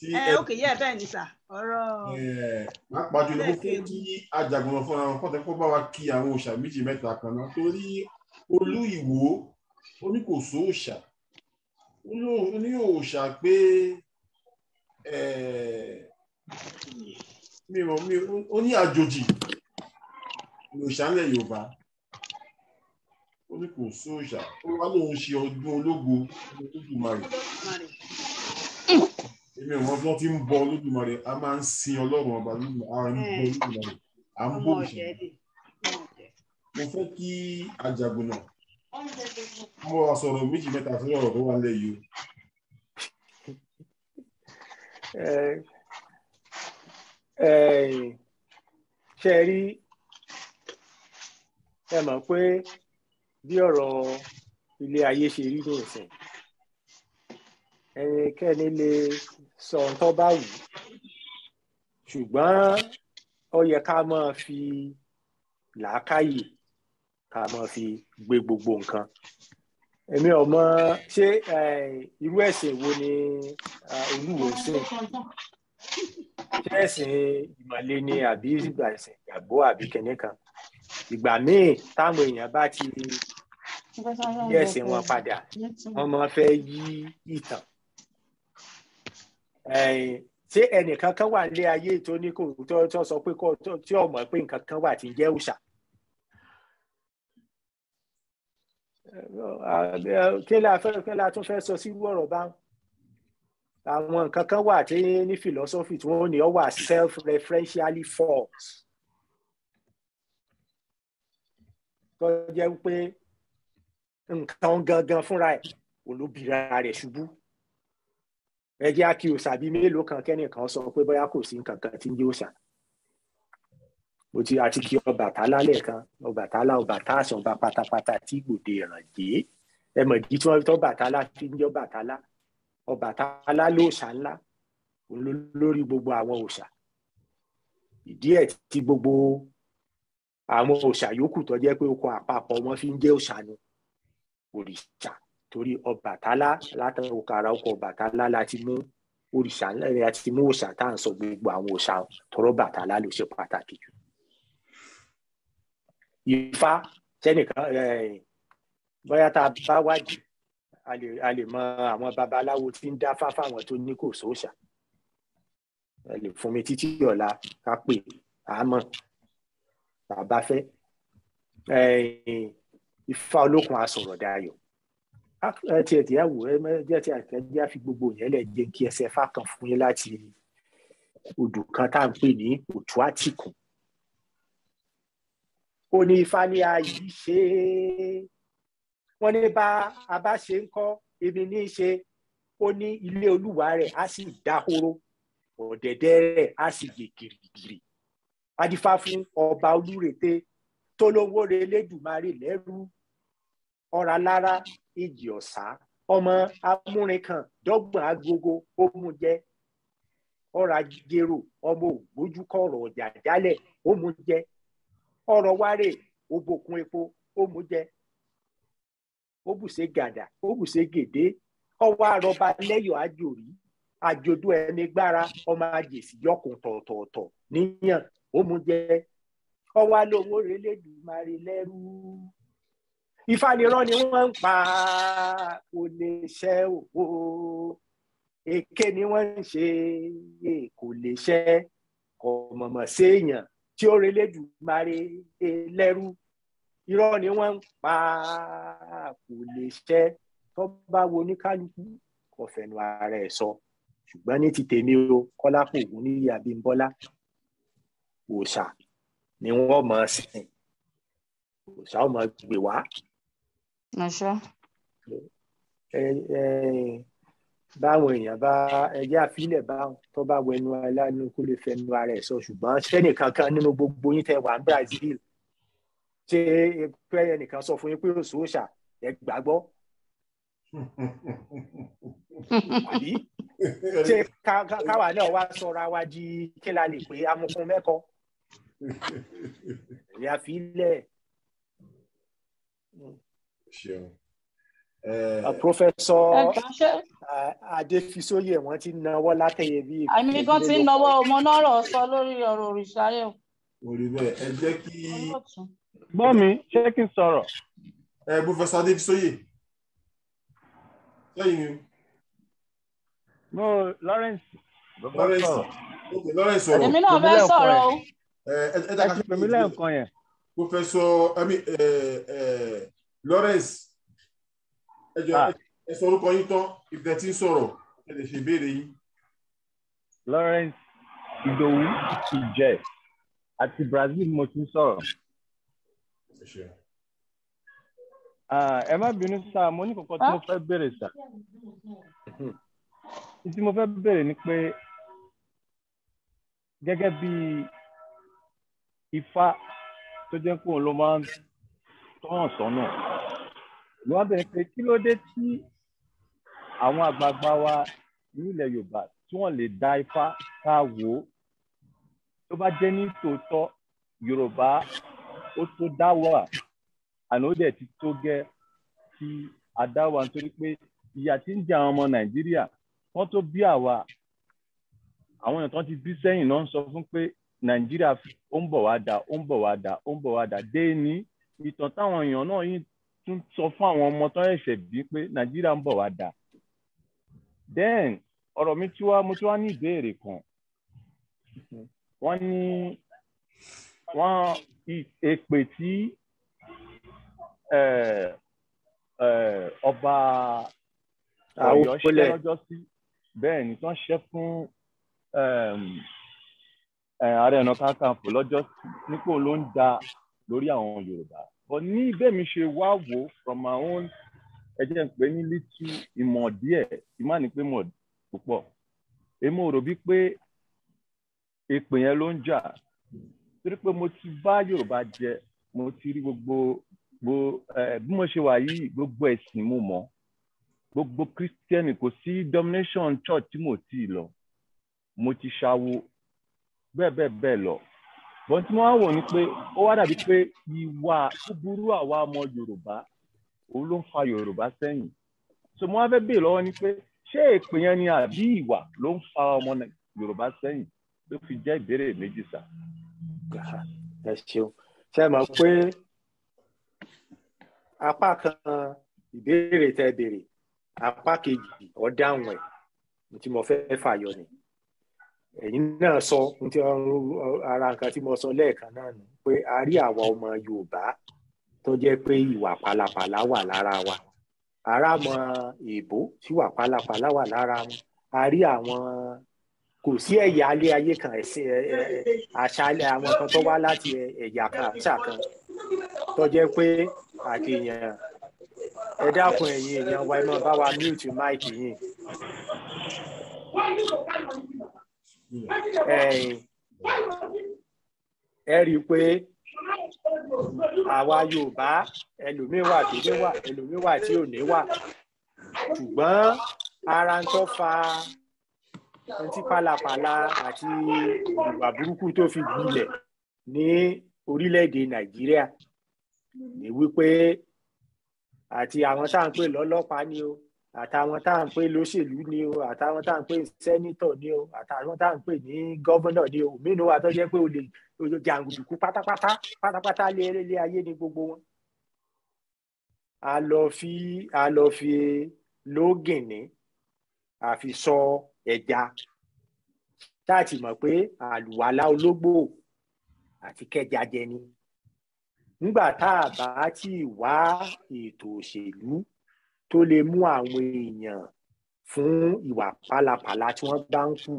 Eh, ẹ ok yẹ bẹ́ẹ̀ ni sà ọ̀rọ̀. Eh, má pàjọ ló fún kí ajagunmọ fúnra wọn kọ́tẹ́ kó bá wa kí àwọn òòṣà méjì mẹ́ta kan náà torí olú ìwò oníkòsó òòṣà oní òòṣà pé eh, mi ò mi ò ní àjòjì òòṣà ńlẹ̀ Yorùbá oníkòsó òòṣà ó wá lóun ṣe ọdún ológo olódùmarè èmi ò mọ bí wọ́n ti ń bọ Olódùmarè a máa ń sin Ọlọ́run ọba eh, Olódùmarè a ń bọ Olódùmarè a ń bọ Olódùmarè mo fẹ́ kí Àjàgùnnà mo wà sọ̀rọ̀ méjì mẹ́ta fún ọ̀rọ̀ tó wà nílẹ̀ yìí o. Eh, eh, ṣe rí ẹ mọ̀ pé bí ọ̀rọ̀ ilé ayé ṣe rí ní ìsìn ẹnikẹ́ni eh, lè sọ nǹkan bá wù ṣùgbọ́n ó yẹ ká máa fi làákàyè ká máa fi gbé gbogbo nǹkan èmi ò mọ̀ ṣé eh, irú ẹ̀sìn wo ni eh, olúwo sìn ṣé ẹ̀sìn ìmọ̀le ni àbí ìgbà ẹ̀sìn ìgbàgbọ́ àbí kẹ̀ní ìgbà míì táwọn èèyàn bá ti yí ẹ̀sìn wọn padà wọ́n máa fẹ́ yí ìtàn ṣé ẹnìkan kan wà nílé ayé tó ní kò tó sọ pé kò tí ò mọ̀ pé nǹkan kan wà tí ń jẹ́ òòṣà kí la fẹ́ la tún fẹ́ sọ sírú ọ̀rọ̀ báwọn àwọn nǹkan kan wà tí ní philosophy tí wọ́n ní ọ wà self-referentially false tó jẹ́ pé nǹkan gangan fúnra ẹ̀ olóbìnrin rẹ̀ ṣubú ẹ jẹ́ kí òòṣà bíi mélòó kan kẹ́nìkan sọ pé bóyá kò sí nǹkan kan tí ń jẹ́ òòṣà mo ti àti kí Ọbàtálá lẹ́ẹ̀kan Ọbàtálá ọba táàsì ọba pátápátá tí gbòde ìrànjẹ ẹ mọ̀ ìdí tí wọ́n fi tọ́ Ọbàtálá tí ń jẹ́ Ọbàtálá Ọbàtálá lóòṣà ńlá lórí gbogbo àwọn òòṣà ìdí ẹ̀ tí gbogbo àwọn òòṣà yòókù tó jẹ́ pé okọ̀ àpapọ̀ wọn fi ń jẹ́ òòṣà ni òrìṣà torí Ọbàtálá látàrí òkàrà ọkọ Ọbàtálá láti mú òrìṣà láti eh, mú òòṣà tá à ń sọ gbogbo àwọn òòṣà tọrọ Ọbàtálá ló ṣe pàtàkì jù. Ifá sẹ́nìkan eh, bóyá tá a bá wádìí a lè mọ àwọn babaláwo tí ń dá fáfá àwọn tó ní kò sóòṣà ẹ lè fún mi títí ọ̀la ká pè àmọ́ bàbá fẹ́ eh, Ifá olókun asọ̀rọ̀ dayọ̀. Ah, ẹ tiẹ̀ tiẹ̀ wò ẹ jẹ́ ti àtẹ̀jẹ́ fi gbogbo yẹn lẹ̀ jẹ́ kí ẹsẹ̀ fàtàn fún yín láti odò kan tá à ń pè ní òtú àtìkù ó ní ifá ní ayé ṣe é wọ́n ní bá a bá ṣe ń kọ́ ibi ní í ṣe ó ní ilé olúwa rẹ̀ á sì dáhóró ọ̀dẹ̀dẹ̀ rẹ̀ á sì yè gìrìgìrì adífá fún ọba olúrete tó lówó relédùmarè lẹ́rú ọ̀rá lára ìjì ọ̀sá ọmọ amúrin kan dọ́gbọ̀n agogo ó mú jẹ ọ̀rọ̀ ajigero ọmọ ògbójúkọ̀ ọ̀rọ̀ ọ̀jà jálẹ̀ jẹ ọ̀rọ̀ wárè epo ó jẹ gàdà ó gèdè ọwọ́ àrọ̀bá lẹ́yọ̀ àjòrí ọmọ àjèsí yọkùn níyàn ọwọ́ alówó ìfanirán ni wọ́n ń pa oníṣẹ́ òwò èké ni wọ́n ń ṣe e kò lè ṣẹ́ kò mọ̀mọ̀ séèyàn tí ó relé jù mare lẹ́rú irọ́ ni wọ́n ń pa kò lè ṣẹ́ tó bá wo oníkálukú kò fẹnu ara ẹ̀ sọ ṣùgbọ́n ní ti tèmi o kọ́lá kò gún ní ìyá Abímbọ́lá òòṣà ni wọ́n mọ̀ ọ́ sìn òòṣà ó mọ̀ gbé wá Àṣà. Báwọn èèyàn bá ẹjẹ́ àfilẹ̀ báwọn tó bá wẹnu aláàánú kó lè fẹnu ara ẹ̀ sọ ṣùgbọ́n sẹ́nìkankan nínú gbogbo yín tẹ́ wà ní Brazil ṣé pé ẹnìkan sọ fún yín pé òṣù òṣà ẹ gbàgbọ́. ṣé káwa náà wá sọra wa di kí la lè pé amukun mẹ́kọ̀ọ́. Ẹ̀yà filẹ̀ ṣeun. Prọfẹ̀sọ Adéfisóyè wọ́n ti náwó látẹ̀yẹ bí. Àmì kan ti ń náwó ọmọ náà rọ̀ sọ lórí ọ̀rọ̀ òrìṣà yẹn. Orí bẹ́ẹ̀ ẹ jẹ́ kí. Gbọ́ mi, ṣé kí n sọ̀rọ̀? Ẹ Prọfẹ̀sọ Adéfisóyè. Lẹ́yìn mi. No, Lawrence. Lawrence. Okay, Lawrence sọ̀rọ̀. Èmi náà fẹ́ sọ̀rọ̀ o. Ẹ Professor, pèmí lẹ́ǹkan yẹn. Prọfẹ̀sọ Lawrence ẹjọ ah. ẹ sọ orúkọ yín tán ìfẹ́ tí ń sọ̀rọ̀ ẹ lè ṣe ìbéèrè yín. Lawrence Idowu Ije àti Brazil mo ti ń sọ̀rọ̀. ẹ ah, má bínú sá mo ní kọ̀kọ́ tí mo ah. fẹ́ béèrè sá tí mo fẹ́ béèrè ni pé gẹ́gẹ́ bí Ifá tó jẹ́ pé ló máa ń tó hàn sọ́nà wọ́n bẹ̀rẹ̀ pé kí ló dé tí àwọn àgbààgbà wa nílẹ̀ Yorùbá tí wọ́n lè dá ifá ká wò ó tó bá jẹ́ ní tòótọ́ Yorùbá ó tó dá wà àná ó dẹ̀ ti tó gẹ́ tí a dá nítorí pé ìyà tí ń jẹ àwọn ọmọ Nàìjíríà wọ́n tó bí àwa àwọn èèyàn kan ti bí sẹ́yìn náà ń sọ fún pé Nàìjíríà ó ń bọ̀ wá dà ó ń bọ̀ wá dà ó ń bọ̀ wá dà dé ìtàn táwọn èèyàn náà yìí tún sọ fún àwọn ọmọ tó ẹ̀ṣẹ̀ bí pé nàìjíríà ń bọ̀ wá dà then ọ̀rọ̀ mi tí wá mo tí wá ní ìbéèrè kan wọ́n ní wọ́n èpè tí eh, eh, ọba Ọ̀yọ́ ṣe lọ́jọ́ sí bẹ́ẹ̀ ni tí wọ́n ṣe fún ehm, eh, ààrẹ ọ̀nà kakanfò lọ́jọ́ nípò ló ń da lórí àwọn Yorùbá but ní bẹ́ẹ̀mi ṣe wá wò from my own ẹ jẹ́ n pè ní lítú ìmọ̀ díẹ̀ ìmọ̀ ní pé mọ̀ púpọ̀ èmi ò rò bí pé èpè yẹn ló ń jà torí pé mo ti bá Yorùbá jẹ mo ti rí gbogbo bí mo ṣe wà yìí gbogbo ẹ̀sìn mo mọ̀ gbogbo kírísítẹ́nì kò sí domination church tí mo ti lọ mo ti ṣàwo bẹ́ẹ̀ bẹ́ẹ̀ bẹ́ẹ̀ lọ bọ́n tí wọ́n á wò ni pé ó wá dàbí pé ìwà tó burú àwa ọmọ Yorùbá òun ló ń fa Yorùbá sẹ́yìn so mo wá fẹ́ bèè lọ́wọ́ ni pé ṣé èpè yẹn ni àbí ìwà ló ń fa ọmọ Yorùbá sẹ́yìn ló fi jẹ́ ìbéèrè méjì sá. ẹ ṣeun ṣe mọ̀ pé apá kan ìbéèrè tẹ béèrè apá kejì ọ̀dáhùn ẹ̀ tí mo fẹ́ fàyọ nìyí ẹ̀yin náà sọ ní ara nǹkan tí mo sọ lẹ́ẹ̀kan náà nù pé a rí àwa ọmọ Yorùbá tó jẹ́ pé ìwà pálapàla wà lára wa ara mọ èèbó tí ìwà pálapàla wà lára wọn a rí àwọn kò sí ẹ̀yà alẹ́ ayé kan ẹ̀sìn àṣàlẹ̀ àwọn kan tó wá láti ẹ̀yà kan kan tó jẹ́ pé àkèèyàn ẹ dákun ẹ̀yin èèyàn wa ẹ máa bá wa mute mic yìí ẹ rí i pé àwa Yorùbá ẹlòmíín wà tó ní wà ẹlòmíín wà tí ò ní wà ṣùgbọ́n ara ń tọ́ fa ntí pálapàla àti ìwà burúkú tó fi gbilẹ̀ ní orílẹ̀-èdè Nàìjíríà ní wípé àti àwọn tá ń pè lọ́lọ́pàá ni o àtàwọn tá à ń pè lóṣèlú ni o àtàwọn tá à ń pè sẹ́nítọ̀ ni o àtàwọn tá à ń pè ní gọ́vọ́nọ̀ ni o mí wa tó jẹ́ pé olè jàǹdùkú pátápátá pátápátá lé lé ayé ni gbogbo wọn. a lọ fi a lọ fi lógìnní àfi sọ ẹja táàtì mọ̀ pé àlùwàlá ológbò àti kẹja jẹ ni nígbà tá a bá ti wá ètò òṣèlú tó lè mú àwọn èèyàn fún ìwà pálapàla tí wọ́n bá ń kù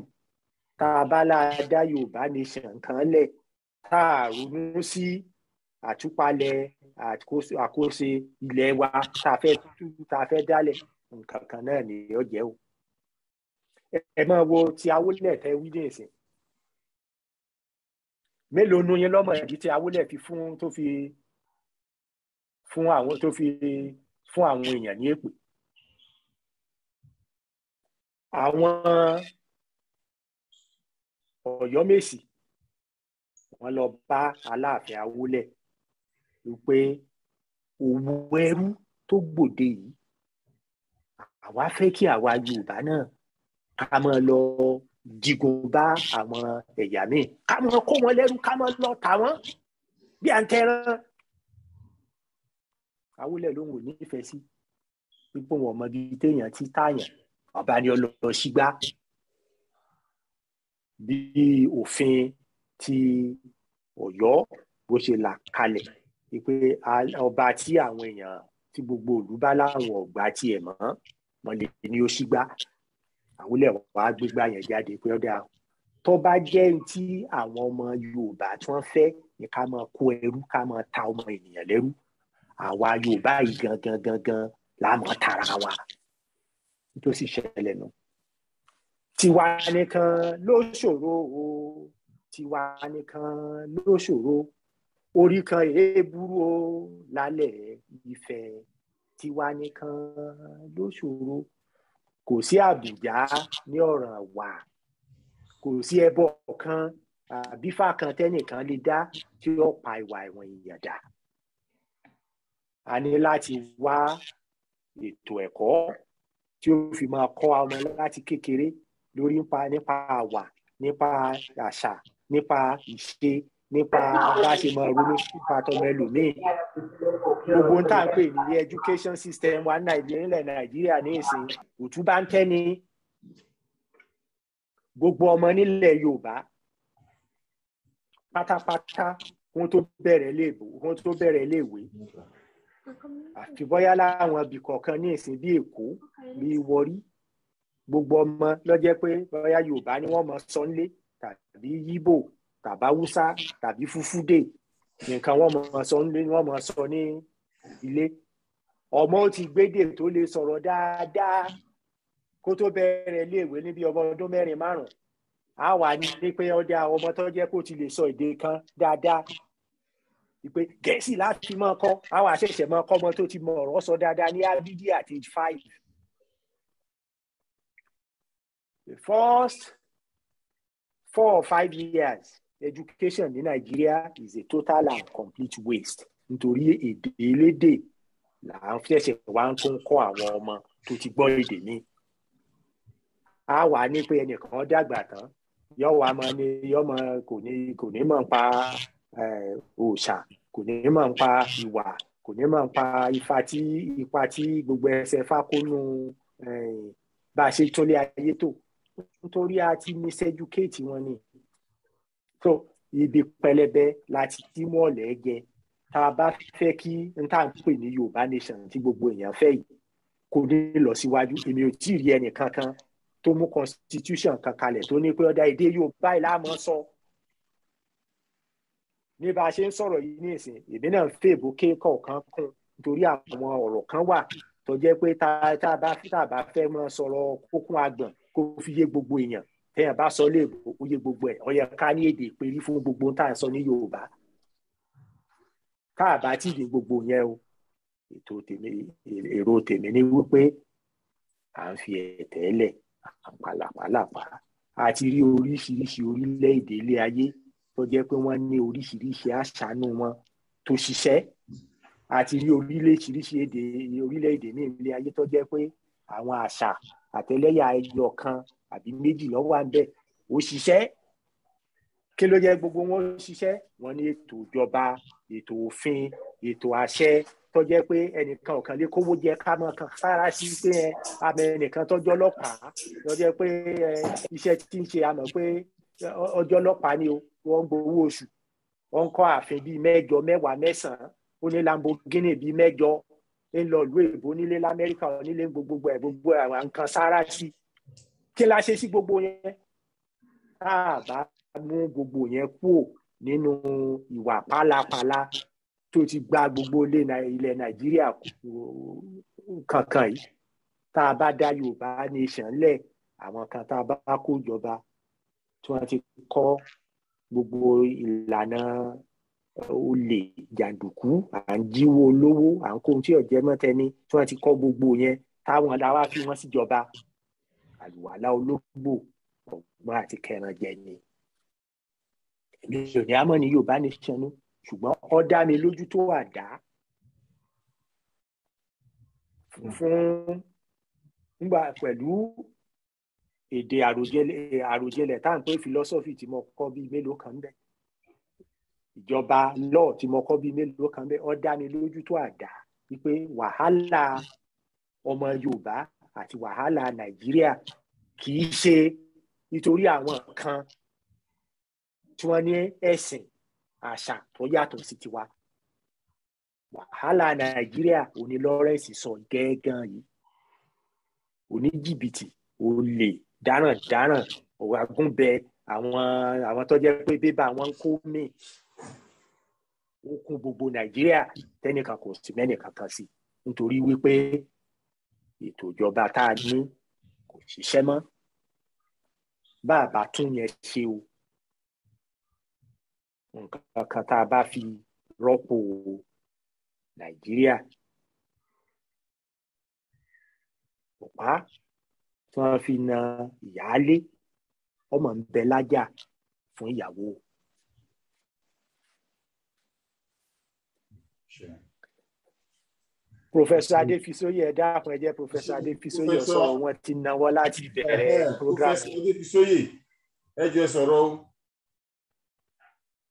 tá a bá láadá yorùbá nation kan lẹ̀ tá a ronú sí àtúpalẹ̀ àkóso ilẹ̀ wa tá a fẹ́ tá a fẹ́ dálẹ̀ nǹkan kan náà ni yóò jẹ́ o ẹ máa wo ti awólẹ̀ fẹ́ wí dé ìsìn mélòó nu yín lọ́mọ ìdí tí awólẹ̀ fi fún tó fi fún àwọn tó fi fún àwọn èèyàn ní èpè àwọn Ọ̀yọ́mèsì wọ́n lọ bá Aláàfin Awólẹ̀ wípé òwò ẹrú tó gbòde yìí àwa fẹ́ kí àwa Yorùbá náà ká mọ lọ digun bá àwọn ẹ̀yà míì ká mọ kó wọn lẹ́rú ká mọ lọ tà wọ́n bí à ń tẹran awúlẹ̀ lòun ò nífẹ̀ẹ́ sí gbogbo wọn mọ téèyàn ti táyàn ọba ni ọlọ sígbá bí òfin ti Ọ̀yọ́ bó ṣe là kalẹ̀ pé ọba tí àwọn èèyàn tí gbogbo ìlú bá láwọn ọgbà tiẹ̀ mọ́ mọlẹ ni ó sígbá àwúlẹ̀ wàá gbégbá yẹn jáde pé ọdẹ àwọn tó bá jẹ́ ti àwọn ọmọ Yorùbá tí wọ́n fẹ́ ni ká máa kó ẹrú ká máa ta ọmọ ènìyàn lẹ́rú àwa Yorùbá yìí gangan gangan là mọ̀ tara wa tó sì ṣẹlẹ̀ nù. tiwa nìkan ló ṣòro o tiwa nìkan ló ṣòro orí kan èébúrú o lálẹ́ Ifẹ̀ tiwa nìkan ló ṣòro kò sí àbùjá ní ọ̀ràn wà kò sí ẹbọ kan àbífà kan tẹ́nìkan lè dá tí ó pa ìwà ìwọ̀n ìyàdá a ní láti wá ètò ẹ̀kọ́ tí ó fi máa kọ́ ọmọ láti kékeré lórí nípa nípa àwà nípa àṣà nípa ìṣe nípa bá ṣe máa ronú nípa tọmọ ẹlòmíín gbogbo ń tà ń pè ní education system wa nílẹ̀ nàìjíríà ní ìsìn òtún bá ń tẹ́ni gbogbo ọmọ nílẹ̀ yorùbá pátápátá wọn tó bẹ̀rẹ̀ léèbó wọn tó bẹ̀rẹ̀ léèwé àfi bóyá láwọn ibì kọ̀ọ̀kan ní ìsìn bí èkó bí wọrí gbogbo ọmọ ló jẹ́ pé bóyá yorùbá ni wọ́n mọ sọ́nlé tàbí yíbò tàbí haúsá tàbí fúfúdè nìkan wọ́n mọ sọ́nlé wọ́n mọ sọ ní ilé ọmọ ti gbédè tó lè sọ̀rọ̀ dáadáa kó tó bẹ̀rẹ̀ iléèwé níbi ọmọ ọdún mẹ́rin márùn-ún a wà pé ọdẹ ọmọ tó jẹ́ kó ti lè sọ èdè kan dáadáa pé gẹ̀ẹ́sì láti máa kọ́ àwọn àṣẹ̀ṣẹ̀ máa kọ́ ọmọ tó ti mọ ọ̀rọ̀ sọ dáadáa ní abidi at age five. the first four or five years education ní Nàìjíríà is a total and complete waste nítorí èdè elédè là ń fẹsẹ̀ wá ń tún kọ́ àwọn ọmọ tó ti gbọ́ èdè ní. a wà ní pé ẹnìkan dàgbà tán yọ wà mọ ni yọ mọ kò ní kò ní mọ̀ pa òòṣà kò ní mọ̀ ń pa ìwà kò ní mọ̀ ń pa ipa tí ipa tí gbogbo ẹsẹ̀ fákónú bá a ṣe tọ́lé ayé tó nítorí a ti miseducate wọn ni so ibi pẹlẹbẹ láti tí mọ̀ọ́lẹ̀ jẹ tá a bá fẹ́ kí n tá à ń pè ní Yorùbá nation tí gbogbo èèyàn fẹ́ yìí kò ní lọ síwájú èmi ò tí ì rí ẹnì kankan tó mú constitution kan kalẹ̀ tó ní pé ọ̀dà èdè Yorùbá ìlànà sọ. So, ní bá a ṣe ń sọ̀rọ̀ yìí ní ìsìn èmi náà ń fèèbó kéèkọ̀ kan kún nítorí àwọn ọ̀rọ̀ kan wà tó jẹ́ pé tá a bá tá a bá fẹ́ mọ́ sọ̀rọ̀ kókún àgbọ̀n kó fi yé gbogbo èèyàn téèyàn bá sọ léèbó ó yé gbogbo ẹ̀ ó yẹ ká ní èdè ìpèrí fún gbogbo tá à ń sọ ní Yorùbá tá a bá tìdí gbogbo yẹn o ètò tèmi èrò tèmi ni wípé à ń fi ẹ̀tẹ́ lẹ̀ àpàlàpàlàpà àti rí oríṣiríṣi orílẹ̀ tó jẹ́ pé wọ́n ní oríṣiríṣi àṣàánú wọn tó ṣiṣẹ́ àti rí oríṣiríṣi orílẹ̀-èdè ní ilé ayé tó jẹ́ pé àwọn àṣà àtẹlẹ́yà ẹyọ kan àbí méjì ló wà ńbẹ̀ ó ṣiṣẹ́ kí ló jẹ́ gbogbo wọn ṣiṣẹ́ wọ́n ní ètò ìjọba ètò òfin ètò àṣẹ tó jẹ́ pé ẹnìkan ọ̀kan lè kówó jẹ ká mọ̀ kan sára sí pé ẹ àmọ́ ẹnìkan tọ́jọ́ ọlọ́pàá tó jẹ́ pé iṣẹ́ tí ń ṣe àmọ́ pé ọjọ́ ọlọ́pàá ni o wọ́n gbowó oṣù wọ́n ń kọ́ ààfin bíi mẹ́jọ mẹ́wàá mẹ́sàn-án ó ní Lamborghini bíi mẹ́jọ ń lọ ìlú èbó nílé lamẹ́ríkà nílé gbogbo ẹ̀ gbogbo àwọn nǹkan sára sí kí la ṣe sí gbogbo yẹn tá a bá mú gbogbo yẹn kúrò nínú ìwà pálapàla tó ti gba gbogbo ilẹ̀ nàìjíríà kankan yìí tá a bá dá yorùbá nation lẹ̀ àwọn kan tá a bá kó jọba tí wọ́n ti kọ́ gbogbo ìlànà olè jàǹdùkú à ń jíwó olówó à ń kó ohun tí ọ̀jẹ́ mọ́tẹ́ni tí wọ́n ti kọ́ gbogbo yẹn táwọn aláwa fi wọ́n síjọba àlùwàlá ológbò ọ̀gbọ́n àti kẹran jẹ ni èmi ò ní àmọ́ ní Yorùbá nation ní ṣùgbọ́n ó dá mi lójú tó wà dá fún nígbà pẹ̀lú èdè àròjẹlẹ̀ àròjẹlẹ̀ tá à ń pè philosophy tí mo kọ́ bíi mélòó kan bẹ́ẹ̀ ìjọba law tí mo kọ́ bíi mélòó kan bẹ́ẹ̀ ó dá mi lójú tó àdá wípé wàhálà ọmọ Yorùbá àti wàhálà Nàìjíríà kì í ṣe nítorí àwọn kan tí wọ́n ní ẹ̀sìn àṣà tó yàtọ̀ sí tiwa wàhálà Nàìjíríà òní Lawrence sọ gẹ́gàn yìí oníjìbìtì olè daran daran àgúnbẹ àwọn àwọn tó jẹ́ pé bébà wọn ń kó mí ó gbogbo nàìjíríà tẹnìkan kò sí mẹ́nìkan kan sí nítorí wípé ètò ìjọba tá a ní kò ṣiṣẹ́ mọ́ bá a bá tún yẹn ṣe o nǹkan kan tá a bá fi rọ́pò nàìjíríà ọ̀pá tí wọ́n fi na ìyáálé ọmọ ń bẹ lájà fún ìyàwó. Professor Adefisoye ẹ dákun ẹ jẹ́ Professor Adefisoye sọ wọn ti náwó láti bẹ̀rẹ̀ program. Professor Adefisoye ẹ jẹ́ sọ̀rọ̀ o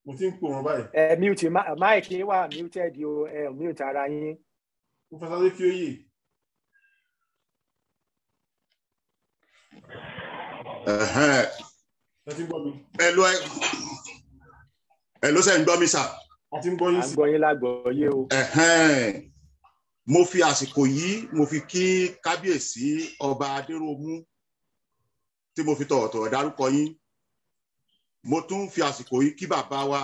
mo ti ń pòrán báyìí. ẹ mute máìkì wà muted o ẹ mute ara yín. Professor Adefisoye. ẹ̀lú ẹ̀lú sẹ́yìn gbọ́ mi sà. àti ń gbọ́ yín sí. à ń gbọ́ yín lágbọ́ yé o. mo fi àsìkò yìí mo fi kí kábíyèsí ọba adéròmù tí mo fi tọ̀wọ̀tọ̀wọ̀ dárúkọ yín mo tún fi àsìkò yìí kí bàbá wa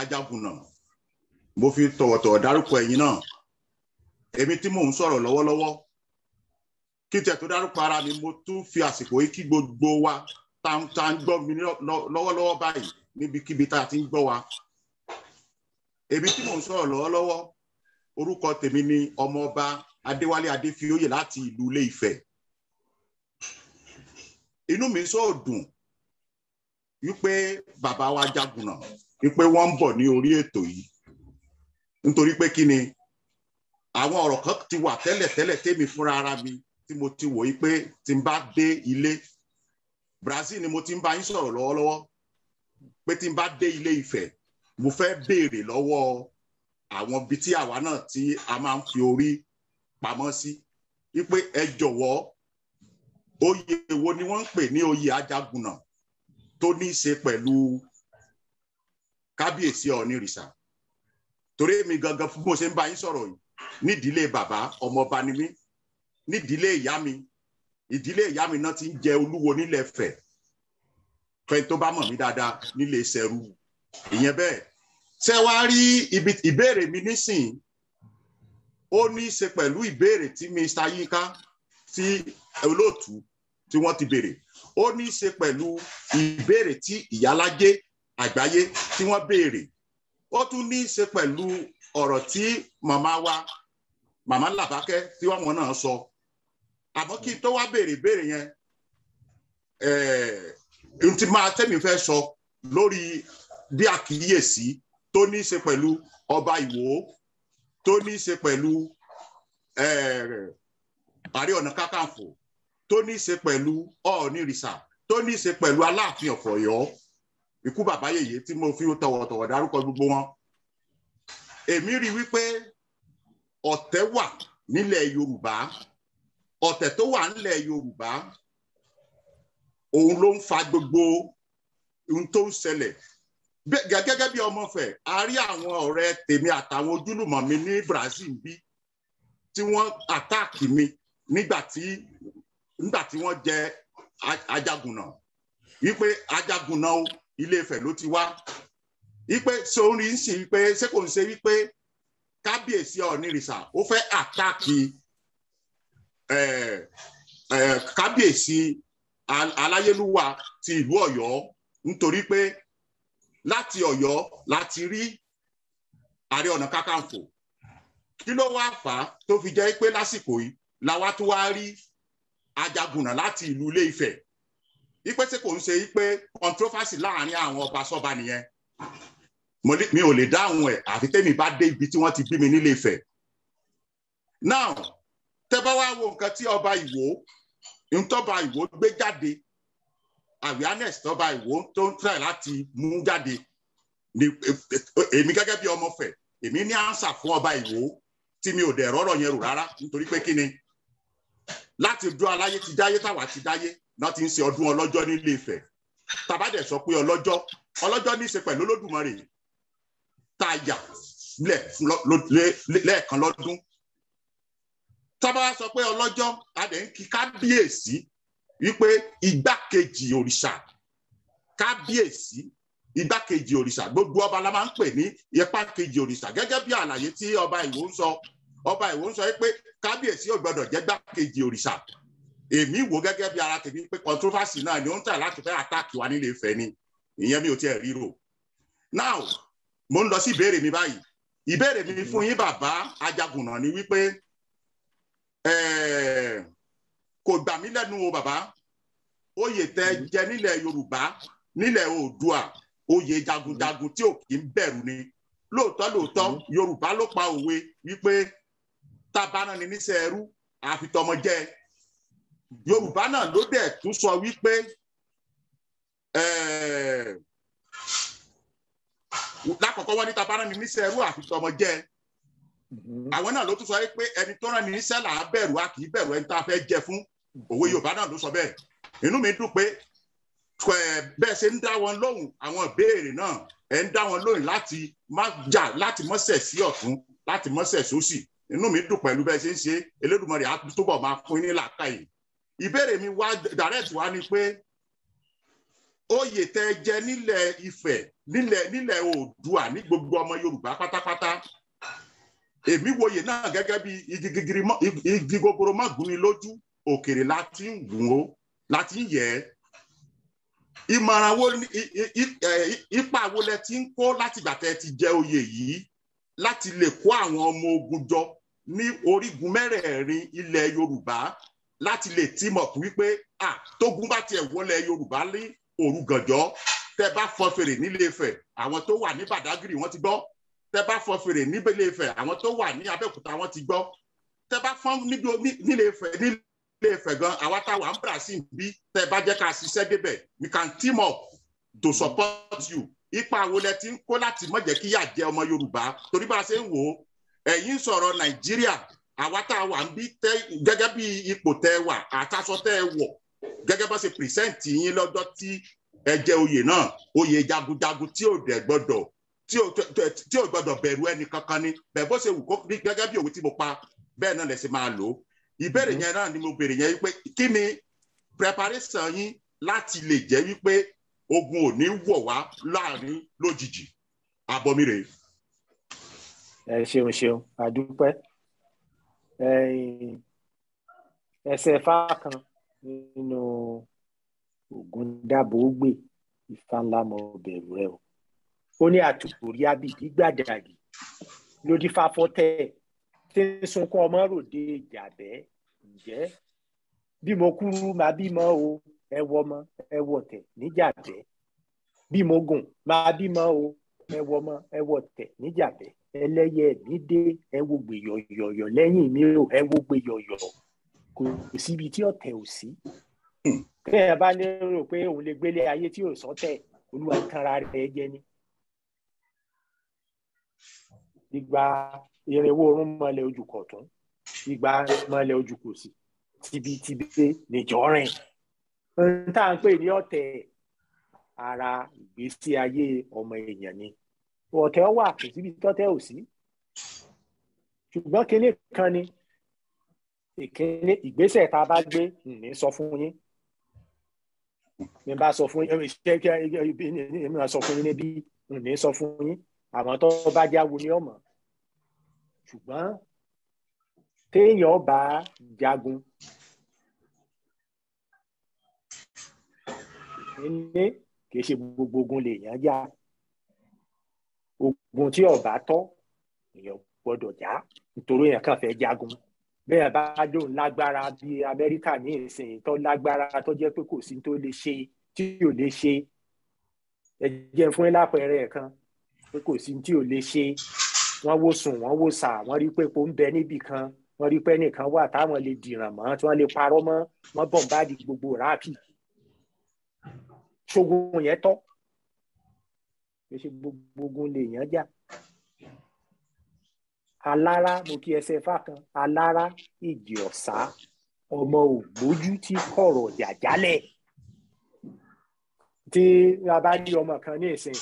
ajagunà mo fi tọ̀wọ̀tọ̀wọ̀ dárúkọ ẹ̀yin náà èmi tí mò ń sọ̀rọ̀ lọ́wọ́lọ́wọ́ kí n tiẹ̀ tó dárúkọ ara mi mo tún fi àsìkò yìí kí gbogbo wa tá à ń gbọ́ mi lọ́wọ́lọ́wọ́ báyìí níbikíbi tá a ti ń gbọ́ wa èmi tí mò ń sọ̀rọ̀ lọ́wọ́lọ́wọ́ orúkọ tèmi ni ọmọọba adéwálé adéfioyè láti ìlú ilé ifẹ̀ inú mi sọ dùn wípé bàbá wa jagunà wípé wọ́n ń bọ̀ ní orí ètò yìí nítorí pé kí ni àwọn ọ̀rọ̀ kan ti wà tẹ́lẹ̀tẹ́lẹ̀ tèmi fúnra ara mi tí mo ti wòye pé tí n bá dé ilé Brazil ni mo ti ń bá yín sọ̀rọ̀ lọ́wọ́lọ́wọ́ pé tí n bá dé ilé Ifẹ̀ mo fẹ́ béèrè lọ́wọ́ àwọn ibi tí àwa náà tí a máa ń fi orí pamọ́ sí wípé ẹ jọ̀wọ́ oyè wo ni wọ́n ń pè ní oyè ajagunà tó ní í ṣe pẹ̀lú kábíyèsí ọ̀nìrìṣà torí èmi gangan fún bí ṣe ń bá yín sọ̀rọ̀ yìí nídìílé bàbá ọmọọba ni mí nídìílé ìyá mi ìdílé ìyá mi náà ti ń jẹ olúwo nílẹ̀ Ifẹ̀ fẹ́ tó bá mọ̀ mí dáadáa nílé ìṣẹ̀rù ìyẹn bẹ́ẹ̀ ṣé wàá rí ìbéèrè mi nísìn ó ní í ṣe pẹ̀lú ìbéèrè tí Mr. Yinka tí olóòtú tí wọ́n ti béèrè ó ní í ṣe pẹ̀lú ìbéèrè tí ìyálájé àgbáyé tí wọ́n béèrè ó tún ní í ṣe pẹ̀lú ọ̀rọ̀ tí màmá wa màmá làbákẹ́ tí wọ́n náà sọ. So àmọ́ kí n tó wá béèrè béèrè yẹn eh, n ti máa tẹ́mi fẹ́ sọ lórí bí àkíyèsí tó ní í ṣe pẹ̀lú ọba Ìwó tó ní í ṣe pẹ̀lú eh, Ààrẹ Ọ̀nà Kakanfò tó ní í ṣe pẹ̀lú Ọọ̀ni rìṣà tó ní í ṣe pẹ̀lú Aláàfin of Ọ̀yọ́ ikú bàbá yèyé tí mo fi tọ̀wọ̀tọ̀wọ̀ dárúkọ gbogbo wọn èmi rí wípé ọ̀tẹ̀ wà nílẹ̀ Yorùbá ọ̀tẹ̀ tó wà nílẹ̀ Yorùbá òun ló ń fa gbogbo ohun tó ń ṣẹlẹ̀ gẹ́gẹ́ bí Ọmọfẹ̀ a rí àwọn ọ̀rẹ́ tèmi àtàwọn ojúlùmọ̀ mi ní Brazil bí tí wọ́n àtáàkì mi nígbà tí nígbà tí wọ́n jẹ Ajagunna wípé Ajagunna o Ilé-Ifẹ̀ ló ti wá wípé sórí ń sìn wípé ṣé kò ń ṣe wípé kábíyèsí Ọ̀nìrìṣà ó fẹ́ àtáàkì kábíyèsí aláyélúwà ti ìlú Ọ̀yọ́ nítorí pé láti Ọ̀yọ́ láti rí ààrẹ ọ̀nà kákàǹfò kí ló wá fà á tó fi jẹ́ pé lásìkò yìí làwa tó wá rí Ajàgùnnà láti ìlú Ilé Ifẹ̀ ipe tí kò ń ṣe ipe controversy láàrin àwọn ọba sọba nìyẹn mi ò lè dáhùn ẹ̀ àfi tẹ́mi bá dé ibi tí wọ́n ti bí mi nílé Ifẹ̀ now tẹ bá wá wo nǹkan tí ọba ìwò ntọ́ba ìwò gbé jáde awareness tọ́ba ìwò tó ń tẹ̀ láti mú jáde ni èmi gẹ́gẹ́ bí ọmọ fẹ̀ èmi ní ansa fún ọba ìwò tí mi ò dẹ̀ rọ́rọ̀ yẹn rò rárá nítorí pé kí ni láti dún aláyé ti dáyé táwa ti dáyé náà ti ń ṣe ọdún ọlọ́jọ́ nílé Ifẹ̀ tabadẹ̀ sọ pé ọlọ́jọ́ ọlọ́jọ́ ní í ṣe pẹ̀lú Olódùmarè tá a yà lẹ́ẹ̀kan lọ́dún tọ́ba sọ pé ọlọ́jọ́ adẹ̀ ń kí kábíyèsí wípé igbákejì òrìṣà kábíyèsí igbákejì òrìṣà gbogbo ọba la máa ń pè ní ipákejì òrìṣà gẹ́gẹ́ bí àlàyé tí ọba Ìwó ń sọ ọba Ìwó ń sọ pé kábíyèsí ò gbọdọ̀ jẹ́ igbákejì òrìṣà èmi wò gẹ́gẹ́ bí ara tèmi pé controversy náà ni ó ń tà láti fẹ́ àtàkì wa nílé Ifẹ̀ ni ìyẹn mi ò tiẹ̀ ríro now mo ń lọ sí ìbéèrè mi báyìí ìbéèrè mi fún yín bàbá ajagunà ni wípé Eh, kò gbà mí lẹ́nu o bàbá oyè tẹ mm-hmm. jẹ nílẹ̀ Yorùbá nílẹ̀ Oòduà oyè jagunjagun tí ò kì í bẹ̀rù ni lóòótọ́ lóòótọ́ mm-hmm. Yorùbá ló pa òwe wípé tabana ni níṣẹ́ ẹrú àfitọ́mọjẹ́ Yorùbá náà ló dẹ̀ tún sọ wípé eh, lákọ̀ọ́kọ́ wọ́n ní tabana ni níṣẹ́ ẹrú àfitọ́mọjẹ́ Mm-hmm. àwọn náà ló tún sọ pé ẹni tó rán ni iṣẹ́ là á bẹ̀rù a kì í bẹ̀rù ẹni tá a fẹ́ jẹ fún òwe Yorùbá náà ló sọ bẹ́ẹ̀ inú mi dùn pé bẹ́ẹ̀ ṣe ń dá wọn lóhùn àwọn ìbéèrè náà ẹ̀ ń dá wọn lóhùn láti má jà láti mọ́sẹ̀ sí ọ̀tún láti mọ́sẹ̀ sósì inú mi dùn pẹ̀lú bẹ́ẹ̀ ṣe ń ṣe Elédùmarè á túbọ̀ máa fún yín làákàyè ìbéèrè mi wá direct wá ni pé oyè tẹ jẹ nílẹ̀ Ifẹ̀ nílẹ̀ nílẹ̀ Oòduà ní gbogbo ọmọ Yorùbá pátápátá èmi wòye náà gẹ́gẹ́ bí igi gogoro má gúnni lójú òkèrè láti ń wù ó láti ń yẹ ẹ́ ìmọ̀ràn wo ipa wo lẹ ti ń kó láti gbà tẹ́ ti jẹ oyè yìí láti lè kó àwọn ọmọ ogun jọ ní orígun mẹ́rẹ̀ẹ̀rin ilẹ̀ Yorùbá láti lè tímọ̀ wípé à tógun bá tiẹ̀ wọlé Yorùbá ní òru gànjọ́ tẹ́ bá fọn fèrè nílé Ifẹ̀ àwọn tó wà ní Bàdágìrì wọ́n ti gbọ́ tẹ bá fọn fèrè níbẹ̀lẹ̀ Ifẹ̀ àwọn tó wà ní Abẹ́òkúta wọn ti gbọ́ tẹ bá fọn nílé Ifẹ̀ nílé Ifẹ̀ gan àwa tá wà ń bí tẹ bá jẹ́ ká ṣiṣẹ́ débẹ̀ we can team up to support you ipa wo lẹ ti ń kó láti má jẹ́ kí yà jẹ ọmọ Yorùbá torí bá a ṣe ń wò ó ẹ̀yin sọ̀rọ̀ Nàìjíríà àwa tá a ń bí tẹ gẹ́gẹ́ bí ipò tẹ wà àtàṣọ tẹ wọ̀ gẹ́gẹ́ bá ṣe pìrìsẹ́ǹtì yín lọ́jọ́ tí ẹ jẹ oyè náà oyè jagunjagun tí ò dẹ̀ gbọ́dọ̀ tí ò gbọdọ̀ bẹ̀rù ẹni kankan ni bẹ́ẹ̀ bó ṣe wù kó gẹ́gẹ́ bí òwe tí mo pa bẹ́ẹ̀ náà lẹ ṣe máa lò ó ìbéèrè mhm. yẹn náà ni mo béèrè yẹn wípé kí ni preparation yín láti lè jẹ́ wípé ogun ò ní wọ̀ wá láàrin lójijì abọ́mire. ẹ ṣeun ṣeun àdúpẹ́ ẹsẹ̀ fáà kan nínú ogun dáàbò ó gbé rẹ o ó ní àtòrí abìdí gbàdàgì lòdì fàfọtẹ tí ń sunkún ọmọ ròde ìjàbẹ ǹjẹ bí mo kúrú máa bímọ o ẹ wọ ọmọ ẹ wọ tẹ níjàbẹ bí mo gùn máa bímọ o ẹ wọ ọmọ ẹ wọ tẹ níjàbẹ ẹlẹyẹ mi dé ẹ wo gbè yọyọyọ lẹ́yìn mi o ẹ wo gbè yọyọ kò síbi tí ọ̀tẹ̀ ò sí kéèyàn bá lérò pé òun lè gbélé ayé tí ò sọ́tẹ̀ olúwa tanra rẹ̀ jẹ ni ìgbà irinwó oorun mọ́lẹ̀ ojú kọ̀tún ìgbà mọ́lẹ̀ ojú kòsì tibitibi nìjọrin n tá à ń pè ní ọ̀tẹ̀ ara ìgbésí ayé ọmọ èèyàn ni ọ̀tẹ̀ wà kò síbi tọ́tẹ̀ ò sí ṣùgbọ́n kinní kan ni ìkíní ìgbésẹ̀ tá a bá gbé ní sọ fún yín mi bá sọ fún yín ṣé kí ẹ sọ fún yín níbí ní sọ fún yín àmọ́ tó bá jáwo ni ọmọ ṣùgbọ́n téèyàn bá jagun ní kì í ṣe gbogbo ogun lèèyàn jà ogun tí ọba tọ́ èèyàn gbọ́dọ̀ jà nítorí èèyàn kàn fẹ́ jagun bẹ́ẹ̀ bá dùn lágbára bí Amẹ́ríkà ní ìsìn tó lágbára tó jẹ́ pé kò sí tó lè ṣe tí ò lè ṣe ẹ jẹ́ fún ẹ lápẹẹrẹ kan pé kò sí tí ò lè ṣe wọ́n wò sùn wọ́n wò sà wọ́n rí pé epo ń bẹ níbì kan wọ́n rí pé ẹnìkan wà táwọn lè dìràn mọ́ tí wọ́n lè parọ́ mọ́ wọ́n bọ̀m̀báàdì gbogbo ráàpì ṣogun yẹn tọ́ kì í ṣe gbogbo ogun lèèyàn jà alára mo kí ẹsẹ fà kan alára ìjì ọ̀sá ọmọ ògbójú tí kọ̀rọ̀ jàjálẹ̀ tí a bá rí ọmọ kan ní ìsìn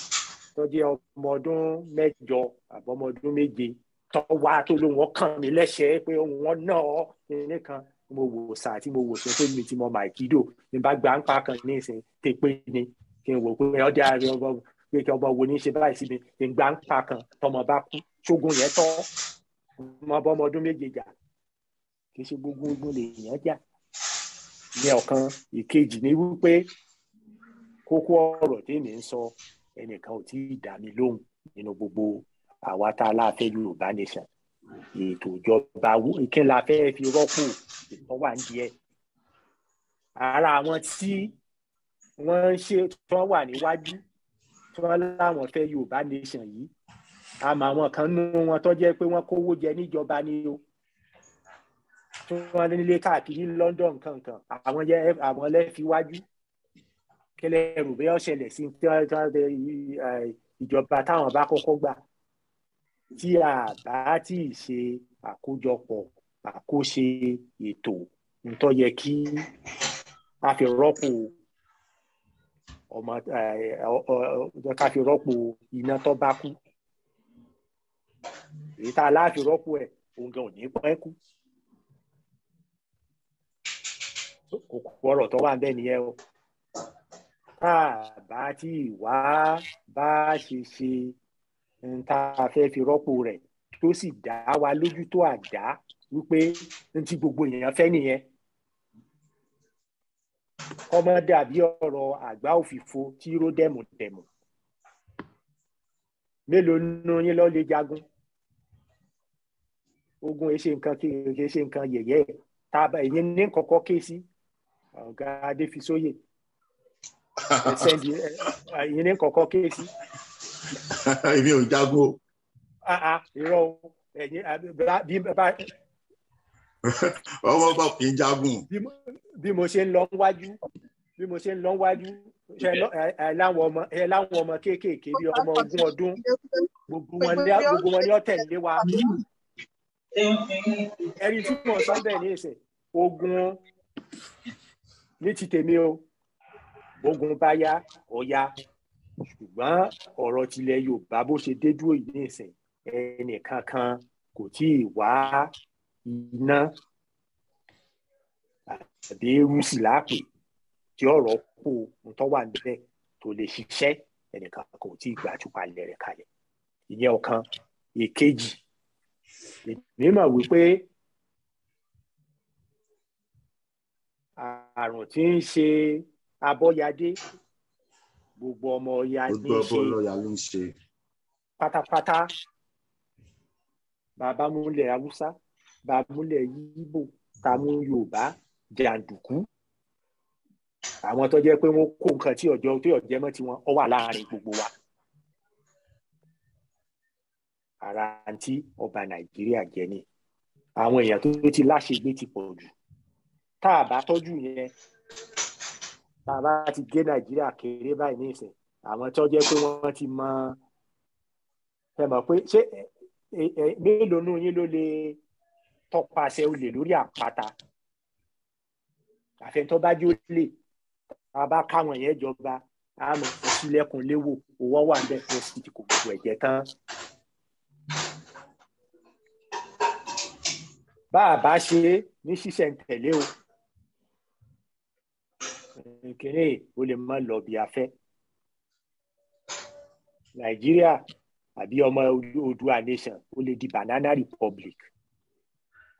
tó jẹ́ ọmọ ọdún mẹ́jọ àbọ̀mọ ọdún méje tó wá tó ló wọn kàn mí lẹ́sẹ̀ẹ́ pé wọ́n ná ọ kan mo wò sá tí mo wò sọ pé mi ti mọ màìkídò ní bá gbà ń kan ní ìsìn tèpé ni kí n wò pé ọdẹ ààrẹ ọmọ pé kí ọmọ wo ní ṣe báyìí sí mi kí n gbà ń kan tọmọ bá kú ṣógun yẹn tọ́ ọmọ ọmọ ọdún méje jà kì í ṣe gbogbo ogun lèèyàn jà ní ọ̀kan ìkejì ní wípé kókó ọ̀rọ̀ tèmi ń sọ ẹnìkan ò tí ì dá mi lóhùn nínú gbogbo àwa tá a láfẹ́ yorùbá nation ètò ìjọba kí la fẹ́ fi rọ́pò ìtọ́ wà ní ẹ̀ ara àwọn tí wọ́n ń ṣe tí wọ́n wà níwájú tí wọ́n láwọn fẹ́ yorùbá nation yìí àmọ́ àwọn kan nú wọn tó jẹ́ pé wọ́n kówó jẹ níjọba ni o tí wọ́n nílé káàkiri London kankan àwọn lẹ́fiwájú kẹlẹ́ rò bẹ́ẹ̀ ọ̀ṣẹlẹ̀ sí ìjọba táwọn bá kọ́kọ́ gbà tí a bá tí ì ṣe àkójọpọ̀ àkóṣe ètò ntọ́ yẹ kí a fi rọ́pò ọmọ ká fi rọ́pò iná tó bá kú èyí tá a láàfi rọ́pò ẹ̀ oúnjẹ ò ní pẹ́ kú kòkòrò ọ̀rọ̀ tó wà bẹ́ẹ̀ nìyẹn o tá a bá tí ì wá bá a ṣe ṣe ń tá a fẹ́ fi rọ́pò rẹ̀ tó sì dá wa lójú tó àdá wípé ní ti gbogbo èèyàn fẹ́ nìyẹn ọmọ dàbí ọ̀rọ̀ àgbá òfìfo tí ró dẹ̀mùdẹ̀mù mélòó nínú yín ló lè jagun ogun èṣe nǹkan kéèké ṣe nǹkan yẹ̀yẹ́ tá a bá èyí ní kọ́kọ́ ké sí ọ̀gá adéfisóyè sẹ́ndì yìí ní kọ̀ọ̀kan ké sí. èmi ò ah, irọ́ ẹ̀yin bí bá. ọmọ bá kì í jagun. bí mo ṣe ń lọ wájú bí mo ṣe ń lọ wájú ẹ láwọn ọmọ ẹ láwọn ọmọ kéékèèké bí ọmọ ogún ọdún gbogbo wọn ní gbogbo wọn ní ọ̀tẹ̀ lé wa. ẹni tí mo sọ bẹ́ẹ̀ ní ìsìn ogun ní ti tèmi o bógun bá yá ó yá ṣùgbọ́n ọ̀rọ̀ tilẹ̀ Yorùbá bó ṣe dé dúró yìí nìsín ẹnìkan kan kò tí ì wá iná àti rúùsì láàpè tí ọ̀rọ̀ kó nǹkan wà níbẹ̀ tó lè ṣiṣẹ́ ẹnìkan kò tí ì gbàjú palẹ̀ rẹ̀ kalẹ̀ ìyẹn ọ̀kan èkejì èmi wípé àrùn tí ń ṣe abọ́yadé gbogbo ọmọ ọ̀yà ní í ṣe pátápátá bàbá múlẹ̀ haúsá bàbá múlẹ̀ yíbò tàmú yorùbá jàǹdùkú àwọn tó jẹ́ pé wọ́n kó nǹkan tí ọjọ́ tó ọjẹ́ mọ́ tiwọn ọ wà láàrin gbogbo wa ara àǹtí ọba nàìjíríà jẹ ni àwọn èèyàn tó ti láṣegbé ti pọ̀ jù tá a bá tọ́jú yẹn bàbá ti gé nàìjíríà kéré báyìí ní ìsìn àwọn tó jẹ́ pé wọ́n ti mọ ẹ mọ̀ pé ṣé mélòó nù yín ló lè tọpasẹ̀ olè lórí àpáta àfẹnitọ́ bá jẹ́ olè bàbá káwọn yẹn jọba àmọ́ ìsílẹ̀kùn léwò owó wà ń bẹ̀ fún ọsibítù kò gbogbo ẹ̀jẹ̀ tán. bá a bá ṣe ní ṣísẹ̀ntẹ̀lé o kínní ó lè má lọ bí a fẹ́ nàìjíríà àbí ọmọ Oòduà nation ó lè di banana republic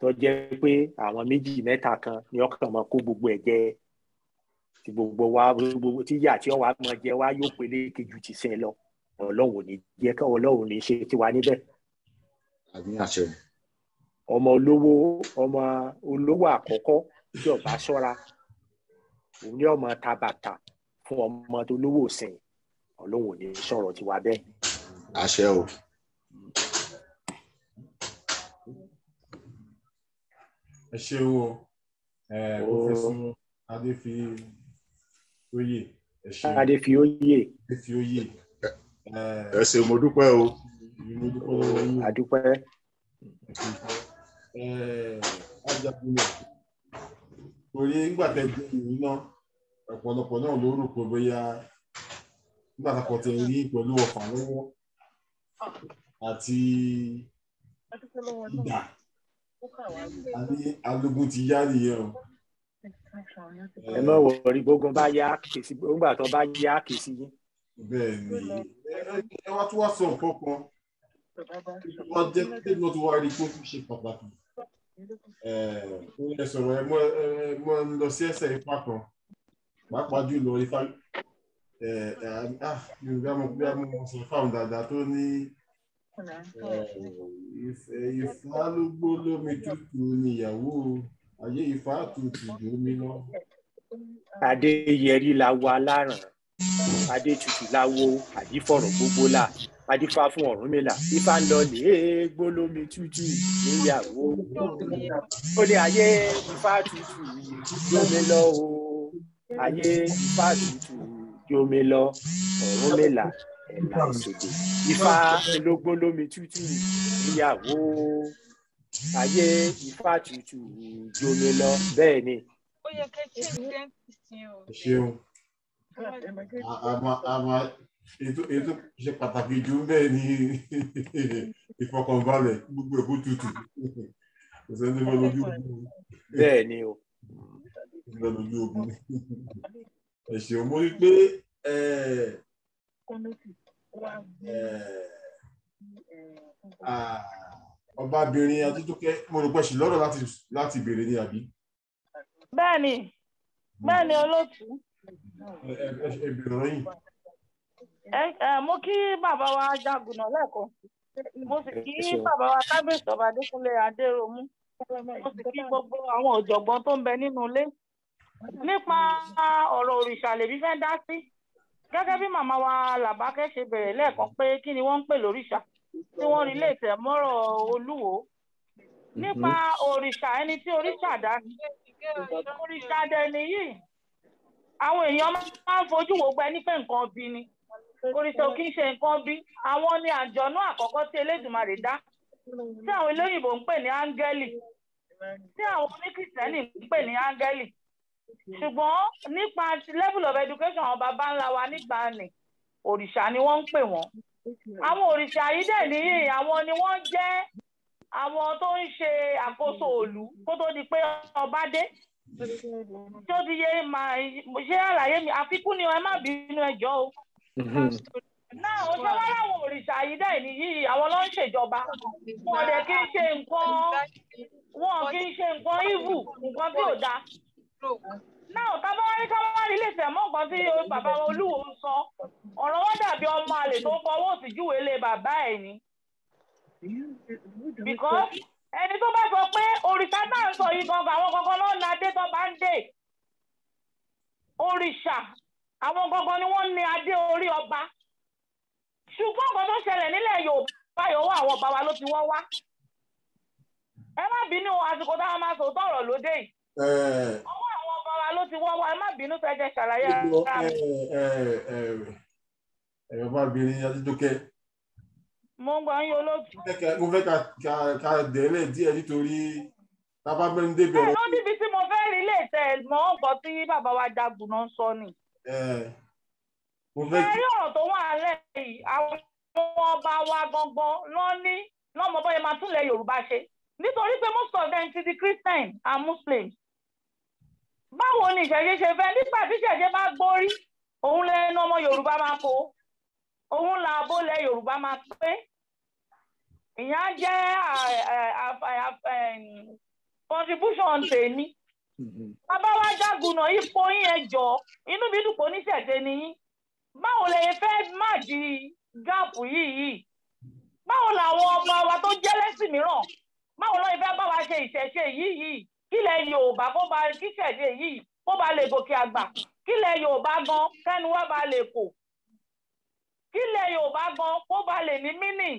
tó jẹ́ pé àwọn méjì mẹ́ta kan ni ọkàn máa kó gbogbo ẹ̀ jẹ tí gbogbo wa gbogbo tí yà tí wàá máa jẹ wá yóò pélé kejì ti sẹ lọ Ọlọ́run ò ní jẹ́ ká Ọlọ́run ní ṣe tiwa níbẹ̀. ọmọ olówó ọmọ olówó àkọ́kọ́ tí ṣọ́ra òun ní ọmọ ta bàtà fún ọmọ tó lówó sìn ọlọ́run ò ní sọ̀rọ̀ tiwa bẹ́ẹ̀. àṣẹ o. ẹ ṣe o professor adéfioyè ẹ ṣe adéfioyè adéfioyè ẹ ṣe mo dúpẹ́ o. mo dúpẹ́ lọ́wọ́ yín. adúpẹ́. ajagunlẹ̀ torí nígbà tẹ̀ jẹ́ ìrìnnà ọ̀pọ̀lọpọ̀ náà ló rò pé bóyá nígbà tá a kọ̀ tẹ̀ rí pẹ̀lú ọ̀fà lọ́wọ́ àti ìdà alógún ti yáàrí yẹn o. ẹ má wọrí gbógun bá yá kèsì gbóngbà tó bá yá kèsì yín. bẹ́ẹ̀ ni ẹ wá tún wá sọ nǹkan kan wọ́n jẹ́ pé mo ti wá rí pé ó ṣe pàtàkì. ẹ ẹ sọ̀rọ̀ ẹ mọ́ ẹ lọ sí ẹsẹ̀ ipá kan pàápàá jùlọ ifá yorùbá mọ̀ pé a sọ fáwọn dáadáa tó ní ifá ló gbó lómi tútù níyàwó ayé ifá tútù lómi lọ. adéyẹrí la wa láràn adétutù láwo àdífọ̀rọ̀ gbogbo là adífá fún ọ̀rúnmìlà ifá ń lọ lè é gbólómi tútù níyàwó ó ní ayé ifá tútù yìí lómi lọ ayé ifá tutù yomi lọ ọ̀run mẹ́la ẹ̀la ìṣòdè ifá ológbó lómi tútù ìyàwó ayé ifá tutù yomi lọ bẹ́ẹ̀ ni. ó yẹ kẹ́ ṣe ìṣe ìṣe ètò ṣe pàtàkì jù bẹ́ẹ̀ ni ìfọkànbalẹ̀ gbogbo ẹ̀kú tutù kò sẹ́ni fọlọ́jú. bẹ́ẹ̀ ni o lọ lójú ogun ẹ ṣeun mo rí i pé ọbabìnrin Adétókẹ́ mo rò pé ṣì lọ́rọ̀ láti béèrè ní àbí. bẹ́ẹ̀ni bẹ́ẹ̀ni olóòtú. ẹ bèrè ọ̀rọ̀ yìí. mo kí bàbá wa jagunà lẹ́ẹ̀kan mo sì kí bàbá wa kábíyèsí ọba Adékúnlé Adéròmú mo sì kí gbogbo àwọn ọ̀jọ̀gbọ́n tó ń bẹ nínú ilé nípa ọ̀rọ̀ òrìṣà lèmi fẹ́ dá sí gẹ́gẹ́ bí màmá wa làbákẹ́ ṣe bẹ̀rẹ̀ lẹ́ẹ̀kan pé kí ni wọ́n ń pè lóríṣà tí wọ́n rí léètè mọ́rọ̀ olúwo nípa òrìṣà ẹni tí òrìṣà dá sí òrìṣà dẹni yìí àwọn èèyàn máa ń fojú wo gba ẹni pé nǹkan bí ni òrìṣà kì í ṣe nǹkan bí àwọn ni àjọ̀nú àkọ́kọ́ tí Elédùmarè dá tí àwọn olóyìnbó ń pè ní áńgẹ́lì tí àwọn oníkìtẹ́nì ń pè ní áńgẹ́lì ṣùgbọ́n nípa level of education àwọn baba ńlá wa nígbà ní òrìṣà ni wọ́n ń pè wọ́n àwọn òrìṣà yìí dẹ̀ níyì àwọn ni wọ́n jẹ́ àwọn tó ń ṣe àkóso òlu kó tó di pé ọba dé tó di yé máa ṣe àlàyé mi àfikún ni ẹ má bínú ẹjọ́ o náà ó ṣọwọ́ láwọn òrìṣà yìí dẹ̀ nìyí àwọn ló ń ṣèjọba wọn dẹ̀ kí ń ṣe nǹkan wọn kì í ṣe nǹkan evil nǹkan tí ò dáa. lògùn. náà tábà wá ní nílé nǹkan tí bàbá olúwo ń sọ ọ̀rọ̀ wọn dàbí ọmọ àlè tó fọwọ́ sí júwe lé bàbá ẹ̀ because ẹni tó bá sọ pé òrìṣà náà ń sọ yìí gangan àwọn gangan náà na adé tó bá ni wọ́n ní adé ọba ṣùgbọ́n nǹkan tó ṣẹlẹ̀ nílẹ̀ yorùbá àwọn ọba ti wọ́n wá ẹ má bínú àsìkò táwọn ló ti wọ́n wá má bínú fẹ́ jẹ́ ṣàlàyé ara ẹ̀rọ bá bìnrin adídókẹ́. mo ń gbọ́ yín olóòtú. mo fẹ́ ka dẹ̀ẹ́lẹ̀ díẹ̀ nítorí tábà bẹ́ẹ̀ ń débẹ̀. ẹ ló níbi tí mo fẹ́ rí ilé ìtẹ̀ mọ́ ọ̀pọ̀ tí bàbá wa jagun náà sọ ni. mo fẹ́ ọ̀rọ̀ tó wà lẹ́yìn àwọn ọba wa gangan lọ́ ní lọ́mọ bọ́yẹ máa túnlẹ̀ Yorùbá ṣe nítorí pé most of them ti di Christian and Muslims báwo ni ìṣẹ̀ṣe ṣe fẹ́ nígbà tí ìṣẹ̀ṣe bá gbórí òun lẹ́nu ọmọ yorùbá máa kó òun la abólẹ̀ yorùbá máa pé ìyẹn á jẹ́ contribution tèmi bàbá mm-hmm. wa jágunà ipò yín ẹ jọ inú mi dùn kó ní ṣẹ̀ṣe nìyí báwo lè fẹ́ má di gáàpù yìí yìí báwo làwọn ọba wa tó jẹ́ lẹ́sìn mìíràn báwo lọ́ọ́ ìfẹ́ bá wa ṣe ìṣẹ̀ṣe yìí yìí kílẹ̀ yorùbá bó ba kíṣẹ̀dé yìí bó ba lè gòkè àgbà kílẹ̀ yorùbá gan kẹ́nu wá ba lè kò kílẹ̀ yorùbá gan kó ba lè ní mínì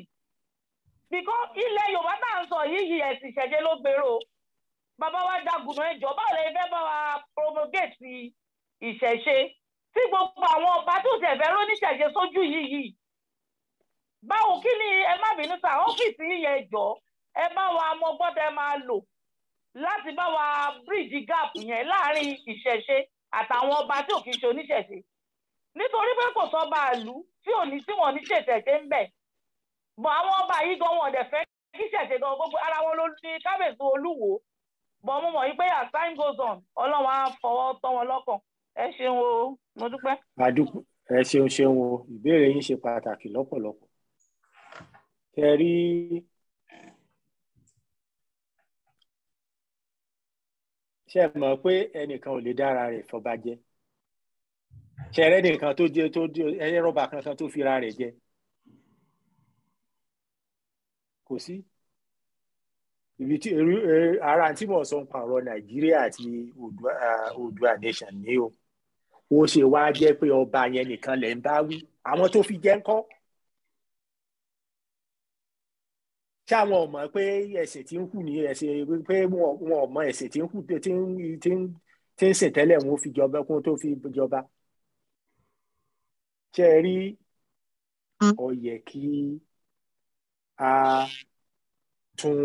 bìkọ́ ilẹ̀ yorùbá tá à ń sọ yìí ẹ̀sìn ìṣẹ̀jẹ̀ ló gbèrò bàbá wa dagunà ẹjọ́ báwo lè fẹ́ bá wa promulgate ìṣẹ̀ṣe tí gbogbo àwọn ọba tó tẹ̀ fẹ́ róníṣẹ̀ṣe sójú yìí yìí báwo kí ni ẹ má bínú sa ọ́fíìsì yìí yẹn jọ ẹ bá wa mọ gbọ́dọ̀ ẹ máa lò láti bá wa bíríìjì gáàpù yẹn láàrin ìṣẹ̀ṣe àtàwọn ọba tí ò kì í ṣe oníṣẹ̀ṣe nítorí pé kò sọba ìlú tí ò ní tí wọn ní ṣèṣẹ̀ṣe ń bẹ bọ àwọn ọba yìí gan wọn dẹ̀ fẹ́ kí ṣẹ̀ṣe gan gbogbo ara wọn ló ní kábíyèsí olúwo bọ mo mọ̀ yín pé as time goes on Ọlọ́run á fọwọ́ tọ́ wọn lọ́kàn ẹ ṣeun o mo dúpẹ́. àdúgbò ẹ ṣeun ṣeun o ìbéèrè yín ṣe pàtàkì lọ́pọ̀lọpọ̀ tẹ rí ṣe é mọ̀ pé ẹnìkan ò lè dára rẹ̀ fọba jẹ ṣe rẹ́ nìkan tó jẹ tó ẹyẹ rọ́bà kankan tó fira rẹ̀ jẹ kò sí ibi tí ara tí mo sọ ń pa ọ̀rọ̀ Nàìjíríà àti Oòduà nation ni o ó ṣe wá jẹ́ pé ọba yẹn nìkan lẹ̀ ń bá wí àwọn tó fi jẹ́ ń kọ́ ṣé àwọn ọmọ pé ẹ̀ṣẹ̀ tí ń hù ní ẹ̀ṣẹ̀ pé wọn ọmọ ẹ̀ṣẹ̀ tí ń hù tí ń tí ń tí ń sìn wọn fi jọba kún tó fi jọba ṣe é rí ó hmm. kí a tún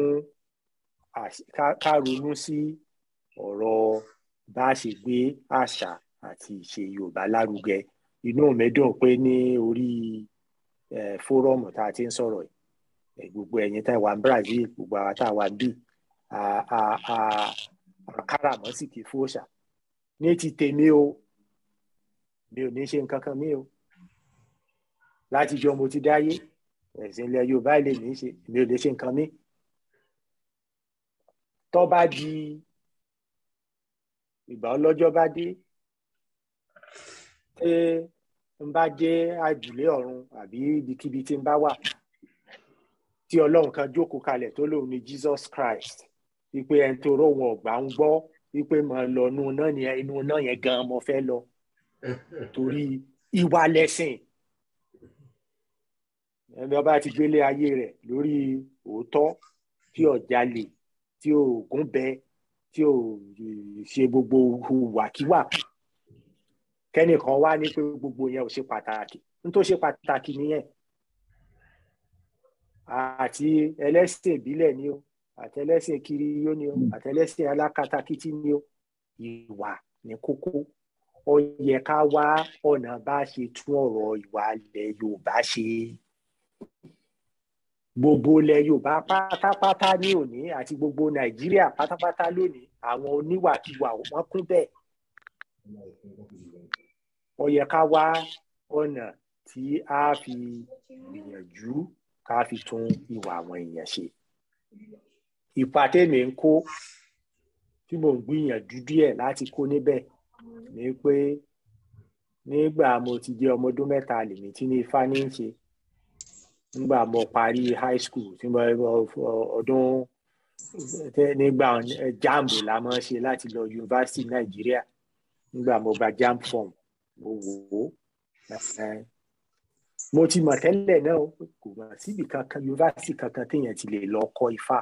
ká ronú sí ọ̀rọ̀ bá a ṣe gbé àṣà àti ìṣe Yorùbá lárugẹ inú mi pé ní orí fórọ́ọ̀mù tá a ti ń sọ̀rọ̀ yìí gbogbo ẹ̀yin tá wà Brazil gbogbo àwa tá wà bí káràmọ́sìkì fòṣà ní ti tèmi o mi ò ní ṣe nǹkan kan mi o láti jọ mo ti dáyé ẹ̀sìn ilẹ̀ Yorùbá lè ní ṣe mi ò lè ṣe nǹkan mi tó bá di ìgbà ọlọ́jọ́ bá dé ṣé n bá jẹ́ àjùlé ọ̀run àbí ibikíbi tí n bá wà tí ọlọ́run kan jókòó kalẹ̀ tó lóun ní Jesus Christ wípé ẹni tó róhun ọ̀gbà ń gbọ́ wípé mo lọ inú náà yẹn inú náà yẹn gan mo fẹ́ lọ torí ìwà lẹ́sìn ẹni ọba ti gbélé ayé rẹ̀ lórí òótọ́ tí ò jalè tí ò gúnbẹ tí ò ṣe gbogbo wàkíwà kẹ́nìkan wá ní pé gbogbo yẹn ò ṣe pàtàkì n tó ṣe pàtàkì nìyẹn àti ẹlẹ́sìn ìbílẹ̀ ni o àtẹlẹ́sìn kiri yó ni o hmm. àtẹlẹ́sìn alákatakítí ni o ìwà ní kókó ó yẹ ká wá ọ̀nà bá ṣe tún ọ̀rọ̀ ìwà ilẹ̀ Yorùbá ṣe gbogbo ilẹ̀ Yorùbá pátápátá ní òní àti gbogbo Nàìjíríà pátápátá lónìí àwọn oníwàkiwà wọ́n kún bẹ́ẹ̀ ó yẹ ká wá ọ̀nà tí a fi gbìyànjú ká fi tún ìwà àwọn èèyàn ṣe ipa tèmi ń kó tí mò ń gbìyànjú díẹ̀ láti kó níbẹ̀ ni pé nígbà mo ti jẹ́ ọmọ ọdún mẹ́ta lèmi tí ní ifá ní ṣe nígbà mo parí high school tí mo ọdún nígbà jamb la mọ̀ ṣe láti lọ university nàìjíríà nígbà mo gba jamb form mo wò ó mo ti mọ̀ tẹ́lẹ̀ náà kò mọ̀ síbi kankan yunifásitì kankan téèyàn ti lè lọ kọ́ ifá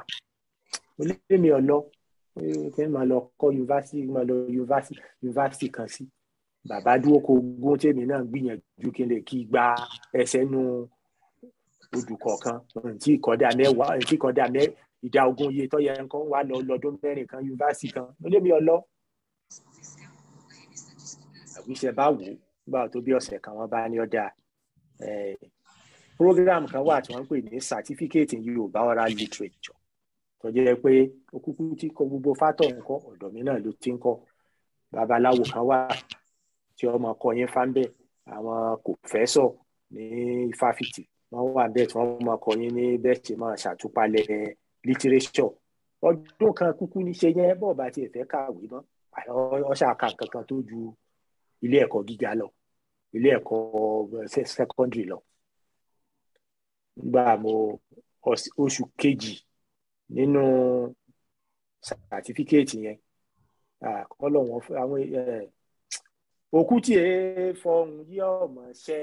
mo lé mi ọ̀ lọ kí n máa lọ kọ́ yunifásitì máa lọ yunifásitì kan sí bàbá dúró ko ogún tèmi náà gbìyànjú kí n lè kí gba ẹsẹ̀ nu olùkọ́ kan ntí kọ́dà mẹ́wàá ntí kọ́dà mẹ́ ìdá ogún iye tó yẹ nǹkan wà lọ lọ́dún mẹ́rin kan yunifásitì kan mo lé mi ọ̀ àwíṣẹ bá wò ó nígbà tó bí ọ̀sẹ̀ kan wọ́n bá ní ọ̀dà Eh, program kan wa tí wọ́n ń pè ní certificate in Yorùbá oral literature tó jẹ́ pé okúkú tí kọ gbogbo fátọ̀ ń kọ́ ọ̀dọ̀ mi náà ló ti ń kọ́ babaláwo kan wà tí ọmọ kọ yín fáńbẹ́ àwọn kò fẹ́ sọ ní fáfitì wọ́n wà bẹ́ẹ̀ tí wọ́n mọ kọ ní bẹ́ẹ̀ máa ṣàtúpalẹ̀ ọdún kan kúkú ní ṣe yẹn bọ́ọ̀ bá fẹ́ kàwé mọ́ ọṣà lọ ilé ẹ̀kọ́ eh, secondary lọ nígbà mo oṣù kejì nínú sàtífíkẹ́ẹ̀tì yẹn àkọlọ wọn àwọn eh, òkú tí èé fọhùn yí ọmọ ṣẹ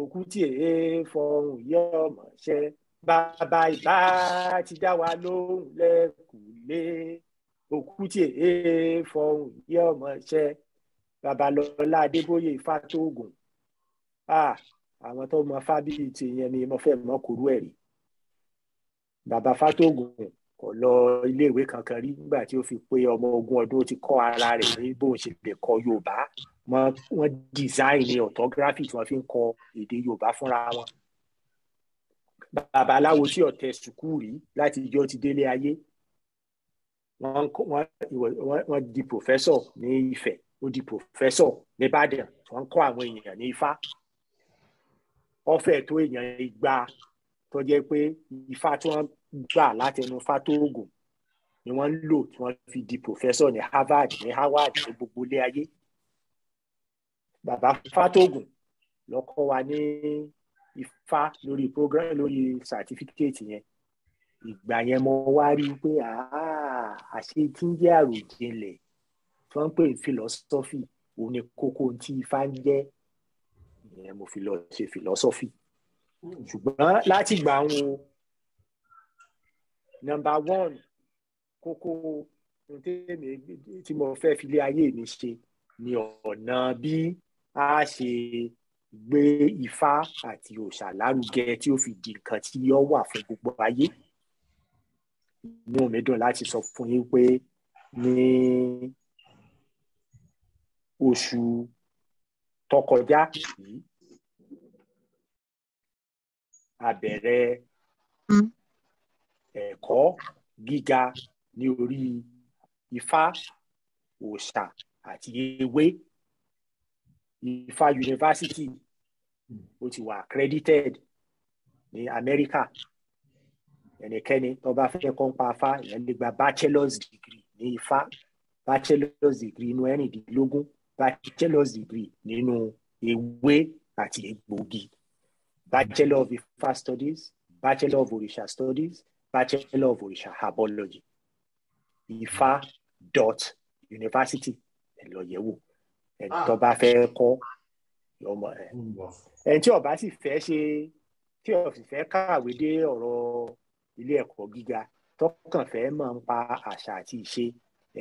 òkú tí èé fọhùn yí ọmọ ṣẹ bàbá ìbá ti dá wa lóhùn lẹkùlé òkú tí èé fọhùn yí ọmọ ṣẹ babalọlá adébóyè ìfàtóògùn àwọn tó mọ fábíyì ti yẹn ni mo fẹ́ mọ kúrú ẹ̀ rí bàbá fàtóògùn kò lọ iléèwé kankan rí nígbà tí ó fi pé ọmọ ogún ọdún ó ti kọ́ ara rẹ̀ ní bóun ṣe lè kọ yorùbá wọ́n dìsáìnì ọ̀tọ́gráfì tí wọ́n fi ń kọ èdè yorùbá fúnra wọn babaláwo sí ọ̀tẹ̀ sùkúù rí láti ìjọ́ ti délé ayé wọ́n di pòfẹ́sọ̀ ní Ifẹ̀ ó di pòfẹ́sọ̀ nìbàdàn tó ń kọ́ àwọn èèyàn ní ifá ọ̀fẹ́ tó èèyàn igba tó jẹ́ pé ifá tí wọ́n gbà látẹnu fátóògùn ni wọ́n ń lò tí wọ́n fi di pòfẹ́sọ̀ ní Harvard ní Harvard ní gbogbo ilé ayé bàbá fátóògùn ló kọ́ wa ní ifá lórí program lórí sàtífíkẹ́ẹ̀tì yẹn ìgbà yẹn mo wá rí i pé àṣẹ ń jẹ́ àròjinlẹ̀ tí wọ́n ń pè philosophy òun ni kókó tí ifá ń jẹ́ ìyẹn mo fi lọ ṣe philosophy ṣùgbọ́n láti gbà ń wo number one kókó tí mo fẹ́ fi lé ayé mi ṣe ni ọ̀nà bí a ṣe gbé ifá àti òòṣà lárugẹ tí ó fi di nǹkan tí yó wà fún gbogbo ayé inú mi dùn láti sọ fún yín pé ní oṣù tó kọjá yìí a bẹ̀rẹ̀ hmm. ẹ̀kọ́ gíga ní orí ifá òòṣà àti ewé ifá yunifásitì ó ti wà accredited ní amẹ́ríkà ẹnikẹ́ni tó bá fẹ́ afá ìyẹn lè gba bachelor's degree ní ifá bachelor's degree inú ẹ̀rìndínlógún bachelor's degree nínú ewé àti egbògi bachelor of Ifá studies bachelor of Orisha studies bachelor of Orisha herbology ifa dot university ẹ lọ yẹ̀ wò ẹ ah. tó bá fẹ́ kọ́ ọmọ ẹ ẹ tí ó bá sì fẹ́ ṣe tí ó sì fẹ́ kàwé dé ọ̀rọ̀ ilé ẹ̀kọ́ gíga tọkàn fẹ́ máa ń pa àṣà àti ìṣe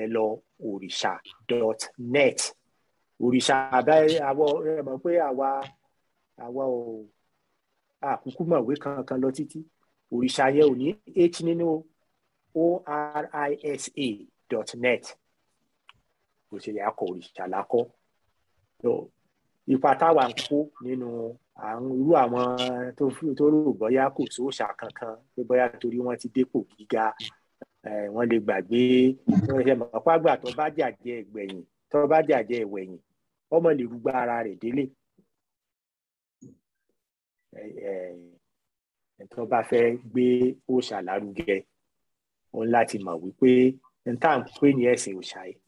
ẹ lọ dot net òrìṣà àbá àwọ ẹ mọ̀ pé àwa àwa ò àkúkú mọ̀wé kankan lọ títí òrìṣà yẹn ò ní h nínú orisa dot net bó ṣe yà kọ òrìṣà lákọ ipa táwa ń kó nínú irú àwọn tó rò bóyá kò sóòṣà kankan pé bóyá torí wọ́n ti dépò gíga wọ́n lè gbàgbé wọ́n ṣe mọ̀ págbà tó bá jàjẹ́ ìgbẹ̀yìn tó bá jàjẹ́ ìwẹ̀yìn ọmọ lè rúgbà ara rẹ̀ délé ẹ̀tọ́ bá fẹ́ gbé òòṣà lárugẹ òun láti mọ̀ wípé níta ń pè ní ẹ̀sìn òòṣà yìí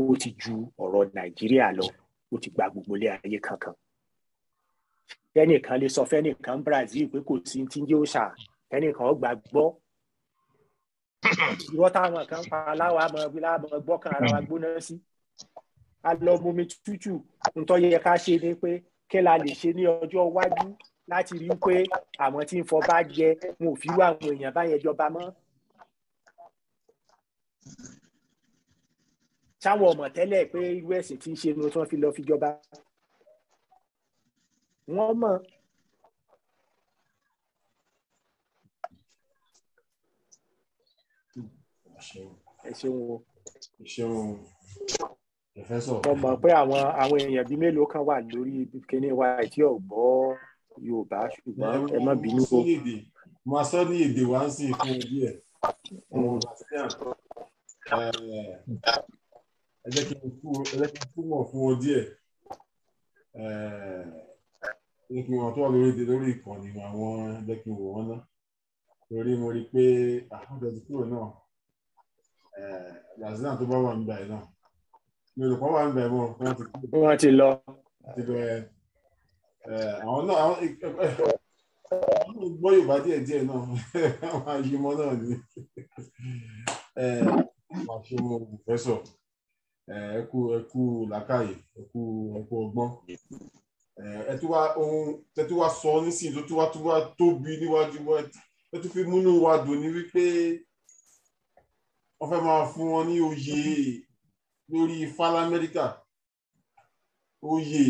ó ti ju ọ̀rọ̀ nàìjíríà lọ ó ti gba gbogbo ilé ayé kankan ẹnìkan lè sọ fẹ́nìkan Brazil pé kò sí ti ń jẹ́ òòṣà ẹnìkan ó gbàgbọ́ irọ́ táwọn kan pa aláwọ̀ àmọ́ gbọ́ kan ara wa gbóná sí. Si a lọ momi tútù ntọ́ yẹ ká ṣe ni pé kí la lè ṣe ní ọjọ́ iwájú láti rí pé àwọn tí ń fọba jẹ wọn ò fi wá àwọn èèyàn báyẹn jọba mọ́. sáwọn ọmọ tẹ́lẹ̀ pé irú ẹ̀sìn tí ń ṣe ni tí fi lọ fi jọba wọ́n mọ̀. ẹ ṣeun o. ẹ ṣeun o wọ́n mọ̀ pé àwọn àwọn èèyàn bíi mélòó kan wà lórí kíní wa tí ò gbọ́ Yorùbá ṣùgbọ́n ẹ má bínú o. mo sọ ní èdè wa ń sìn fún ẹbí ẹ ẹ jẹ́ kí n túmọ̀ fún ọ díẹ̀ ẹ kí wọn tó wà lórí lórí ìkànnì àwọn jẹ́ kí n wò wọ́n ná torí mo rí i pé àwọn ọ̀dọ́ ti kúrò náà Brazil náà tó bá wà nígbà yìí náà olùkọ́ wà ń bẹ̀ mọ́ wọ́n ti lọ. Eh, àwọn náà àwọn eh, eh, gbọ́ yorùbá díẹ̀ díẹ̀ náà àwọn àyímọ́ náà ni pàṣẹ pòfẹ́sọ̀ ẹ kú ẹ kú làákàyè ẹ kú ẹ kú ọgbọ́n ẹ tún wá ohun tẹ tún wá sọ nísìnyí tó tún wá tún wá tóbi níwájú wa ẹ tún fi múnú wa dùn ní wípé wọ́n fẹ́ máa fún wọn ní oyè lórí fala amẹ́ríkà oyè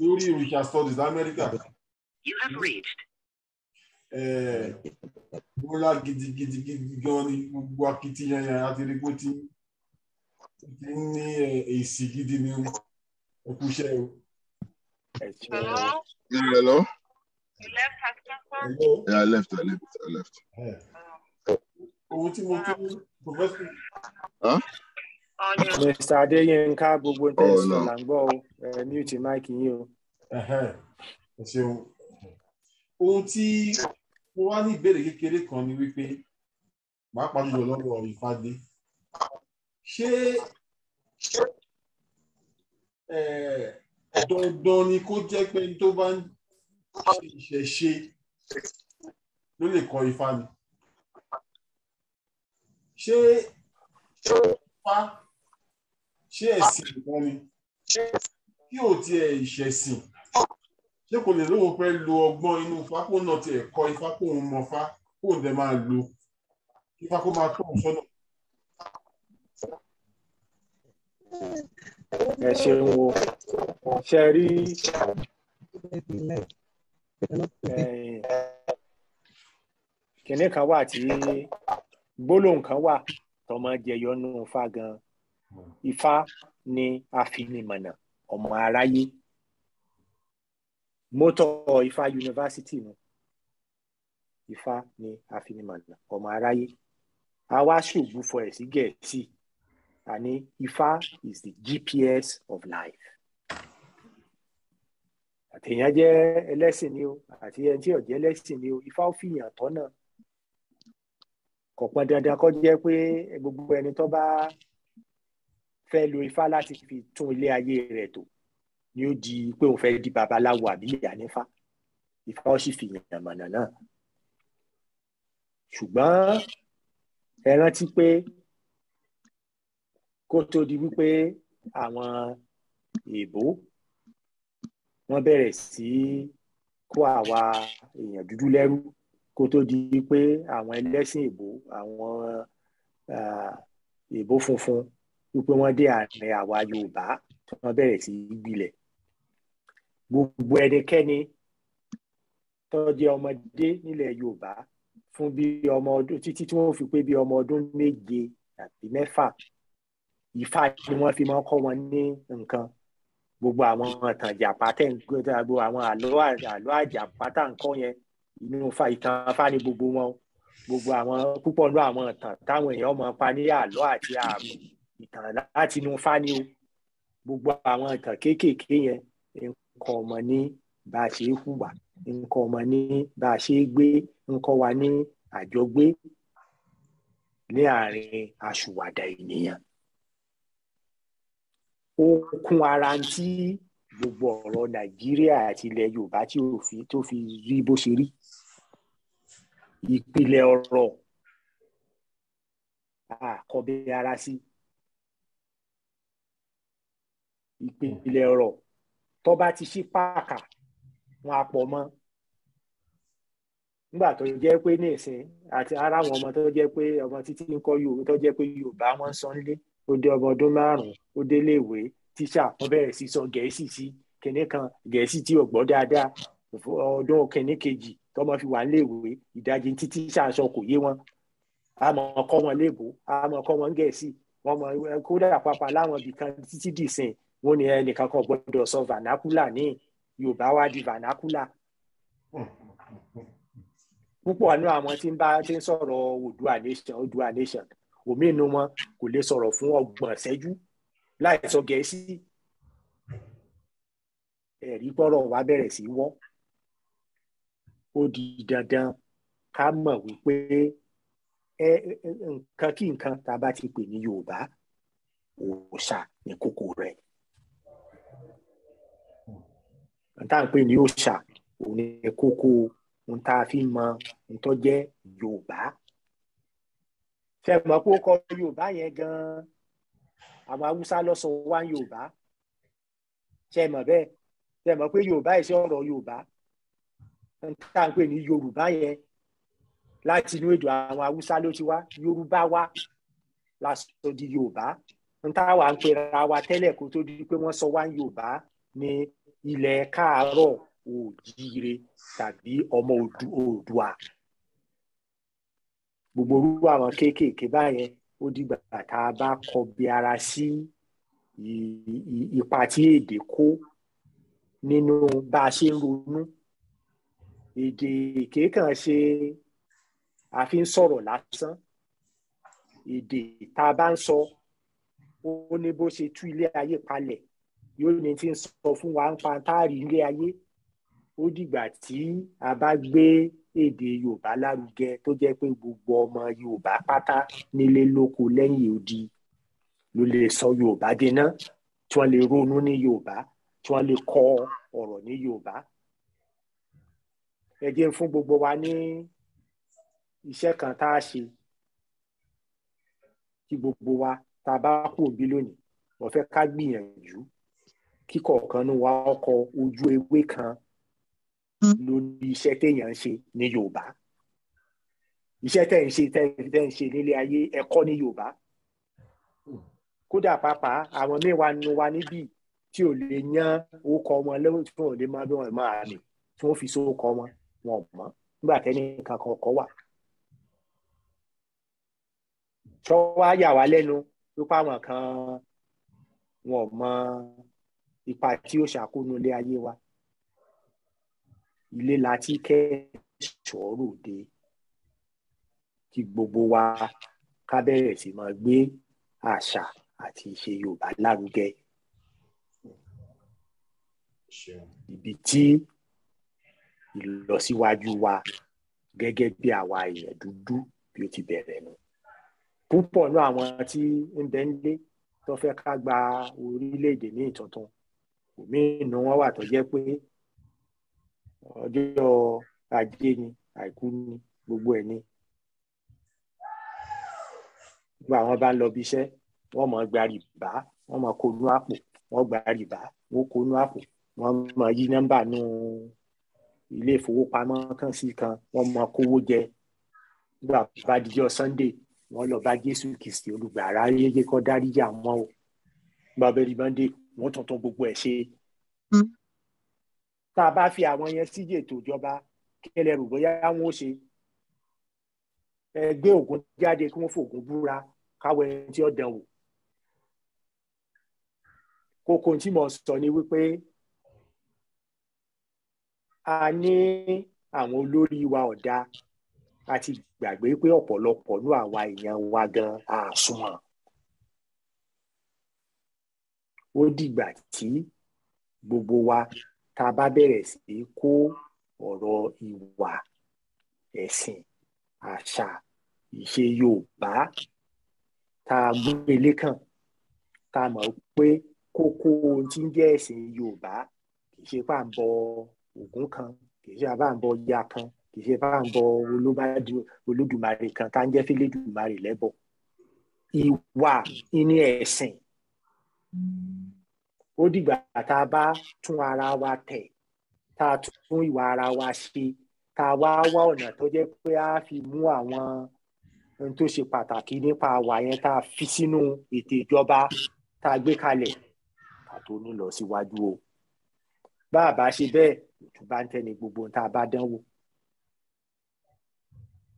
lórí richard studies amẹ́ríkà múra gidigidi gan ni gbogbo akitiyan yẹn àti rí pé ti ń ní eh, èsì gidi ni ó o. Hello. Hello. You left has Hello. Yeah, I left. I left. I left. Eh. Owó tí mo tún professor. Huh? Mr. Adéyínká gbogbo ń tẹ̀sí oh, là ń gbọ́ mute mic yín o. Ohun tí mo wá ní ìbéèrè kékeré kan ni wípé pàápàá jùlọ lọ́wọ́ ìfadé. Ṣé dandan ni kó jẹ́ pé ní tó bá ń ṣe ìṣẹ̀ṣe ló lè kọ Ifá ni? Ṣé Ifá ṣé ẹ̀sìn kan ni kí ò tiẹ̀ ìṣẹ̀sìn ṣé kò lè lóun fẹ́ lo ọgbọ́n inú ifá kó náà tiẹ̀ kọ́ ifá kó òun mọ̀ fá kó òun dẹ̀ máa lo ifá kó máa tọ̀ sọ́nà. ẹ ṣeun o ṣe rí kìnìún wà tí gbólóhùn kan wà tọmọ jẹyọ nù fa gan-an Ifá ni afinimọ̀nà ọmọ aráyé mọ́tò Ifá yunifásitì ni Ifá ni afinimọ̀nà ọmọ aráyé a wá ṣògbú fọ ẹ̀ sí Gẹ̀ẹ́sì a Ifá is the GPS of life àtẹ̀yàn jẹ́ ẹlẹ́sìn ni o àti ẹni tí ọ̀jẹ́ ẹlẹ́sìn ni o Ifá ó fìyàn tọ́nà kò pọn dandan kó jẹ́ pé gbogbo ẹni tó bá fẹ́ lo ifá láti fi tún ilé ayé rẹ̀ tò ni ó di pé òun fẹ́ di babaláwo àbí ìyá nífá ifá ó sì fi yàn mọ̀nà náà ṣùgbọ́n ẹ rántí pé kó tó di wípé àwọn èèbó wọ́n bẹ̀rẹ̀ sí kó àwa èèyàn dúdú lẹ́rú kó tó di wípé àwọn ẹlẹ́sìn èèbó àwọn èèbó funfun wípé wọ́n dé àárín àwa Yorùbá tí wọ́n bẹ̀rẹ̀ sí í gbilẹ̀ gbogbo ẹnikẹ́ni tó jẹ́ ọmọdé nílẹ̀ Yorùbá fún bí ọmọ ọdún títí tí wọ́n fi pé bí ọmọ ọdún méje àti mẹ́fà Ifá ni wọ́n fi máa kọ́ wọn ní nǹkan gbogbo àwọn ìtàn Ìjàpá tẹ̀ ń gbogbo àwọn àlọ́ àjàpá tá à ń kọ́ yẹn inú ìtàn Ifá ni gbogbo wọn gbogbo àwọn púpọ̀ nínú àwọn ìtàn táwọn èèyàn máa pa ní àlọ́ àti ààbò ìtàn láti inú fani o gbogbo àwọn ìtàn kéékèèké yẹn nǹkan ọmọ ní bá a ṣe é hùwà nǹkan ọmọ ní bá a ṣe é gbé nǹkan wa ní àjọgbé ní àárín aṣùwàdà ènìyàn ó kún ara tí gbogbo ọ̀rọ̀ nàìjíríà àti ilẹ̀ yorùbá tí ò fi tó fi rí bó ṣe rí ìpìlẹ̀ ọ̀rọ̀ àkọ́bẹ̀ ara sí. Si ìpìlẹ̀ ọ̀rọ̀ tó bá ti ṣí pàkà wọn àpọ̀ mọ́ nígbà tó jẹ́ pé ní ìsìn àti ara àwọn ọmọ tó jẹ́ pé ọmọ títí ń kọ́ Yorùbá tó jẹ́ pé Yorùbá wọn sọ nílé ó dé ọmọ ọdún márùn-ún ó dé iléèwé tíṣà wọn bẹ̀rẹ̀ sí sọ Gẹ̀ẹ́sì sí kìnní kan Gẹ̀ẹ́sì tí ò gbọ́ dáadáa ọdún kìnní kejì tọmọ fi wà níléèwé ìdajì tí tíṣà sọ kò yé wọn àmọ́ kọ́ wọn léèbó àmọ́ kọ́ wọn Gẹ̀ẹ́sì wọn mọ kódà pàápàá láwọn ibìkan títí dìsìn wọ́n ní ẹnìkan kan gbọ́dọ̀ sọ vernacular ní yorùbá wá di vernacular púpọ̀ nínú àwọn tí ń bá ti ń sọ̀rọ̀ Oòduà nation Oòduà nation omi inú wọn kò lè sọ̀rọ̀ fún ọgbọ̀n ṣẹ́jú láì sọ gẹ̀ẹ́sì ẹ̀rí gbọ́rọ̀ wa bẹ̀rẹ̀ sí wọ́ ó di dandan ká mọ̀ wípé ẹ nǹkan kí nǹkan tá a bá ti pè ní yorùbá òòṣà ní kókó rẹ̀ tá à ń pè ní òòṣà òun ni kókó ohun tá a fi mọ ohun tó jẹ́ yorùbá ṣe mọ̀ pé ó kọ yorùbá yẹn gan-an àwọn haúsá ló sọ wá yorùbá ṣe mọ̀ bẹ́ẹ̀ ṣe mọ̀ pé yorùbá yìí ṣe ọ̀rọ̀ yorùbá tá à ń pè ní yorùbá yẹn láti inú èdè àwọn haúsá ló ti wá yorùbá wá la di yorùbá n táwa ń pera wa tẹ́lẹ̀ kó tó di pé wọ́n sọ wá yorùbá ni ilẹ̀ káàárọ̀ òjíire tàbí ọmọ oòdùà gbogbo orúkọ àwọn kéékèèké báyẹn ó dìgbà tá a bá kọbi ara sí ipa tí èdè kó nínú bá a ṣe ń ronú èdè kéékàn ṣe a fi ń sọ̀rọ̀ lásán èdè tá a bá ń sọ ó ní bó ṣe tú ilé ayé palẹ̀ yóò ní tí ń sọ fún wa ń pa táàrí ilé ayé ó dìgbà tí a bá gbé èdè yorùbá lárugẹ tó jẹ́ pé gbogbo ọmọ yorùbá pátá nílé lóko lẹ́yìn odi ló lè sọ yorùbá dènà tí wọ́n lè ronú ní yorùbá tí wọ́n lè kọ ọ̀rọ̀ ní yorùbá ẹ jẹ́ fún gbogbo wa ní iṣẹ́ kan tá a ṣe kí gbogbo wa tá a bá kú òbí lónìí wọ́n fẹ́ ká gbìyànjú kíkọ̀ọ̀kan ní wa ọkọ̀ ojú ewé kan hmm. lórí iṣẹ́ téèyàn ń ṣe ní Yorùbá iṣẹ́ tẹ̀ ń ṣe tẹ̀ ń ṣe nílé ayé ẹ̀kọ́ ní Yorùbá kódà pàápàá àwọn mẹ́wàá nu wa níbí tí ò lè yan orúkọ wọn lẹ́wọ̀n tí wọn ò lè máa bí wọn máa rìn tí wọ́n fi sórúkọ wọn wọn ò nígbà tẹ́ni nǹkan kan kọ́ wà. sọ wá yà wá lẹ́nu wípé àwọn kan wọn ò ipa tí ó ṣàkóso ilé ayé wa ilé la ti kẹ́ ṣọ́ọ̀rọ̀ dé kí gbogbo wa ká bẹ̀rẹ̀ sí máa gbé àṣà àti ìṣe Yorùbá lárugẹ ibi tí ìlọsíwájú wa gẹ́gẹ́ bí àwa èèyàn dúdú bí ó ti bẹ̀rẹ̀ nù púpọ̀ ní àwọn tí ń bẹ tó fẹ́ ká gba orílẹ̀-èdè ní ìtuntun òmí inú wọn wà tó jẹ́ pé ọjọ́ ajé ni àìkú ni gbogbo ẹ̀ ni gbogbo àwọn bá ń lọ bíṣẹ́ wọ́n mọ̀ gba rìbá wọ́n mọ̀ kó àpò wọ́n gba rìbá wọ́n kó àpò wọ́n mọ̀ yí nọ́mbà nú ilé ìfowópamọ́ kan sí kan wọ́n mọ̀ kówó jẹ nígbà bá Sunday wọ́n lọ bá Jésù Kristi olùgbàrá yéye kọ́ dáríjì àwọn o bàbá rí wọ́n tuntun gbogbo ẹ̀ ṣe. Hmm. tá a bá fi àwọn yẹn sí ètò ìjọba kẹlẹ rò bóyá wọn ó ṣe ẹgbẹ́ ògùn jáde kí wọ́n fògùn búra káwọn ẹni tí ó dán wò. kókó tí mo sọ ni wípé a ní àwọn olórí wa ọ̀dà àti gbàgbé pé ọ̀pọ̀lọpọ̀ ní àwa èèyàn wa gan àsùnwọ̀n. ó dìgbà tí gbogbo wa tá a bá bẹ̀rẹ̀ sí kó ọ̀rọ̀ ìwà ẹ̀sìn àṣà ìṣe Yorùbá tá a gbélé kàn tá a mọ̀ pé kókó ohun tí ń jẹ́ ẹ̀sìn Yorùbá kì ṣe pà ń bọ Ògún kan kì ṣe pà ń bọ ya kan kì ṣe pà ń bọ Olódùmarè kan tá ń jẹ́ fílẹ̀dùmarè lẹ́bọ ìwà ìní ẹ̀sìn ó dìgbà tá a bá tún ara wa tẹ̀ tá a tún ìwà ara wa ṣe tá a wá wá ọ̀nà tó jẹ́ pé a fi mú àwọn ohun tó ṣe pàtàkì nípa àwà yẹn tá a fi sínú ètò ìjọba tá a gbé kalẹ̀ ká tó ní lọ síwájú o bá a bá ṣe bẹ́ẹ̀ òtún bá ń tẹ́ni gbogbo ohun tá a bá dánwò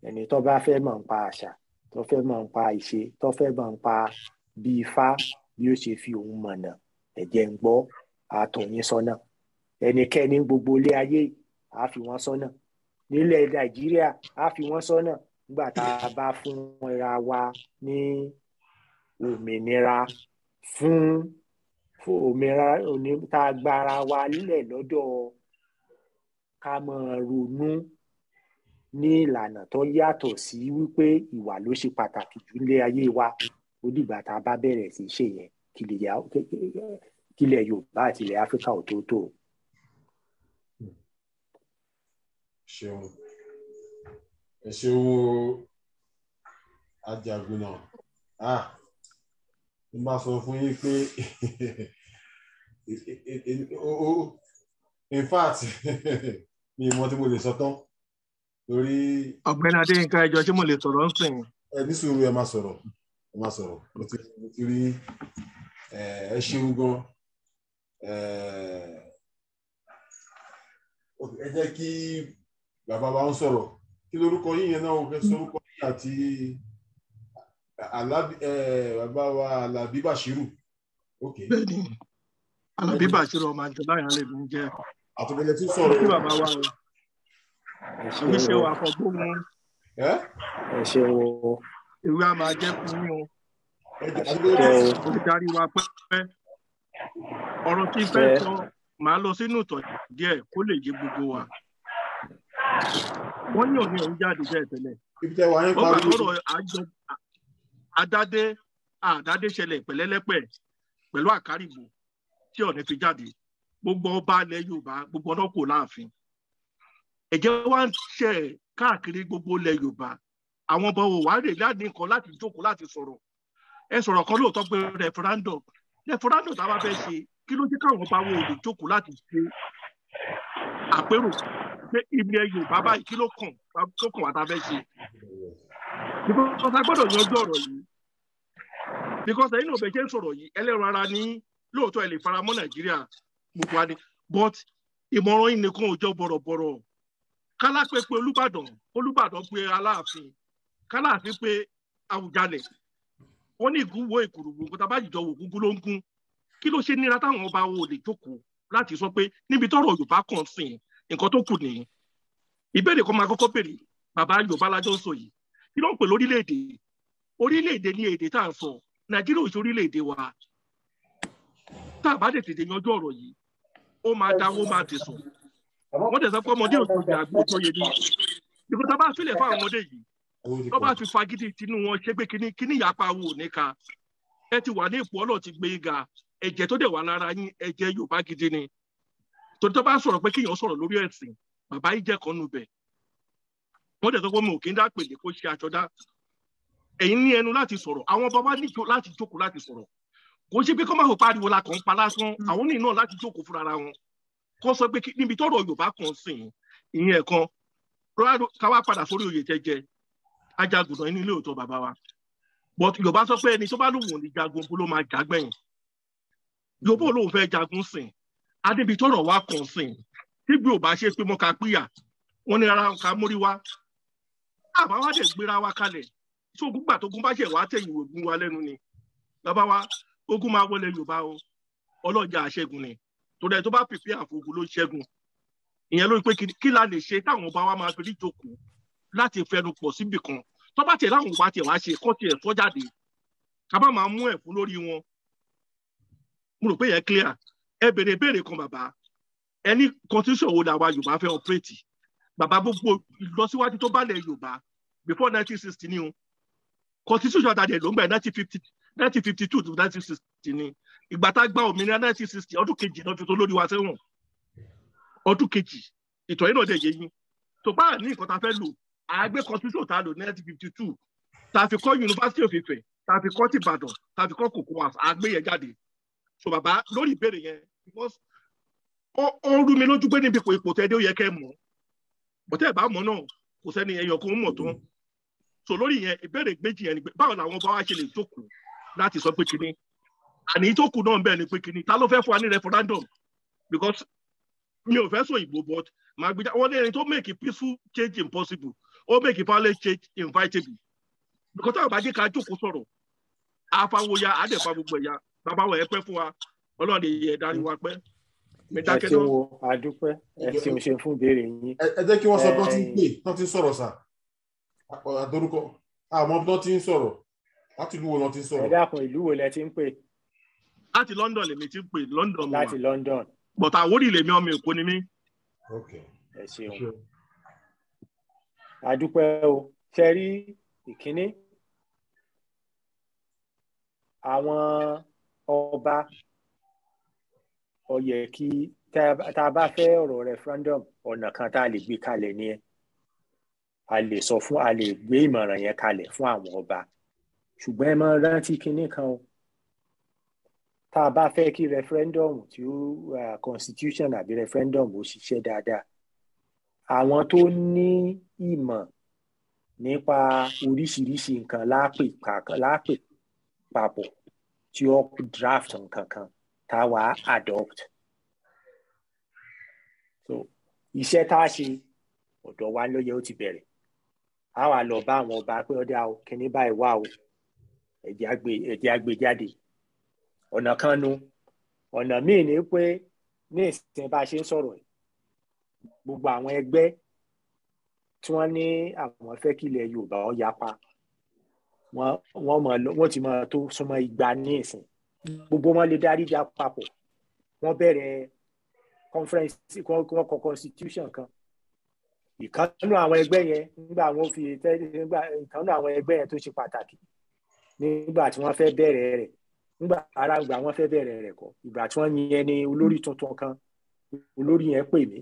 ẹni tó bá fẹ́ mọ̀ ń pa àṣà tó fẹ́ mọ̀ ń pa ìṣe tó fẹ́ mọ̀ ń pa bí ifá bí ó ṣe fi òun mọ̀nà ẹ jẹ́ ń gbọ́ àtòyìn sọ́nà ẹnikẹ́ni gbogbo ilé ayé á fi wọ́n sọ́nà nílẹ̀ nàìjíríà á fi wọ́n sọ́nà nígbà tá a bá fún ra wa ní òmìnira fún òmìnira tá a gba ara wa nílẹ̀ lọ́dọ̀ ká máa ronú ní ìlànà tó yàtọ̀ sí wípé ìwà ló ṣe pàtàkì jù nílé ayé wa ó dìgbà tá a bá bẹ̀rẹ̀ sí í ṣe yẹn que Yorùbá àti que que ò tó tó. ṣeun ẹ ṣeun Àjàgùnnà ah mo máa sọ fún yín pé in fact mi mọ tí mo lè sọ tán lórí. ọ̀gbẹ́ni Adéyínká ẹjọ́ tí mo lè sọ̀rọ̀ ń sìn. ẹ ní sùúrù ẹ máa sọ̀rọ̀ ẹ máa sọ̀rọ̀ mo ti Eh, ẹ ṣeun gan eh, ẹ jẹ́ kí bàbá wa ń sọ̀rọ̀ kí lorúkọ yín yẹn náà òkè sorúkọ yín àti bàbá wa alábí bàṣírù. bẹ́ẹ̀ni alábí bàṣírù ọmọ àjọlá yẹn lè mú jẹ àtọkẹlẹ tí sọ̀rọ̀ kí bàbá wa oníṣẹ́ wa fọgbọ́n mu. ẹ ṣe wo. ìwé a máa jẹ́ fún yín o olùdarí wa pẹ́ ọ̀rọ̀ tí fẹ́ sọ màá lọ sínú ìtọ̀ díẹ̀ kó lè yé gbogbo wa wọ́n ní òní òun jáde bẹ́ẹ̀ tẹ́lẹ̀ ó gbà lọ́rọ̀ àdádé àdádé ṣẹlẹ̀ pẹ̀lẹ́lẹ́pẹ̀ pẹ̀lú àkárìbò tí ọ̀nì fi jáde gbogbo ọba ilẹ̀ Yorùbá gbogbo ọ̀nà kò láàfin ẹ̀jẹ̀ wá ń ṣẹ̀ káàkiri gbogbo ilẹ̀ Yorùbá àwọn ọba òwárè láti nǹkan láti jókòó láti sọ̀rọ̀ ẹ sọ̀rọ̀ kan lóòótọ́ pé referendum referendum tá a bá fẹ́ ṣe kí ló jẹ́ káwọn ọba wo òde jókòó láti ṣe àpérò pé ilẹ̀ Yorùbá báyìí kí ló kàn tó kàn wá tá a fẹ́ ṣe because a gbọ́dọ̀ yanjú ọ̀rọ̀ yìí because ẹ̀yin náà bẹ̀ jẹ́ sọ̀rọ̀ yìí ẹlẹ́rọ ara ní lóòótọ́ ẹ̀ lè fara mọ́ Nàìjíríà gbogbo wa ni but ìmọ̀ràn yìí nìkan ò jọ bọ̀rọ̀bọ̀rọ̀ kálá pé pé Olúbàdàn Olúbàdàn pé Aláàfin kálá àfi pé Àwùjalẹ̀ wọ́n ní ìgún wo ìkòrògbò ògùn tá a bá jìjọ wò gúngún ló ń gún kí ló ṣe nira táwọn ọba wo lè jókòó láti sọ pé níbi tọ́rọ̀ yorùbá kàn sìn nǹkan tó kù nìyí ìbéèrè kan máa kọ́kọ́ béèrè bàbá yorùbá lájọ ń sọ yìí kí ló ń pè lórílẹ̀-èdè ni èdè tá à ń sọ nàìjíríà ò ṣe orílẹ̀-èdè wa tá a bá lè tètè yanjú ọ̀rọ̀ yìí ó máa dáwó máa tẹ̀sán wọ́n tẹ̀sán pé ọmọdé òṣèlú àgbò tó yẹ wọ́n bá ti fagídí tinú wọn ṣé pé kíní kíní ìyapa wo níka ẹ ti wà ní ipò ọlọ́ọ̀ ti gbé ga ẹ̀jẹ̀ tó dẹ̀ wà lára yín ẹ̀jẹ̀ Yorùbá gidi ni torí tó bá sọ̀rọ̀ pé kíyàn sọ̀rọ̀ lórí ẹ̀sìn bàbá yìí jẹ́ kan nù bẹ̀ wọ́n dẹ̀ tó pé mi ò kí ń dá pèlè kó ṣe àjọdá ẹ̀yin ní ẹnu láti sọ̀rọ̀ àwọn bàbá ní láti jókòó láti sọ̀rọ̀ kò ṣe pé kọ́ máa fò pariwo la kàn ń pa lásán mm. àwọn ní náà láti jókòó fúnra ara wọn kó sọ pé níbi tọ́rọ̀ Yorùbá kan sìn ìyẹn kan káwá padà sórí oyè jẹjẹ ajaguntan inú ilé òótọ́ bàbá wa but yorùbá sọ pé ẹni tó bá lòun ò ní jagun bó ló máa jà yorùbá lòun fẹ́ jagun sìn adébítọ́rọ̀ wa kàn sìn tígbì ò bá ṣe pé mo kà píyà wọn ní ara ká mórí wa àbá wa dẹ̀ gbéra wa kalẹ̀ tí ogun gbà tó gun bá ṣẹ̀ wá tẹ̀yìn ogun wa lẹ́nu ni bàbá wa ogun máa wọlé yorùbá o ọlọ́jà àṣẹgun ni tó dẹ̀ tó bá pèpè àfogun ló ṣẹ́gun ìyẹn ló pé kí la lè ṣe táwọn ọba wa máa fi rí jókòó láti fẹnu pọ̀ síbì kan tó bá tiẹ̀ láwọn òbá tiẹ̀ wá ṣe kọ́ tiẹ̀ sọ jáde ká má máa mú ẹ̀ fún lórí wọn mo rò pé yẹn clear ẹ béèrè béèrè kan bàbá ẹ ní constitution wo làwa Yorùbá fẹ́ operate bàbá gbogbo ìlọsíwájú tó bá lẹ̀ Yorùbá before nineteen sixty ni o constitution àtàdé ló ń bẹ̀ nineteen fifty nineteen fifty two to nineteen sixty ni ìgbà tá a gba òmìnira nineteen sixty ọdún kejì náà fi tó lórí wa sẹ́wọ̀n ọdún kejì ìtọ̀ yìí náà dẹ̀ yẹ yín tó bá ní nǹkan tá fẹ́ lò àgbẹ̀ constitution ta lò nineteen fifty two ta kọ́ University of Ife ta fi kọ́ tìbàdàn ta fi kọ́ kòkó house àgbẹ̀ yẹn jáde so bàbá lórí ìbéèrè yẹn because ó ń rú mi lójú pé níbi ipò tẹ́ dé ó yẹ kẹ́ mọ̀ bọ́tẹ́ ìbá mọ̀ náà kò sẹ́ni ẹyọ kan mọ̀ tán so lórí yẹn ìbéèrè méjì yẹn ni pé báwo làwọn bá wá ṣe lè jókòó láti sọ pé kíní àní tó kù náà bẹ́ẹ̀ ni pé kíní ta ló fẹ́ fún wa ní referendum because mi ò fẹ́ sọ ìbò but màá gbé wọ́n ní ẹni tó make peaceful change impossible ó make violent change invitable because táwọn bá jẹ́ ká jókòó sọ̀rọ̀ àfàwòyà àdẹ̀fà gbogbo ẹ̀yà bàbá wa ẹ pẹ́ fún wa ọlọ́run lè yẹ ẹ̀dá wa pẹ́. ẹ ti wo àdúpẹ́ ẹ ti ṣe fún ìbéèrè yín. ẹ jẹ́ kí wọ́n sọ bí wọ́n ti ń pè tán ti ń sọ̀rọ̀ sà àdórúkọ àmọ́ bí wọ́n ti ń sọ̀rọ̀ láti ìlú wo lọ́n ti ń sọ̀rọ̀. ẹ dákun ìlú wo lẹ ti ń pè. láti London lèmi ti ń pè London mu wa láti London. but Àwórì lèmi ọmọ Èkó ni mí. ẹ ṣeun àdúpẹ́ o ṣe rí ìkíní àwọn ọba ọyẹ kí tá a bá fẹ́ ọ̀rọ̀ referendum ọ̀nà kan tá a lè gbé kalẹ̀ ni ẹ a lè sọ fún a lè gbé ìmọ̀ràn yẹn kalẹ̀ fún àwọn ọba ṣùgbọ́n ẹ máa rántí kinní kan o tá a bá fẹ́ kí referendum tí ó constitution àbí referendum ó ṣiṣẹ́ dáadáa àwọn tó ní. Ni ìmọ̀ nípa oríṣiríṣi nǹkan lápè lápè papọ̀ tí ó draft nǹkan kan tá a wá adopt so iṣẹ́ tá a ṣe ọ̀dọ̀ wa ló yẹ ó ti bẹ̀rẹ̀ a wà lọ bá àwọn ọba pé ọdẹ àwọn kìnìún báyìí wà o ẹ̀jẹ̀ àgbè jáde ọ̀nà kan nu ọ̀nà míì ni pé ní ìsìn bá a ṣe ń sọ̀rọ̀ gbogbo àwọn ẹgbẹ́ tí wọ́n ní àwọn fẹ́ kí ilẹ̀ Yorùbá ó yapa wọ́n mọ̀ wọ́n ti máa tó súnmọ́ igba ní ìsìn gbogbo wọn lè darí ìjà papọ̀ wọ́n bẹ̀rẹ̀ conference wọ́n kọ constitution kan ìkànnù àwọn ẹgbẹ́ yẹn nígbà wọ́n fi nígbà ìkànnù àwọn ẹgbẹ́ yẹn tó ṣe pàtàkì nígbà tí wọ́n fẹ́ bẹ̀rẹ̀ rẹ̀ nígbà ara ìgbà wọ́n fẹ́ bẹ̀rẹ̀ rẹ̀ kọ́ ìgbà tí wọ́n yẹn ni olórí tuntun kan olórí yẹn pè mí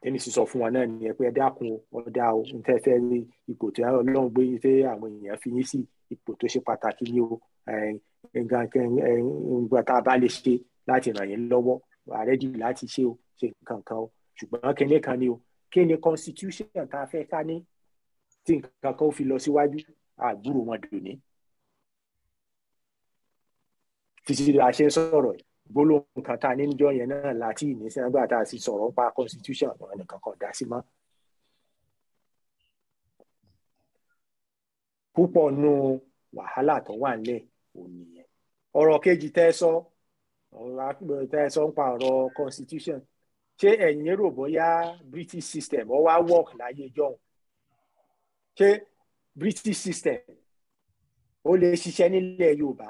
tẹ́mi sì sọ fún wa náà nìyẹn pé ẹ dákun ọ̀dà o n tẹ́ fẹ́ rí ipò tó yára ọlọ́run gbé tẹ́ àwọn èèyàn fi yín sí ipò tó ṣe pàtàkì ní o nǹkan tá a bá lè ṣe láti ràn yín lọ́wọ́ ààrẹ dì láti ṣe o ṣe nǹkan kan o ṣùgbọ́n kíní kan ni o kí constitution tá a fẹ́ ká ní tí nǹkan kan ó fi lọ síwájú àgbúrò wọn dùn ní títí a ṣe ń sọ̀rọ̀ yìí gbólóhùn kan tá a ní níjọ́ yẹn náà láti ìní sínágbà tá a sì sọ̀rọ̀ pa constitution àwọn ẹnìkan kan dá sí mọ́. púpọ̀ nu wàhálà tó wà nílẹ̀ òní yẹn ọ̀rọ̀ kejì tẹ́ sọ tẹ́ sọ ń pa ọ̀rọ̀ constitution ṣé ẹ̀yin rò bóyá British system ọ wá work láyé jọ̀hún ṣé British system ó lè ṣiṣẹ́ nílẹ̀ Yorùbá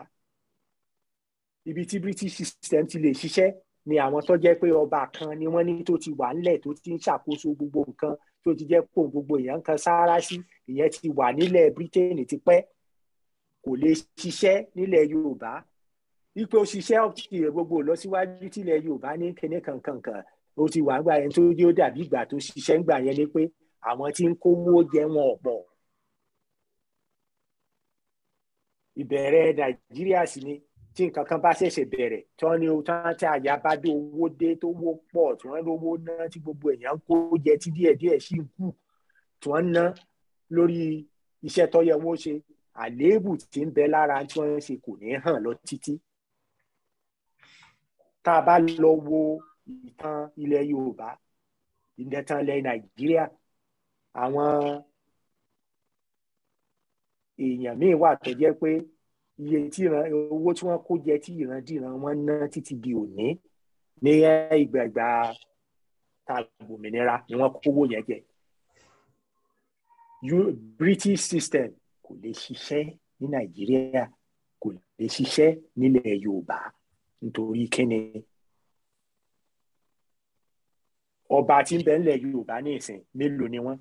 ibi tí British system ti lè ṣiṣẹ́ ni àwọn tó jẹ́ pé ọba kan ni wọ́n ní tó ti wà ńlẹ̀ tó ti ń ṣàkóso gbogbo nǹkan tó ti jẹ́ pò gbogbo èèyàn kan sáárá sí ìyẹn ti wà nílẹ̀ Britain ti pẹ́ kò lè ṣiṣẹ́ nílẹ̀ Yorùbá ipò ṣiṣẹ́ ọ̀tí gbogbo lọ́síwájú tílẹ̀ Yorùbá ní kinní kankankan ó ti wà ńgbà yẹn tó yóò dàbí ìgbà tó ṣiṣẹ́ ńgbà yẹn ni pé àwọn tí ń kówó jẹ wọn ọ̀pọ̀ ìbẹ̀rẹ̀ Nàìjíríà sì ni tí nǹkan kan bá ṣẹ̀ṣẹ̀ bẹ̀rẹ̀ tí wọ́n ní tán tí àyà bá dé owó dé tó wó pọ̀ tí wọ́n lówó ná tí gbogbo èèyàn ń kó jẹ tí díẹ̀díẹ̀ sì ń kù tí wọ́n ná lórí iṣẹ́ tó yẹ wọ́n ṣe àléébù tí ń bẹ lára tí wọ́n ń ṣe kò ní hàn lọ títí. tá a bá lọ wo ìtàn ilẹ̀ Yorùbá ìdẹ̀tàn ilẹ̀ Nàìjíríà àwọn èèyàn míì wà tó jẹ́ pé iye tí ìran owó tí wọ́n kó jẹ tí ìran dìran wọ́n ná títí di òní ní ìgbàgbà tàbòmìnira ni wọ́n kówó yẹn jẹ British system kò lè ṣiṣẹ́ ní Nàìjíríà kò lè ṣiṣẹ́ nílẹ̀ Yorùbá nítorí kíni ọba tí ń bẹ nílẹ̀ Yorùbá ní ìsìn mélòó ni wọ́n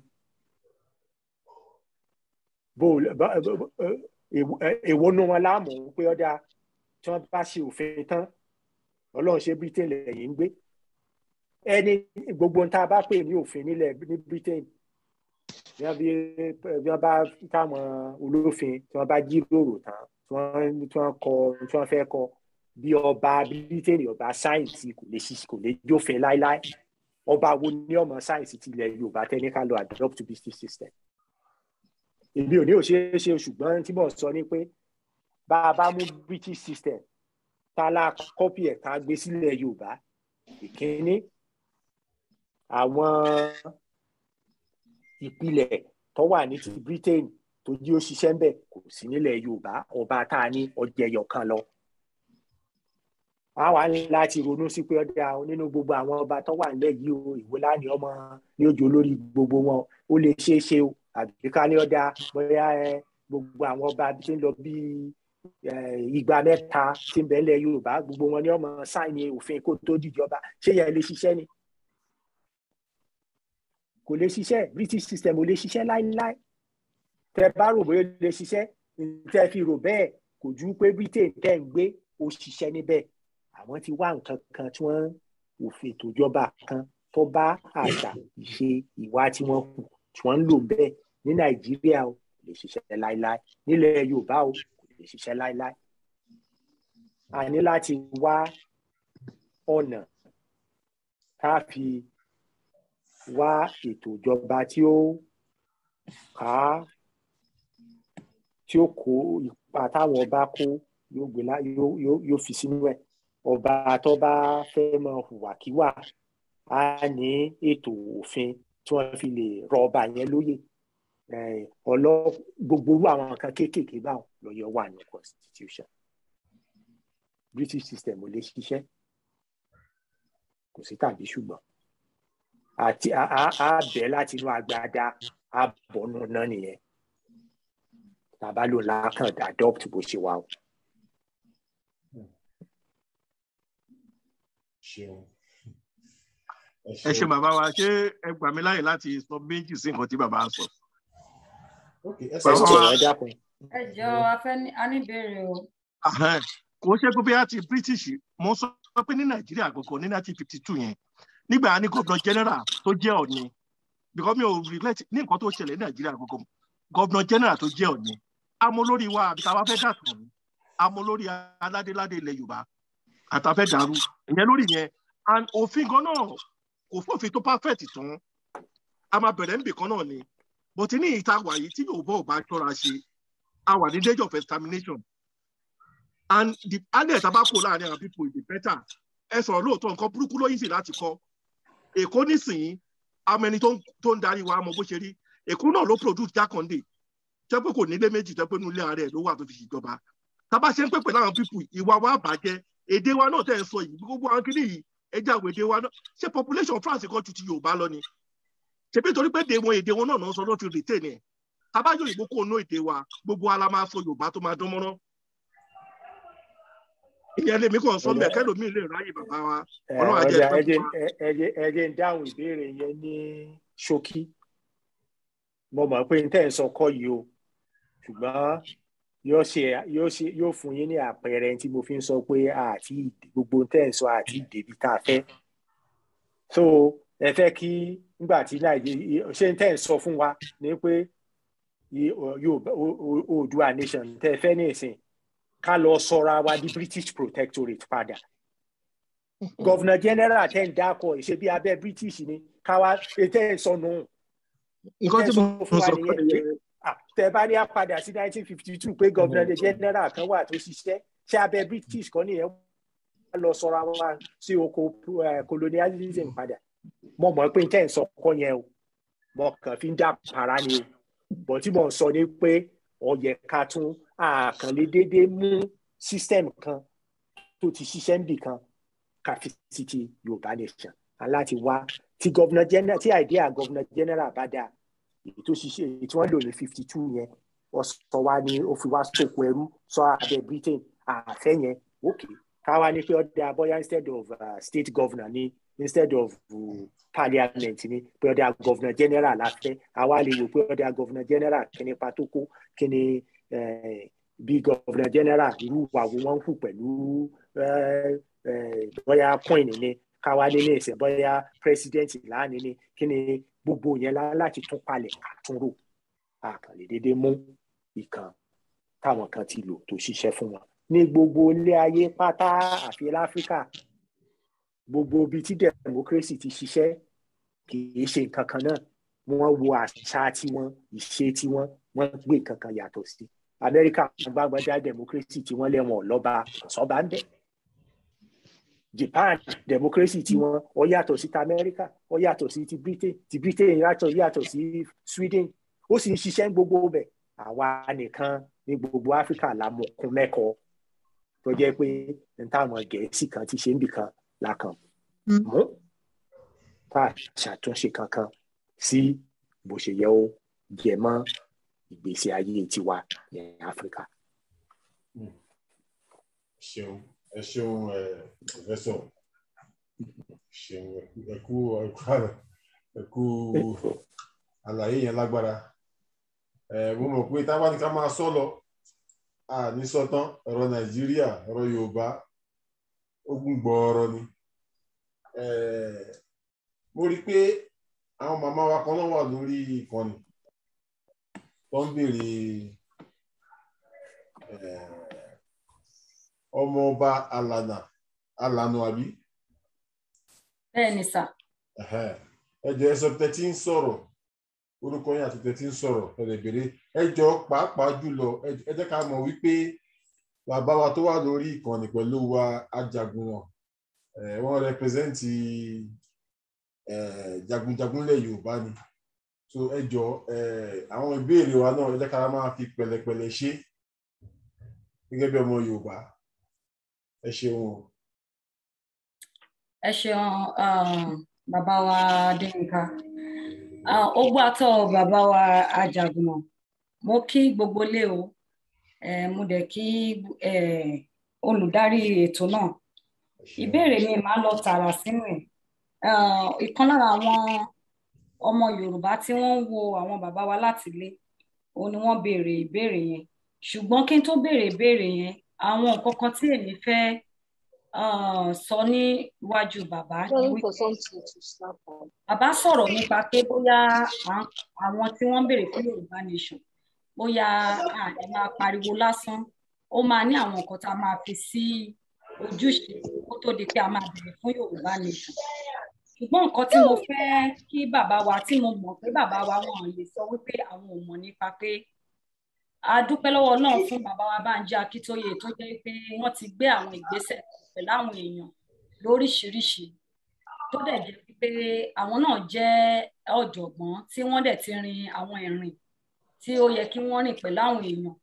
èwo nu wọn láàmú pé ọ̀dà tí wọ́n bá ṣe òfin tán ọlọ́run ṣe Britain lẹ́yìn ń gbé ẹni gbogbo ń tá a bá pè ní òfin nílẹ̀ ní Britain bí wọ́n bá táwọn olófin tí wọ́n bá jíròrò tán tí wọ́n kọ tí wọ́n fẹ́ kọ bí ọba Britain ọba sáyẹ̀nsì kò lè kò lè jófin láéláé ọba wo ni ọmọ sáyẹ̀nsì ti ilẹ̀ Yorùbá tẹ́ ní ká lọ adopt to business system èmi ò ní òṣèré ṣe ṣùgbọ́n tí mò sọ ni pé bá a bá mú british system tá a la kọ́pì ẹ̀ ká gbé sílẹ̀ yorùbá ìkíní àwọn ìpìlẹ̀ tó wà ní ti britain tó jí ó ṣiṣẹ́ ń bẹ̀ kò sí nílẹ̀ yorùbá ọba tá a ní ọjẹyọ kan lọ àwa láti ronú sí pé ọdẹ nínú gbogbo àwọn ọba tó wà nílẹ̀ yìí o ìwé lánìí ọmọ ní ojú olórí gbogbo wọn ó lè ṣeé ṣe o àbí ká ní ọ̀dà bóyá gbogbo àwọn ọba tí ń lọ bíi ìgbà mẹ́ta tí ń bẹ̀lẹ̀ Yorùbá gbogbo wọn ni ọmọ sáìnì òfin kó tó dìde ọba ṣé yẹn lè ṣiṣẹ́ ni kò lè ṣiṣẹ́ British system ò lè ṣiṣẹ́ láíláí tẹ bá rò bóyá lè ṣiṣẹ́ tẹ fi rò bẹ́ẹ̀ kò ju pé Britain tẹ̀ ń gbé ó ṣiṣẹ́ níbẹ̀ àwọn ti wá nǹkan kan tí wọ́n òfin ìtòjọba kan tó bá àṣà ìṣe ìwà tí wọ́n kù tí wọ́n ń lò bẹ́ẹ̀ ní nàìjíríà o kò lè ṣiṣẹ́ láéláé nílẹ̀ yorùbá o kò lè ṣiṣẹ́ láéláé a ní láti wá ọ̀nà tá a fi wá ètò ìjọba tí ó ká tí ó kó ipa táwọn ọba kó yóò gbé yóò fi sínú ẹ̀ ọba tó bá fẹ́ mọ hùwàkíwà á ní ètò òfin tí wọ́n fi lè rọ ọba yẹn lóyè Eh, ọlọ gbogbo irú àwọn nǹkan kéékèèké báwọn ló yẹ wà ní constitution british system ò lè ṣiṣẹ́ kò sí tàbí ṣùgbọ́n àti àbẹ láti inú agbada àbọnú náà nìyẹn tàbá ló lákàn adopt bó ṣe wà o. ṣeun ẹ ṣe bàbá wa ṣé ẹ gbà mí láyè láti sọ méjì sí nǹkan tí bàbá sọ ẹ jọ afẹ́ aníbèrè o. kò ṣe pé bóyá ti british mo sọ pé ní nàìjíríà gbọ̀ngàn ní nineteen fifty two yẹn nígbà ní gómìnà general tó jẹ́ ọ̀ni because mi ò relate ní nǹkan tó ṣẹlẹ̀ ní nàìjíríà gbọ̀ngàn gómìnà general tó jẹ́ ọ̀ni amolórí wa àbí táwa fẹ́ dàtọ̀ ní amolórí aládéládé ilẹ̀ yorùbá àtàfẹ́ dàrú ìyẹn lórí yẹn and òfin gan náà kò fòfin tó perfect tán a máa bẹ̀rẹ̀ níbì kan náà ni but ní ìta wàyí tí Yorùbá ò bá tọ́ra ṣe a wà ní danger of extermination and the alẹ́ ìta bá kó láàrin àwọn people ìdè bẹ́tà ẹ sọ̀rọ̀ lóòótọ́ nǹkan burúkú ló yín sí láti kọ́ Èkó nísìnyí amẹni tó ń darí wa mọ bó ṣe rí Èkó náà ló produce Jákàndé tẹ́pẹ́ kò nílé méjì tẹ́pẹ́ nílé ààrẹ ló wà tó fi ṣèjọba tábà ṣe ń pèpè láwọn people ìwà wa bàjẹ́ èdè wa náà tẹ̀ ń sọ yìí gbogbo àwọn kìnìyí ẹjẹ́ àwọn èdè wa náà ṣé population France kan ju ti Yorùbá lọ ni ṣebí nítorí pé èdè wọn èdè wọn náà sọ lọ́ọ́ fi retain ẹ̀ abájọ òyìnbó kò ná èdè wa gbogbo ala máa sọ Yorùbá tó máa dán mọ́rán ìyẹn lèmi kàn sọ mẹ kẹlòmíì lè ráyè bàbá wa Ọlọ́run ajẹ́ ẹ̀jẹ̀ ẹ̀jẹ̀ ń dáhùn ìbéèrè yẹn ní ṣókí mo mọ̀ pé n tẹ́ ẹ̀ sọ kọ́ yìí o ṣùgbọ́n yóò ṣe yóò ṣe yóò fún yín ní àpẹẹrẹ tí mo fi ń sọ pé àti gbogbo tẹ́ ẹ̀ sọ àti ìdèbí tá a fẹ́ so ẹ fẹ́ kí nígbà tí nàìjíríà ṣe ń tẹ̀ sọ fún wa ni pé oòdùà nation tẹ fẹ́ ní ìsìn ká lọ sọra wa di british protectorate padà gọ́vnà general tẹ̀ ń dákọ̀ ìṣe bí abẹ́ british ni káwa tẹ̀ ń sọnù nǹkan tí mo sọ pé tẹ bá ní a padà sí 1952 pé gọ́vnà mm-hmm. general kan wà tó ṣiṣẹ́ ṣé abẹ́ british kan nìyẹn lọ sọra wa sí oko eh, colonialism padà mo mọ̀ pé tẹ́ ń sọ kọ́ yẹn o mo kàn fi ń dà para ni o bọ̀ tí mo sọ ni pé ó ká tún àkànlé déédé mú sísẹ́mù kan tó ti ṣiṣẹ́ ń bì kan ká Yorùbá nation aláti wá tí gọ́vnà general tí àìdíà gọ́vnà general bá dáa èyí tó ṣiṣẹ́ èyí tí wọ́n lò ní fifty two yẹn wọ́n sọ wá ní ó fi wá sóko ẹrú sọ abẹ Britain àfẹ́ yẹn ókè káwa ní pé ọ̀dà bóyá instead of uh, state governor ní instead of uh, parliament ni pé ọdẹ governor general la fẹ́ àwa lè wò pé ọdẹ governor general kí ni pàtó kó kí ni eh, bí governor general irú wà wọ́n wọ́n kù pẹ̀lú eh, eh, bóyá coin ni káwa ní ní ìsẹ̀ bóyá president láàánú ni kí ni gbogbo yẹn láti tún palẹ̀ àtúnrò àkànlè déédéé mú ìkan táwọn kan ti lò tó ṣiṣẹ́ fún wọn ní gbogbo ilé ayé pátá àfi láfíríkà gbogbo ibi tí democracy ti ṣiṣẹ́ kì í ṣe nǹkan kan náà wọ́n wo àṣà tiwọn ìṣe tiwọn wọ́n gbé nǹkan kan sí amẹ́ríkà gbàgbọ́dá democracy tiwọn lẹ́wọ̀n lọ́ba sọ́ba ń bẹ̀ japan democracy tiwọn ó yàtọ̀ sí ti amẹ́ríkà ó yàtọ̀ sí ti britain ti britain yàtọ̀ yàtọ̀ sí sweden ó sì ń ṣiṣẹ́ gbogbo bẹ̀ àwa nìkan ní gbogbo áfíríkà la mọ̀ kún mẹ́kọ̀ọ́ tó jẹ́ pé n táwọn gẹ̀ẹ́sì kan ti ṣe ń bì lákan mú hmm. tá a ṣàtúnṣe kankan sí bó ṣe yẹ ó jẹ mọ́ ìgbésí ayé tiwa ní áfíríkà. Hmm. ṣeun ẹ ṣeun ẹ pọfẹsọ ṣeun ẹ kú ẹ kú àlàyé yẹn lágbára mo mọ̀ pé táwa ni ká máa sọ lọ àní sọ tán ọ̀rọ̀ nàìjíríà ọ̀rọ̀ yorùbá ogun gbọ́ọ̀rọ̀ ni mo rí i pé àwọn màmá wa kan náà wà lórí ìkànnì tó ń béèrè ọmọọba alana alanu àbí. bẹ́ẹ̀ni sà. ẹ jọ tẹtí ń sọ̀rọ̀ orúkọ yín àti tẹtí ń ẹ lè béèrè bàbá wa tó wà lórí ìkànnì pẹ̀lú wa ajagun wọn reprezenti jagunjagunle jagunjagun Yorùbá ni so ẹ jọ àwọn ìbéèrè wa náà ẹ jẹ́ ká máa fi pẹ̀lẹ́pẹ̀lẹ́ ṣe gẹ́gẹ́ bí ọmọ Yorùbá ẹ ṣeun. ẹ ṣeun um, bàbá wa Adéyínká ah, ó gbàtọ̀ bàbá wa ajagun mo kí gbogbo lé o. mo dẹ̀ kí olùdarí ètò náà ìbéèrè mi máa lọ tààrà sínú ẹ̀ ìkan lára àwọn ọmọ Yorùbá tí wọ́n ń wo àwọn bàbá wa láti ilé òun ni wọ́n béèrè ìbéèrè yẹn ṣùgbọ́n kí n tó béèrè ìbéèrè yẹn àwọn nǹkan kan tí èmi fẹ́ sọ níwájú bàbá bàbá sọ̀rọ̀ nípa pé bóyá àwọn tí wọ́n béèrè fún Yorùbá nation bóyá àní máa pariwo lásán ó máa ní àwọn nǹkan tá a máa fi sí ojúṣe kó tó di pé a máa bẹ̀rẹ̀ fún Yorùbá nation ṣùgbọ́n nǹkan tí mo fẹ́ kí bàbá wa tí mo mọ̀ pé bàbá wa wọn lè sọ wípé àwọn ò mọ̀ nípa pé a dúpẹ́ lọ́wọ́ náà fún bàbá wa Bánjí Akíntóyè tó jẹ́ pé wọ́n ti gbé àwọn ìgbésẹ̀ pẹ̀lú àwọn èèyàn lóríṣiríṣi tó dẹ̀ jẹ́ pé àwọn náà jẹ́ ọ̀jọ̀gbọ́n tí wọ́n dẹ̀ ti rin àwọn ìrìn tí ó yẹ kí wọ́n rìn pẹ̀lú àwọn èèyàn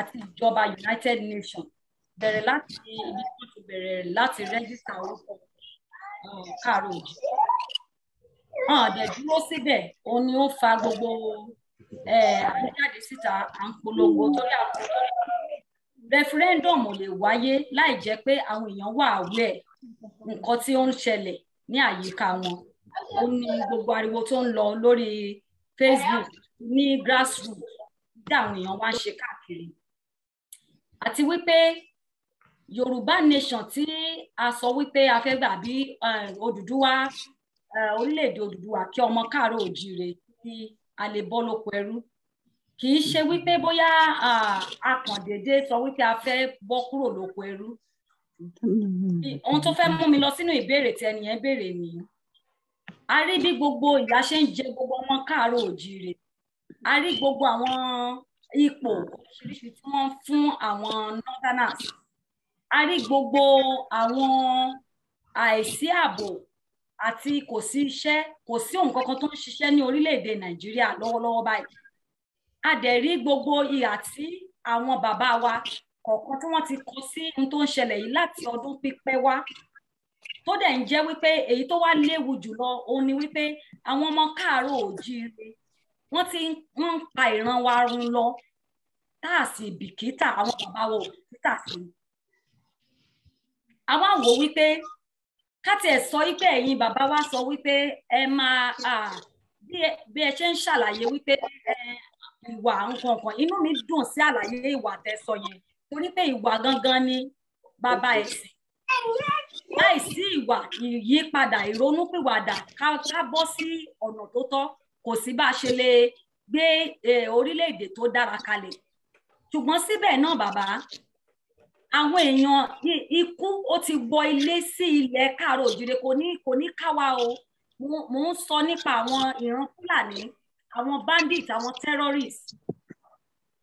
àti ìjọba United Nations bẹ̀rẹ̀ láti ibi tó ti bẹ̀rẹ̀ láti rẹ́gísítà orúkọ káàró òjì. hàn dẹ̀ dúró síbẹ̀ òun ni ó fa gbogbo àbújáde síta à ń polongo torí àwọn referendum ò lè wáyé láì jẹ́ pé àwọn èèyàn wà aware nǹkan tí ó ń ṣẹlẹ̀ ní àyíká wọn ó ní gbogbo ariwo tó ń lọ lórí Facebook ní grassroots tí àwọn èèyàn wá ń ṣe káàkiri àti wípé yorùbá nation tí a sọ wípé a fẹ́ gbà bí eh, Odùduwà eh, orílẹ̀-èdè Odùduwà kí ọmọ káàárọ̀ òjìrè kí a lè bọ́ lóko ẹrú kì í ṣe wípé bóyá eh, a kàn déédé sọ wípé a fẹ́ bọ́ kúrò lóko ẹrú ohun tó fẹ́ mú mi lọ sínú ìbéèrè tí ẹnìyẹn béèrè nìyí a rí bí gbogbo ìyà ṣe ń jẹ gbogbo ọmọ káàárọ̀ òjìrè a rí gbogbo àwọn ipò oríṣiríṣi tí wọ́n fún àwọn northerners a rí gbogbo àwọn àìsí ààbò àti kò sí iṣẹ́ kò sí ohun kankan tó ń ṣiṣẹ́ ní orílẹ̀-èdè nàìjíríà lọ́wọ́lọ́wọ́ báyìí a dẹ̀ rí gbogbo ìhà tí àwọn bàbá wa kọ̀ọ̀kan tí wọ́n ti kó sí ohun tó ń ṣẹlẹ̀ yìí láti ọdún pípẹ́ wá tó dẹ̀ ń jẹ́ wípé èyí tó wá léwu jùlọ òun ni wípé àwọn ọmọ káàárọ̀ òjíire wọ́n ti ń pa ìran wa run lọ tá a sì bìkítà àwọn bàbá wa ò bìkítà sí i. àwa wò wípé ká tiẹ̀ sọ wípé ẹ̀yin bàbá wa sọ wípé ẹ máa bí ẹ ṣe ń ṣàlàyé wípé ìwà nǹkan kan inú mi dùn sí àlàyé ìwà tẹsọ yẹn torí pé ìwà gangan ni bàbá ẹ̀sìn láìsí ìwà ìyípadà ìrònúpìwàdà ká bọ́ sí ọ̀nà tó tọ́ kò sí bá a ṣe lè gbé orílẹ̀-èdè tó dára kalẹ̀ ṣùgbọ́n síbẹ̀ náà bàbá àwọn èèyàn ikú ó ti bọ ilé sí ilẹ̀ káàró òjìrè kò ní kò ní káwa o mò ń sọ nípa àwọn ìran fúlàní àwọn bandit àwọn terrorists.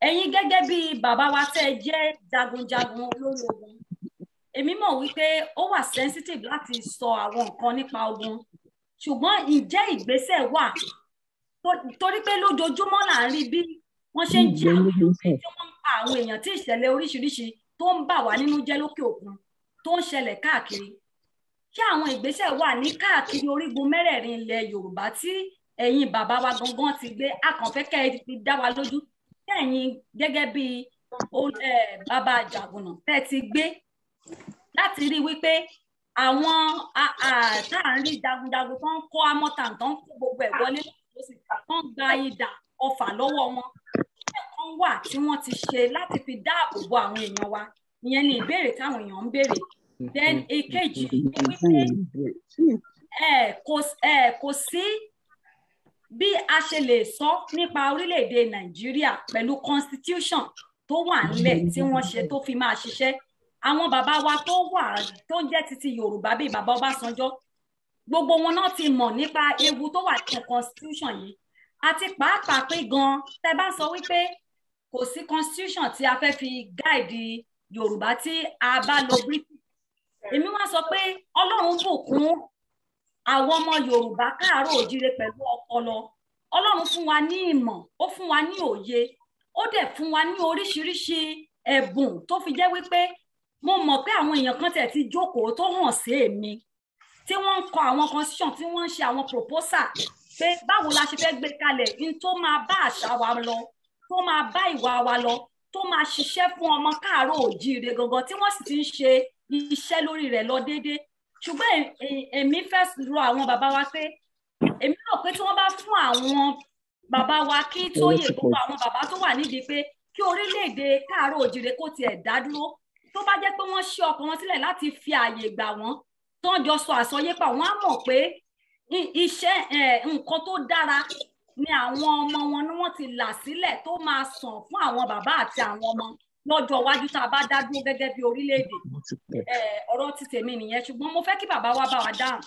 ẹ̀yin gẹ́gẹ́ bí bàbá wa tẹ́ ẹ jẹ́ jagunjagun olórí ogun èmi mọ̀ wípé ó wà sensitive láti sọ àwọn nǹkan nípa ogun ṣùgbọ́n ìjẹ́ ìgbésẹ̀ wà torí pé lójoojúmọ́ là ń rí bí wọ́n ṣe ń jí àwọn èèyàn tí wọ́n ń pa àwọn èèyàn tí ìṣẹ̀lẹ̀ oríṣiríṣi tó ń bà wá nínú jẹ́ lókè òkun tó ń ṣẹlẹ̀ káàkiri kí àwọn ìgbésẹ̀ wà ní káàkiri orígun mẹ́rẹ̀ẹ̀rin ilẹ̀ Yorùbá tí ẹ̀yin bàbá wa gangan ti gbé akànfẹ́kẹ́ ti dá wa lójú tẹ̀yin gẹ́gẹ́ bí bàbá àjàgùnà tẹ́ ti gbé láti rí wípé àwọn tá à ń rí jagunjagun tó ń kó amọ́tàǹtàn kó gbogbo ẹ̀ wọlé wọ́n gba idà ọfà lọ́wọ́ wọn kan wà tí wọ́n ti ṣe láti fi dáàbò bo àwọn èèyàn wa ìyẹn ni ìbéèrè táwọn èèyàn ń béèrè then èkejì ni kò sí bí a ṣe lè sọ nípa orílẹ̀-èdè nàìjíríà pẹ̀lú constitution tó wà nílẹ̀ tí wọ́n ṣe tó fi máa ṣiṣẹ́ àwọn bàbá wa tó wà tó ń jẹ́ títí yorùbá bíi bàbá ọbásanjọ́ gbogbo wọn náà ti mọ̀ nípa ewu tó wà nínú constitution yìí àti pàápàá pé gan tẹ bá sọ wípé kò sí constitution tí a fẹ́ fi gáìdì yorùbá tí a bá lọ britain èmi wá sọ pé ọlọ́run bùkún àwọn ọmọ yorùbá káàárọ̀ òjíire pẹ̀lú ọpọlọ ọlọ́run fún wa ní ìmọ̀ ó fún wa ní òye ó dẹ̀ fún wa ní oríṣiríṣi ẹ̀bùn tó fi jẹ́ wípé mo mọ̀ pé àwọn èèyàn kan tẹ̀ ti jókòó tó hàn sí èmi tí wọ́n ń kọ àwọn constitution tí wọ́n ń ṣe àwọn proposal pé báwo la ṣe fẹ́ gbé kalẹ̀ in tó máa bá àṣà wa lọ tó máa bá ìwà wa lọ tó máa ṣiṣẹ́ fún ọmọ káàárọ̀ òjíire gangan tí wọ́n sì ti ń ṣe iṣẹ́ lórí rẹ̀ lọ déédéé ṣùgbọ́n èmi fẹ́ rọ àwọn bàbá wa pé èmi rò pé tí wọ́n bá fún àwọn bàbá wa kí tó yè gbogbo àwọn bàbá tó wà nídìí pé kí orílẹ̀-èdè káàárọ̀ òjíire kó tiẹ̀ dá tó bá jẹ́ pé wọ́n ṣí ọkàn wọn sílẹ̀ láti fi ààyè gbà wọ́n tán jọ sọ àsọyé pa wọn á mọ̀ pé iṣẹ́ nǹkan tó dára ni àwọn ọmọ wọn ni wọ́n ti là sílẹ̀ tó máa sàn fún àwọn bàbá àti àwọn ọmọ lọ́jọ́ iwájú tá a bá dá dúró gẹ́gẹ́ bí orílẹ̀-èdè ọ̀rọ̀ ti tèmi nìyẹn ṣùgbọ́n mo fẹ́ kí bàbá wa bá wa dáhùn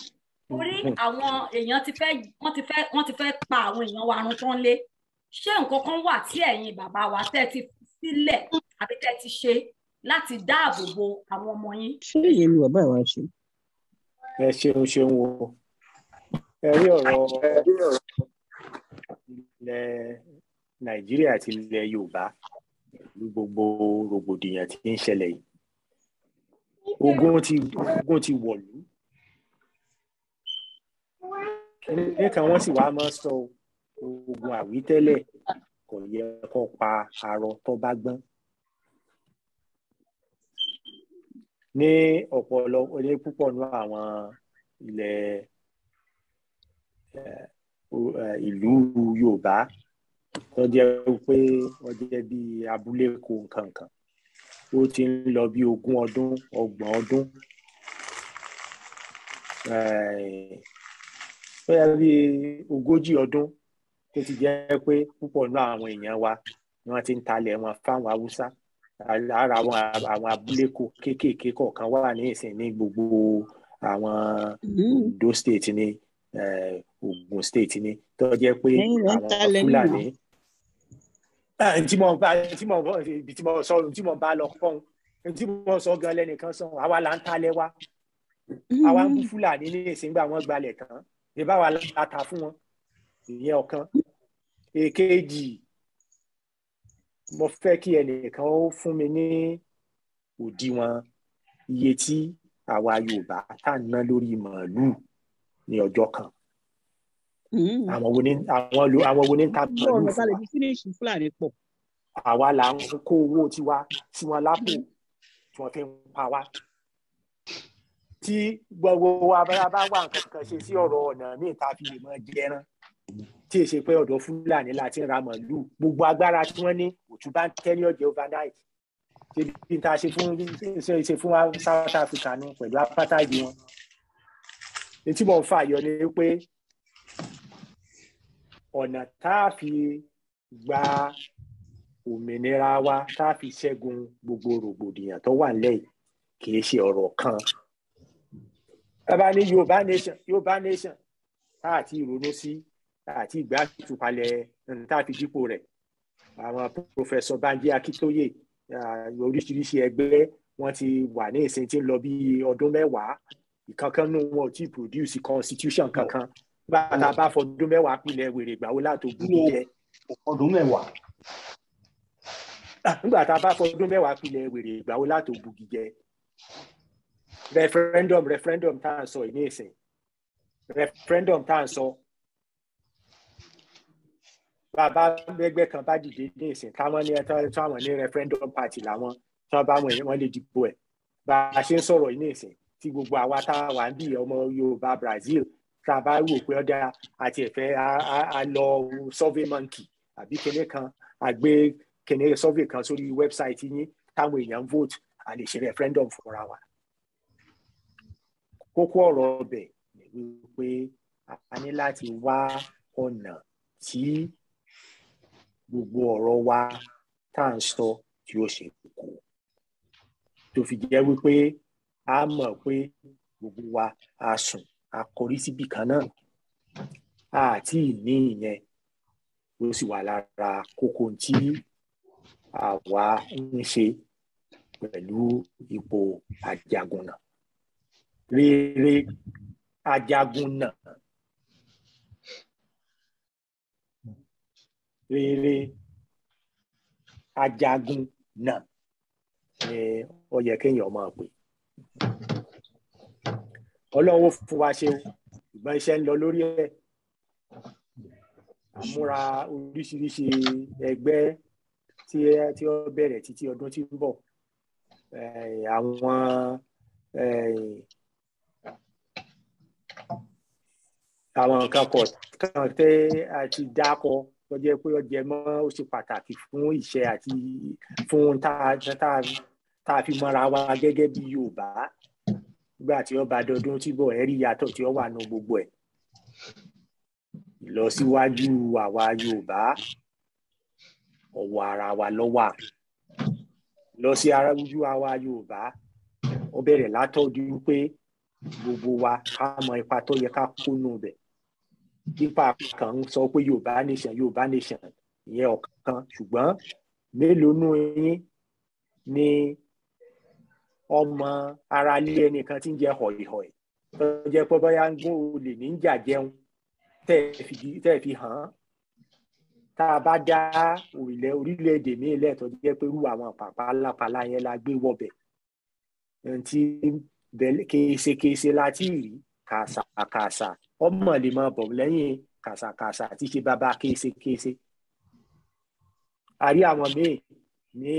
torí àwọn èèyàn ti fẹ́ wọ́n ti fẹ́ wọ́n ti fẹ́ pa àwọn èèyàn wa run tán lé ṣé nǹkan kan wà tí ẹ̀yin bàbá wa tẹ́ ti sílẹ̀ àbí tẹ́ ti ṣe láti dáàbò bo àwọn ọmọ yín. ṣé èyí ni bàbá wa ṣe ẹ ṣeun ṣeun wo ẹ rí ọ̀rọ̀ ilẹ̀ nàìjíríà àti ilẹ̀ yorùbá pẹ̀lú gbogbo rògbòdìyàn tí ń ṣẹlẹ̀ yìí ogun ti ogun ti wọ̀lú nìkan wọ́n sì wá mọ́ sọ ogun àwítẹ́lẹ̀ kò yẹ kó pa arọ tó bá gbọ́n. ní ọ̀pọ̀lọpọ̀ ní púpọ̀ nínú àwọn ilẹ̀ ìlú Yorùbá tó jẹ́ pé wọ́n jẹ́ bí abúlé kó nǹkan kan ó ti ń lọ bí ogún ọdún ọgbọ̀n ọdún ó yẹ bí ogójì ọdún tó ti jẹ́ pé púpọ̀ nínú àwọn èèyàn wa ni wọ́n ti ń talẹ̀ wọn fáwọn Haúsá lára àwọn àwọn abúlé kéékèèké kọ̀ọ̀kan wà ní ìsìn ní gbogbo àwọn hmm. Ondo state ni eh, Ogun state ni tó jẹ́ pé àwọn Fúlàní eh, tí mo bá tí mo bá tí mo sọ tí mo bá lọ kàn tí mo sọ gan lẹ́nìkan sọ àwa là ń talẹ̀ wa hmm. àwa ń bú Fúlàní ní ìsìn gbà wọ́n gbalẹ̀ tán ìbáwa la ta fún wọn ìyẹn ọ̀kan èkejì. E mo fẹ́ kí ẹnìkan ó fún mi ní òdiwọ̀n iye tí àwa Yorùbá tá ná lórí màálùú ní ọjọ́ kan mm-hmm. àwọn wo ni àwọn lo àwọn wo ni ń ta màálùú fún wa àwa là ń kó owó tiwa tí wọn lápò tí wọn fi ń pa wá tí gbogbo wa bá wà nǹkan kan ṣe sí ọ̀rọ̀ ọ̀nà míì tá fi lè mọ jẹran tí èsè pé ọ̀dọ̀ fúlàní láti ra màálù gbogbo agbára tí wọ́n ní òtúbá ń tẹ́ ní ọ̀jẹ̀ overnight ṣebí tá a ṣe fún ṣe fún South Africa nu pẹ̀lú apartheid wọn etí mò ń fà yọ ni pé ọ̀nà tá a fi gba òmìnira wa tá a fi ṣẹ́gun gbogbo rògbòdìyàn tó wà nílẹ̀ kì í ṣe ọ̀rọ̀ kan bàbá ní Yorùbá nation Yorùbá nation tá a ti ronú sí. Si àti ìgbà ìtúpalẹ̀ tá a fi dípò rẹ̀ àwọn pòfẹsọ Banji Akíntóyè oríṣiríṣi ẹgbẹ́ wọ́n ti wà ní ìsìn tí ń lọ bí ọdún mẹ́wàá ìkankan nù wọn ò tí produce constitution kankan nígbà tá a bá fọdún mẹ́wàá pilẹ̀ wèrè gbàwó láti ògùn jẹ. ọdún mẹ́wàá. Ah, nígbà tá a bá fọdún mẹ́wàá pilẹ̀ wèrè gbàwó láti ògùn jẹ referendum referendum tá à ń sọ yìí ní ìsìn referendum tá à ń sọ bàbá ẹgbẹ́ kan bá dìde ní ìsìn táwọn ní ẹtọ́ àwọn ní referendum party làwọn tí wọ́n bá wọn èèyàn wọn lè dìbò ẹ̀ bá a ṣe ń sọ̀rọ̀ yìí ní ìsìn tí gbogbo àwa tá a wà ń bí ọmọ Yorùbá Brazil tá a bá wò pé ọ̀dà àti ẹ̀fẹ́ a lọ survey monkey àbí kìnìún kan àgbé kìnìún survey kan sórí website yín táwọn èèyàn vote a lè ṣe referendum fúnra wa kókó ọ̀rọ̀ ọbẹ̀ wípé a ní láti wá ọ̀nà tí gbogbo ọ̀rọ̀ wa tá à ń sọ tí ó ṣe kókó tó fi jẹ́ wípé a mọ̀ pé gbogbo wa a sùn a kọrí síbì kan náà a àti ní ìyẹn ló sì wà lára kókó tí àwa ń ṣe pẹ̀lú ipò ajagunna rere ajagunna rere ajagun náà ni ó yẹ kéèyàn máa pè ọlọ́run fún wa ṣe ìgbọ́n iṣẹ́ ń lọ lórí ẹ̀ múra oríṣiríṣi ẹgbẹ́ tí ó bẹ̀rẹ̀ títí ọdún tí ń bọ̀ àwọn àwọn nǹkan kọ̀ọ̀kan tẹ́ a ti dákọ̀ tó jẹ́ pé ó jẹ mọ́ ó ṣe pàtàkì fún ìṣe àti fún tá a fi mọ́ra wa gẹ́gẹ́ bí Yorùbá nígbà tí ó bá dọdún tí bọ̀ ẹ́ rí yàtọ̀ tí ó wà nù gbogbo ẹ̀ ìlọsíwájú àwa Yorùbá ọwọ́ ara wa lọ́wà lọ sí aráwùjú àwa Yorùbá ó bẹ̀rẹ̀ látọ́jú pé gbogbo wa ká mọ ipa tó yẹ ká kó nù bẹ̀ nípa kan sọ pé yorùbá nation yorùbá nation ìyẹn ọ̀kan ṣùgbọ́n mélòó nù yín ni ọmọ ara ilé ẹnìkan tí ń jẹ họ̀ìhọ̀ì tó pé bóyá ń gún olè ní jà jẹun tẹ́ ẹ̀ fi hàn án tá a bá dá orílẹ̀-èdè míì lẹ́tọ̀ jẹ́ pé irú àwọn pàpàlápàlá yẹn la gbé wọbẹ̀ ntí kéésekéése láti rí kàṣàkàṣà ọmọ lè máa bọ̀ lẹ́yìn kàṣàkàṣà àti ṣe bàbá késekése àrí àwọn míì ní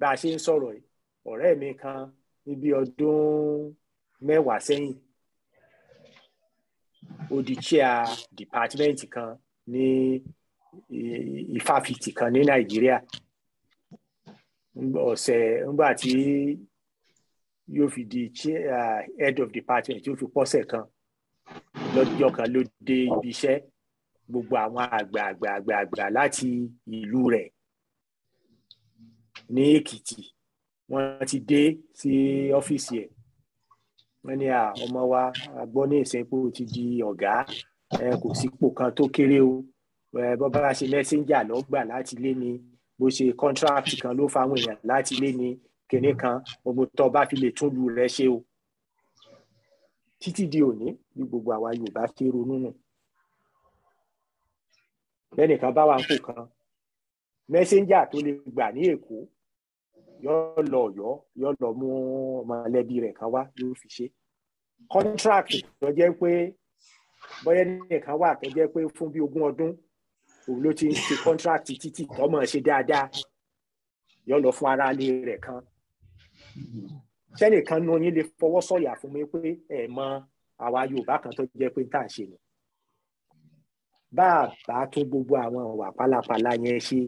bá a ṣe ń sọ̀rọ̀ yìí ọ̀rẹ́ mi kan níbi ọdún mẹ́wàá sẹ́yìn odi department kan ní ìfáfitì kan ní nàìjíríà ọ̀sẹ̀ ńgbà tí yóò fi di ah, head of department yóò fi pọ́sẹ̀ kan lọ́jọ́ kan ló dé ibi iṣẹ́ gbogbo àwọn àgbààgbààgbà láti ìlú rẹ̀ ní Èkìtì wọ́n ti dé sí ọ́fíìsì ẹ̀ wọ́n ní à ọmọ wa gbọ́ ní ìsìnkú ti di ọ̀gá kò sípò kan tó kéré o bọ́bá ṣe mẹ́sẹ́ńjà ló gbà láti lé ni bó ṣe kọ́ńtráàtì kan ló fáwọn èèyàn láti lé ni kinní kan gbogbo tó bá fi lè tún lu rẹ ṣe o títí di òní bí gbogbo àwa Yorùbá ṣe ronú nù bẹ́nìkan bá wà ń kó kan mẹ́sẹ́ńjà tó lè gbà ní Èkó yóò lọ Ọ̀yọ́ yóò lọ mú ọmọlẹ́bí rẹ̀ kan wá yóò fi ṣe contract tó jẹ́ pé bóyá nìkan wà tó jẹ́ pé fún bí ogún ọdún òun ló ti ń ṣe contract títí tọ́mọ̀ ṣe dáadáa yóò lọ fún aráalé rẹ̀ kan ṣẹ́nìkan nu yín lè fọwọ́ sọ̀yà fún mi pé ẹ̀ mọ àwa Yorùbá kan tó jẹ́ pé tá à ń ṣe nù bá a bá tún gbogbo àwọn ìwà pálapàla yẹn ṣe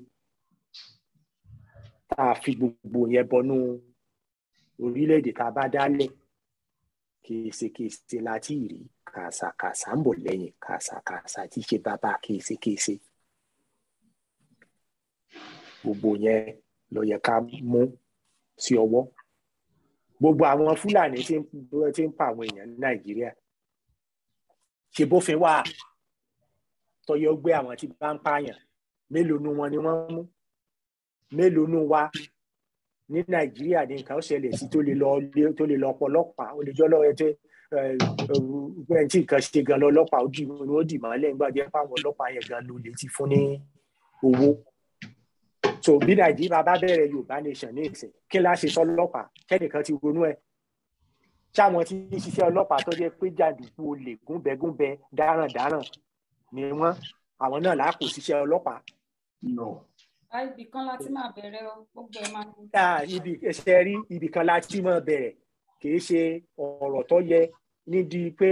tá a fi gbogbo yẹn bọnú orílẹ̀-èdè tá a bá dálẹ̀ kèsèkèsè láti rí kàṣàkàṣà ń bọ̀ lẹ́yìn kàṣàkàṣà tí ṣe bàbá kèsèkèsè gbogbo yẹn ló yẹ ká mú sí ọwọ́ gbogbo àwọn fúlàní tí ń pa àwọn èèyàn ní nàìjíríà ṣe bófin wà tọyọ gbé àwọn tí bá ń pààyàn mélòó nu wọn ni wọ́n mú mélòó nu wa ní nàìjíríà ní nǹkan ṣẹlẹ̀ sí tó lè lọ tó lè lọ ọ̀pọ̀lọpàá ó lè jọ lọ́wọ́ ẹtẹ ẹ tí nǹkan ṣe gan lọ́lọ́pàá ó dì mọ́lẹ̀ nígbà jẹ́ pàwọn ọlọ́pàá yẹn gan ló lè ti fún ní owó so bí nàìjíríà bá bẹ̀rẹ̀ yorùbá nation ní ìsìn kí n láṣẹ sọlọ́pàá kẹ́nìkan ti ronú ẹ̀ ṣáwọn tí ń ṣiṣẹ́ ọlọ́pàá tó jẹ́ pé jàǹdùkú olè gúnbẹ́gúnbẹ dáràndáràn ni wọ́n àwọn náà là ṣiṣẹ́ ọlọ́pàá. ibì kan la máa bẹ̀rẹ̀ o ibì kan la máa bẹ̀rẹ̀ kì í ṣe ọ̀rọ̀ tó yẹ nídìí pé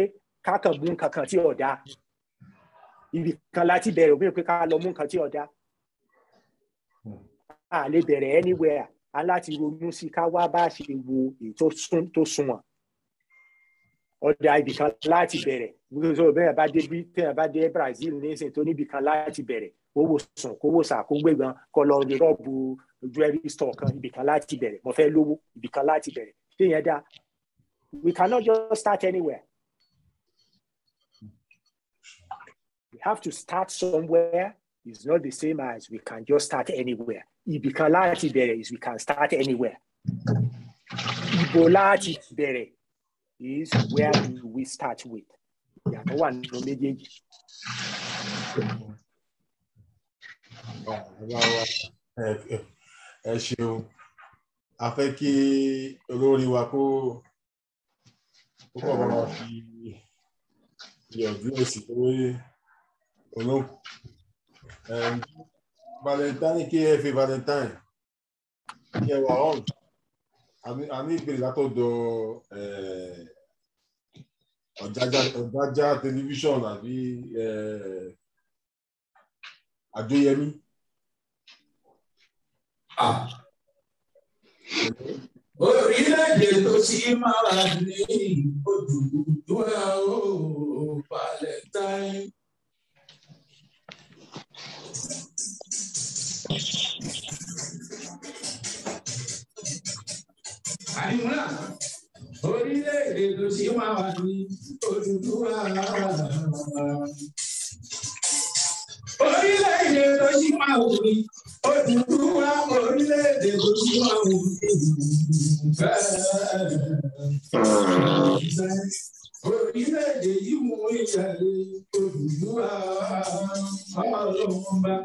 kákànbù nǹkan tí ọ̀dà ibì kan la bẹ̀rẹ̀ òmíràn pé ká lọ mú nǹkan tí ọ̀dà a lè bẹ̀rẹ̀ anywhere a ronú sí ká wá bá ṣe wo èyí tó sunwọ̀n ọ̀dà ibìkan láti bẹ̀rẹ̀ so bẹ́ẹ̀ bá dé bí bá dé Brazil nísìnyí tó níbìkan láti bẹ̀rẹ̀ kówó sùn kówó sà kó gbẹ̀gbọ́n kọ́ lọ rọ́ọ̀bù jewelry store kan ibìkan láti bẹ̀rẹ̀ mo fẹ́ lówó ibìkan láti bẹ̀rẹ̀ téèyàn dá we cannot just start anywhere we have to start somewhere it's not the same as we can just start anywhere Ibikala ti bẹ̀rẹ̀ is we can start anywhere. Ibola ti bẹ̀rẹ̀ is where do we start with? Yeah, Ìyàtọ̀ wà nínú méjèèjì. Ẹ ṣeun, a fẹ́ kí olórí wa kó kọ́ ọ̀rọ̀ fi ìyọ̀dún èsì tó olóhùn. Valentine Kf Valentine kí ẹ wà ọ̀hún a ní ìpele látọ̀dọ̀ ọ̀jájá tẹlifíṣọ̀n àbí àjọyẹmí. Orílẹ̀-èdè tó ti máa ní ojúdúwẹ́ o, Valentine. àdìmúlà orílẹ̀-èdè tó ṣe máa wà ní Odùduwà. Orílẹ̀-èdè tó ṣe máa wù ní Odùduwà orílẹ̀-èdè tó ṣe máa wù ní bẹ́ẹ̀. Orílẹ̀-èdè yìí mú ìyàlè Odùduwà ọlọ́run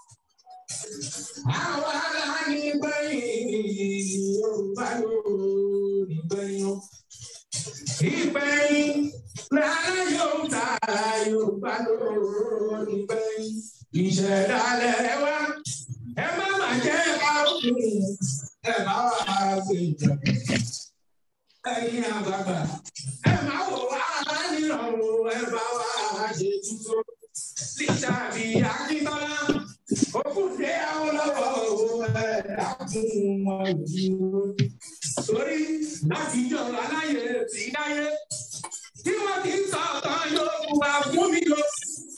àwọn ará ní gbẹ̀yìn yorùbá lórí gbẹ̀yìn. ìgbẹ̀yìn lára yóò ta yorùbá lórí gbẹ̀yìn. ìṣẹ̀dálẹ̀ wa ẹ má má jẹ́ àkùn ẹ má wà á ṣe ìjà. ẹ̀yin àgbààgbà ẹ má wò wá nírànwọ́ ẹ bá wà á ṣe tuntun. títà bíi akíntọ́lá. Òkúté àwọn ọlọ́wọ́ ẹ̀dá fún wọn jù. Sórí látijọ́ aláyè tí dáyé. Tí wọ́n ti ń sọ ọ̀tàn yóò fún wa fún mi lọ.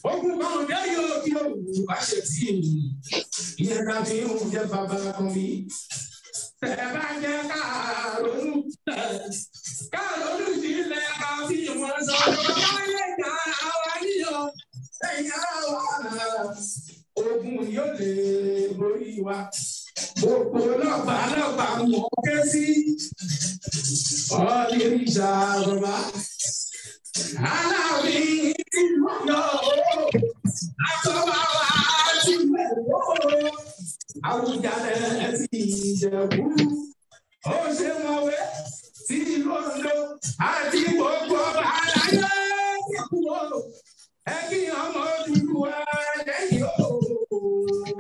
Ogun kan òde yóò kí òwú àṣẹ tí èmi. Ìyẹn ká fi ń jẹ bàbá kan mi. Tẹ̀ bá jẹ́ káàrónú. Káàrónú ti lẹ̀ ká fi ìwọ̀n sọ̀rọ̀ láyé dára wa níyọ̀. Ẹ̀yin ara wa ogun yóò lè borí wa. Gbogbo ọlọ́pàá ọlọ́pàá mọ̀ ọ́ ké sí. Ọ̀lẹ́ ìjà bàbá. Aláàbí ti lọ́nà owó. Àtọ́wá wa ti lẹ̀ owó. Àwùjalẹ̀ ti Ìjẹ̀bú. Ó ṣe mọ̀wé sí ìlú Ondo àti gbogbo àlàyé. Ẹ kí ọmọ dúdú wa lẹ́yìn o.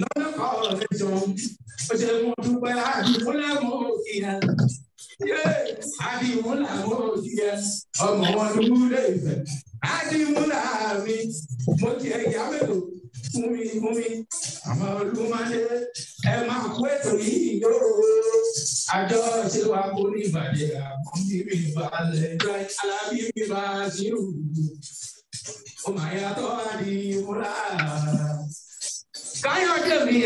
lọ́nà kan ọ̀rọ̀ rẹ jọ ó ṣe mú dúpẹ́ àdìmúlẹ̀ mọ́ òkè yẹn àdìmúlẹ̀ mọ́ òkè yẹn ọmọ wọn ló mú lé ìfẹ́ àdìmúlẹ̀ mi mo ti ẹ̀yà mélòó fún mi fún mi àmọ́ olúmọdé ẹ máa kó ètò yìí yóò àjọ ṣe wá kó ní ìbàdí àmọ́ mi mi balẹ̀ jọ alábí mi bá ṣírù ó máa yàtọ̀ àdìmúlẹ̀ káyọ̀dé mi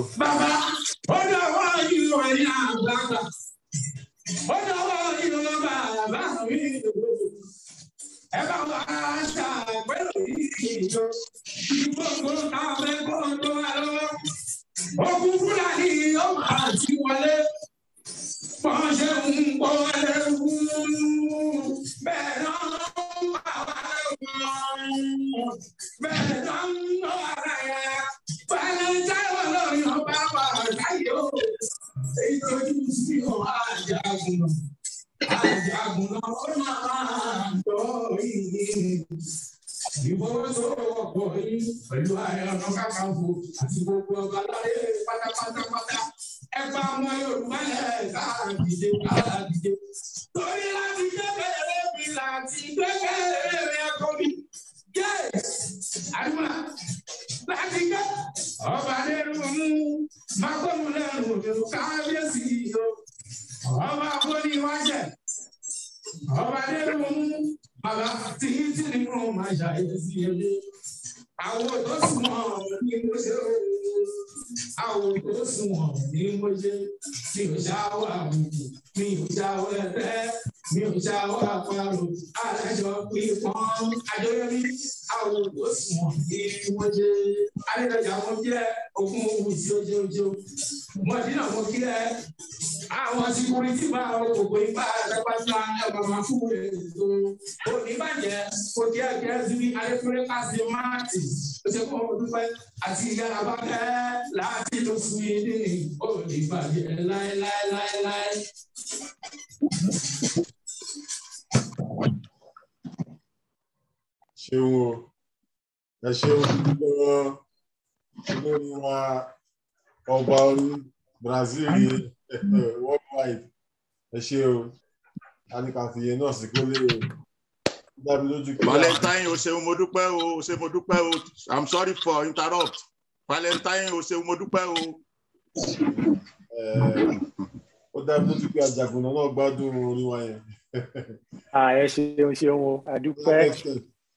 bàbá Bàbá ọ̀dọ̀ wa nínú bàbá mi ẹ bá wa ṣàgbẹ́rò yìí ìjọ gbogbo àwọn ẹ̀kọ́ tó wà lọ́wọ́ ogun fúlàní yóò máa ti wọlé wọ́n ṣe ń pọ̀ wọlé wú bẹ́ẹ̀ náà ń bà wá lọ́wọ́ bẹ́ẹ̀ náà ń lọ́wọ́ ara yẹn bẹ́ẹ̀ náà ń jẹ́ wọ́n. ele tem que nos enrolar de água. E voltou ao boi, foi lá, ela não acabou. Se voltou a galera, pata, pata, pata. É pra a mas é, tá, dizer, tá, dizer. Tô lá de beber, lá de beber, a comida. Yes, Aduma. Lákìkẹ́, ọba lérò mú, mákòmù lẹ́rù òjò kábíyèsí yìí. Ọba àbóni wájẹ̀, ọba lérò mú, bàbá tí ń tì ní kúrò máa ṣàyẹ̀ sí ẹgbẹ́. Àwọn tó súnmọ́ ní mo ṣe o, àwọn tó súnmọ́ ní mo ṣe, mi ò ṣáwọ́ mi ò ṣáwọ́ ẹ̀rẹ́ mi ò ta ọ̀rọ̀ àparò alájọ pé wọ́n adóyẹ̀mí àwọn òṣùwọ̀n ní wọ́n jẹ́ adédọ̀jà wọn jẹ́ òkun òwú jójójó mọ̀dínà wọn kílẹ̀ àwọn sikuriti máa òkòkò ipá àtàkpàtà ẹ̀rọ fún un ètò oníbàjẹ́ òkè ẹ̀jẹ̀ zuri alẹ́kùnrin káṣí máàtì òṣèkọ́ ọdúnfẹ́ àti ìyára bá láti tó fún yín ní oníbàjẹ́ láéláéláéláé. ṣeun o ẹ ṣeun gbogbo olórí wa ọba orí Brazil yìí worldwide ẹ ṣe o anikàfìyẹ náà sì kó lè dábí lójú kí. Valentine o ṣeun mo dúpẹ́ o o ṣeun mo dúpẹ́ o I'm sorry for interrupt Valentine o ṣeun mo dúpẹ́ o. ó dábí lójú pé àjàgùnà náà gbádùn orin wa yẹn. Ah, ẹ ṣeun ṣeun o àdúpẹ́.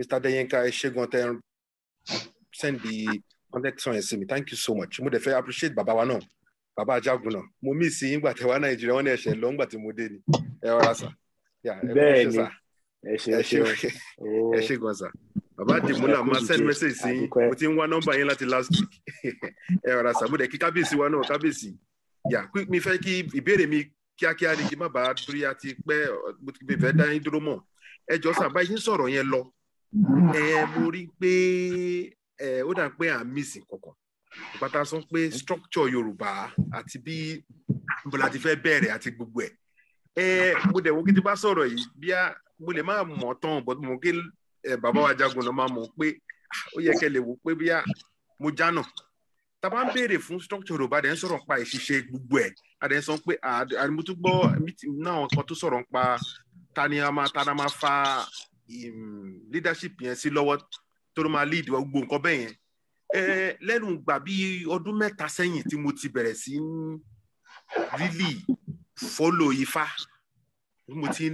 Mr. Deyenka, ẹ ṣe gan tẹ send the connection yẹn sí mi. Thank you so much. Mo dẹ̀ fẹ́ appreciate bàbá wa náà, bàbá Ajagun náà. Mo mí sí ìgbà tẹ̀wá Nàìjíríà, wọ́n ní ẹ̀ṣẹ̀ lọ ńgbà tí mo dé ni. Ẹ ọ̀rá sà. Bẹ́ẹ̀ni, ẹ ṣe ẹ ṣe ẹ ṣe gan sà. Bàbá Dèmúlà máa send message sí yín. Mo ti ń wá nọ́mbà yín láti last week. Ẹ ọ̀rá sà. Mo dẹ̀ kí kábíyèsí wa náà kábíyèsí. Yà mi fẹ́ kí ìbéèrè mi kíákíá ni kí má bàa dúró àti pẹ́ mo ti fẹ́ dá yín dúró mọ́. Ẹ jọ sà, bá yín sọ̀rọ̀ yẹn lọ ẹ mo rí pé ẹ ó dà pé à ń mísì kankan ìpátá sọ pé structure yorùbá àti bí bọ́lá ti fẹ́ bẹ̀rẹ̀ àti gbogbo ẹ̀ ẹ mo dẹ̀ wo kí ti bá sọ̀rọ̀ yìí bí a mo lè má mọ̀ tán but mo kí bàbá wa jagun náà máa mọ̀ pé ó yẹ kẹ́ lè wò pé bí a mo jánà tàbá ń béèrè fún structure yorùbá dẹ̀ ń sọ̀rọ̀ pa ìṣiṣẹ́ gbogbo ẹ̀ adẹ̀ ń sọ pé àdìmútúgbọ́ náà kan tó sọ̀rọ̀ ń pa tani a máa tani a máa fa leadership yẹn sí lọ́wọ́ tó ló máa lead gbogbo nǹkan bẹ́ẹ̀ yẹn lẹ́nu gbà bí ọdún mẹ́ta sẹ́yìn tí mo ti bẹ̀rẹ̀ sí ń really follow ifá mo ti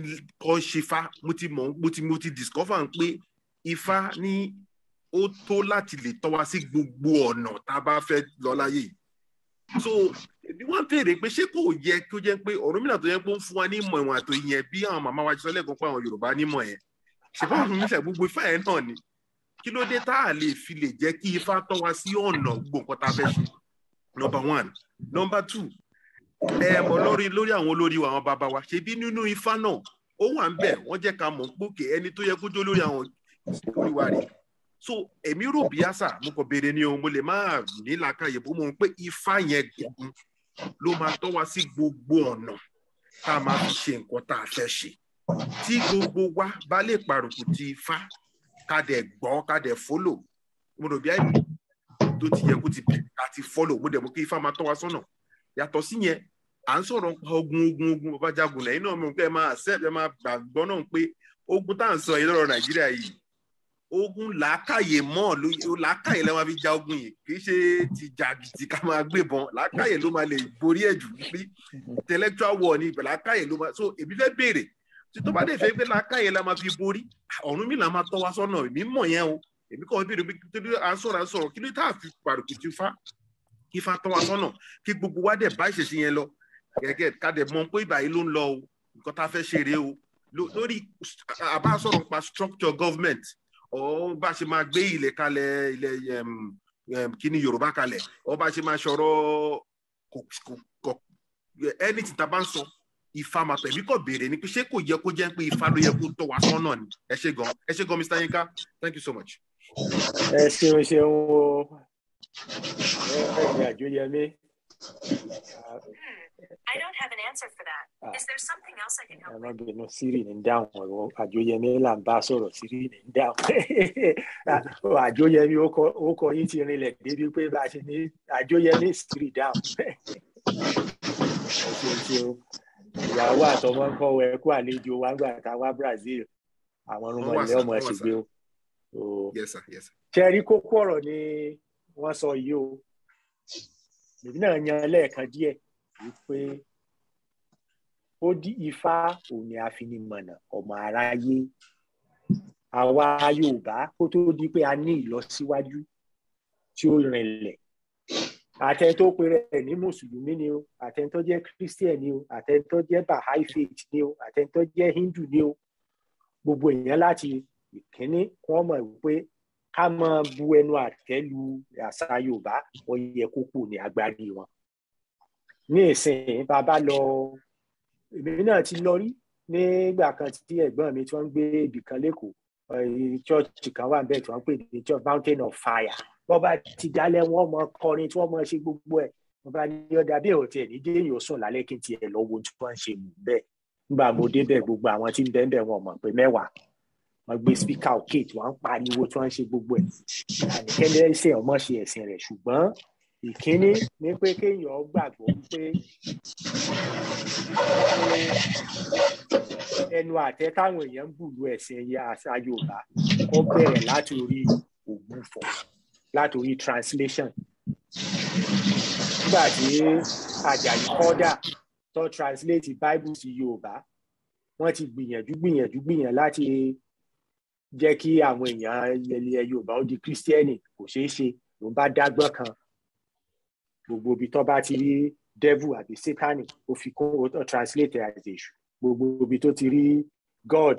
kọ́ ṣe ifá mo ti mọ̀ mo ti mo ti discover pé ifá ní ó tó láti lè tọ́ wa sí gbogbo ọ̀nà tá a bá fẹ́ lọ láyé so èmi wọ́n béèrè pé ṣé kò yẹ kó jẹ́ pé Ọ̀rúnmìlà tó yẹ pé ó ń fún wa ní ìmọ̀ ìwọ̀n àtòyìn yẹn bí àwọn màmá wa ṣe sọ pé àwọn Yorùbá nímọ̀ yẹn ṣùgbọ́n òun ṣe gbogbo ifá ẹ̀ náà ni kí ló dé tá a lè fi lè jẹ́ kí ifá tọ́ wa sí ọ̀nà gbogbo nǹkan tá a fẹ́ ṣe number one number two ẹ mọ̀ lórí lórí àwọn olórí wa àwọn bàbá wa ṣebí nínú ifá náà ó wà ń bẹ̀ wọ́n jẹ́ ká mọ̀ ń pókè ẹni tó yẹ kó jó lórí àwọn olórí wa rèé so èmi rò bí àṣà mo kàn béèrè ni o mo lè má ní làákàyè bó mo ń pé ifá yẹn gbọ̀ngàn ló máa tọ́ wa sí gbogbo ọ̀nà tá a máa fi ṣe nǹkan tá a fẹ́ ṣe tí gbogbo wa bá lè pàròkù ti Ifá ká dẹ̀ gbọ́ ká dẹ̀ fólò mo rò bí àìmọ̀ tó ti yẹ kó ti bẹ̀rẹ̀ ká ti fólò mo dẹ̀ mọ̀ kí Ifá máa tọ́ wa sọ́nà yàtọ̀ sí yẹn à ń sọ̀rọ̀ nípa ogun ogun ogun bàbá jagun lẹ́yìn náà mo kẹ́ ẹ máa accept ẹ máa gbàgbọ́ náà pé ogun tá à ń sọ yìí lọ́rọ̀ Nàìjíríà yìí ogun làákàyè mọ́ làákàyè lẹ́wọ̀n àfi ja ogun yìí kì í ṣe ti jàgìtì ká máa gbébọn làákàyè ló máa lè borí ẹ̀ pé intellectual war ni làákàyè ló máa so èmi fẹ́ béèrè tí tó bá dé fẹ́ pé làákàyè la máa fi borí ọ̀run mi là máa tọ́ wa sọ́nà èmi mọ̀ yẹn o èmi kọ́ bíi torí à ń sọ̀rọ̀ à ń sọ̀rọ̀ kí ló tá a fi pàrọ̀kì ti fa kí fa tọ́ wa sọ́nà kí gbogbo wa dẹ̀ bá ìṣèṣin yẹn lọ gẹ́gẹ́ ká dẹ̀ mọ̀ pé ìbàyí ló ń lọ o nǹkan tá a fẹ́ ṣe rèé o lórí àbá sọ̀rọ̀ pa structure government ọ̀ bá ṣe máa gbé ilẹ̀ kalẹ̀ ilẹ̀ kíní Yorùbá kalẹ̀ ọ̀ bá ṣe máa ṣọ̀rọ̀ anything tá a bá ń sọ ifá máa tọ̀ èmi kò béèrè ni ṣé kò yẹ kó jẹ́ pé ifá ló yẹ kó tọ́ wá sọ́nà ni ẹ ṣe gan ẹ ṣe gan Mr. Yinka thank you so much. ẹ ṣeun ṣeun o ẹ ẹ àjọyẹmí. Hmm, I don't have an answer for that. Ah. Is there something else I can help with? Ẹ̀rọ bínú in ní dáhùn ọ̀rọ̀ àjọyẹmí là ń bá sọ̀rọ̀ Siri ní dáhùn. Ah, àjọyẹmí ó kọ yín ti rinlẹ̀ débi pé bá a ṣe ní àjọyẹmí Siri dáhùn. Ẹ ṣeun ṣeun ìyàwó àtọmọ ń kọ́ ẹ kú àlejò wa ńgbà tá a wá Brazil àwọn ọmọ ilé ọmọ ṣègbè o ṣẹ́rí kókó ọ̀rọ̀ ni wọ́n sọ yìí o èmi náà yan lẹ́ẹ̀kan díẹ̀ wípé ó dí ifá òní àfinimọ̀nà ọmọ aráyé àwa Yorùbá kó tó di pé a ní ìlọsíwájú tí ó rìnlẹ̀ àtẹn tó pèrè ẹ ní mùsùlùmí ni o àtẹn tó jẹ́ christian ni o àtẹn tó jẹ́ bahai faith ni o àtẹn tó jẹ́ hindu ni o gbogbo èèyàn láti ìkíní kí wọ́n mọ̀ pé ká máa bu ẹnu àtẹ́ lu àṣà yorùbá wọ́n yẹ kó kù ní agbárí wọn. ní ìsìn bàbá lọ èmi náà ti lọ rí nígbà kan tí ẹ̀gbọ́n mi tí wọ́n ń gbé ibì kan lẹ́kọ̀ọ́ eh, church kan wà bẹ́ẹ̀ tí wọ́n ń pè ní church mountain of fire wọ́n ti dálẹ́ wọ́n mọ kọrin tí wọ́n mọ ṣe gbogbo ẹ̀ wọ́n bá ní ọ̀dà bí òtí ẹ̀ ní déèyàn sùn lálẹ́ kí n tiẹ̀ lọ wo tí wọ́n ṣe mú bẹ́ẹ̀ nígbà mo débẹ̀ gbogbo àwọn tí ń bẹ́ẹ̀ bẹ́ẹ̀ wọ́n pé mẹ́wàá wọ́n gbé spíkà òkè tí wọ́n ń pariwo tí wọ́n ṣe gbogbo ẹ̀ àníkẹ́lẹ́ ẹsẹ̀ ọmọ ṣe ẹ̀sìn rẹ̀ ṣùgbọ́n ìkíní ni pé kéèyàn gbàgbọ́ pé ẹnu àtẹ táwọn èèyàn ń bùlù ẹ̀sìn ẹ̀yà àṣà Yorùbá kó bẹ̀rẹ̀ láti orí ògbúfọ̀ láti orí translation nígbà tí Àjàyí Kọ́dà tó translate Bible sí Yorùbá wọ́n ti gbìyànjú gbìyànjú gbìyànjú láti jẹ́ kí àwọn èèyàn ilẹ̀ Yorùbá ó di kírísítẹ́nì kò ṣeé ṣe ló ń bá dágbọ́n kan gbogbo ibi tó bá ti rí devil àbí sátani ó fi kún ó translate as èṣù gbogbo ibi tó ti rí God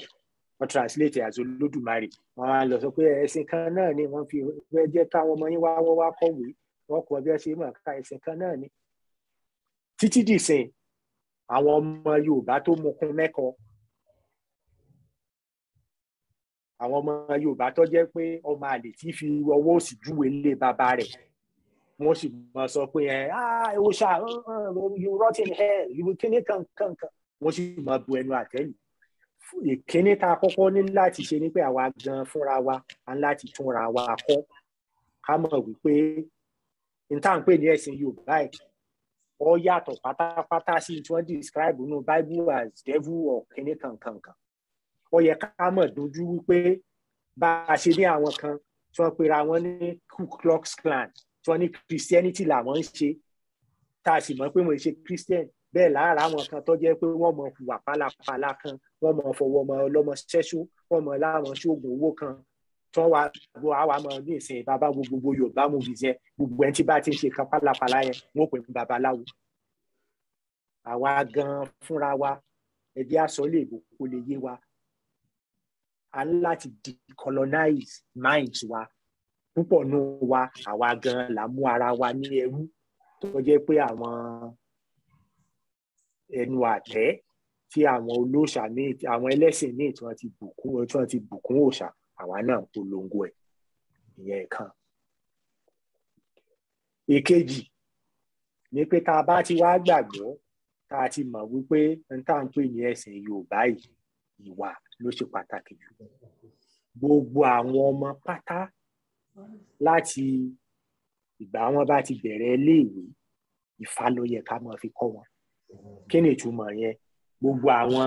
wọ́n translate as olódùmarè wọ́n á lọ sọ pé ẹ̀sìn kan náà ni wọ́n fi fẹ́ jẹ́ káwọn ọmọ yín wá wọ́n wá kọ̀wé wọ́n kọ́ bí wọ́n ṣe mọ̀ ká ẹ̀sìn kan náà ni. títí dìsìn àwọn ọmọ Yorùbá tó mokun mẹ́kọ àwọn ọmọ Yorùbá tó jẹ́ pé ọmọ àlè tí fi ọwọ́ òsì júwe lé bàbá rẹ̀ wọ́n sì mọ̀ sọ pé ẹ̀ ah ewo ṣá uh, uh, you rot in hell you kill me kankan wọ́n sì mọ̀ bu ẹnu àtẹ́lù ìkíní tá a kọ́kọ́ ní láti ṣe ni pé àwa gan fúnra wa a ń láti túnra wa kọ́ ká mọ̀ wípé n tá à ń pè ní ẹ̀sìn Yorùbá ẹ̀ ó yàtọ̀ pátápátá sí tí wọ́n describe nínú Bible as devil or kíní kankankan ó yẹ ká mọ̀ dojú wípé bá a ṣe ní àwọn kan tí wọ́n pera wọn ní Ku Klux Klan tí wọ́n ní Christianity làwọn ń ṣe tá a sì mọ̀ pé wọ́n ṣe Christian bẹ́ẹ̀ lára àwọn kan tó jẹ́ pé wọ́n mọ hùwà pálapàla kan wọ́n mọ fọwọ́ ọmọ ọlọ́mọ ṣẹ́ṣú wọ́n mọ láwọn ṣoògùn owó kan tó wà gbogbo àwa mọ ní ìsìn bàbá gbogbo yorùbá movies yẹn gbogbo ẹni tí bá ti ń ṣe kan pálapàla yẹn wọ́n pè ní babaláwo àwa gan fúnra wa ẹbí àsọ lè bò kó lè yé wa a ní láti decolonize minds wa púpọ̀ nù wa àwa gan là mú ara wa ní ẹrú tó jẹ́ pé àwọn ẹnu àtẹ́ tí àwọn olóòṣà ní àwọn ẹlẹ́sìn ní tí wọ́n ti bùkún tí wọ́n ti bùkún òòṣà àwa náà ń polongo ẹ̀ ìyẹn kan. èkejì ni pé tá a bá ti wá gbàgbọ́ tá a ti mọ̀ wípé n tá à ń pè ní ẹ̀sìn Yorùbá yìí ìwà ló ṣe pàtàkì jù gbogbo àwọn ọmọ pátá láti ìgbà wọn bá ti bẹ̀rẹ̀ iléèwé Ifá ló yẹ ká máa fi kọ́ wọn kí ni ìtumọ̀ yẹn gbogbo àwọn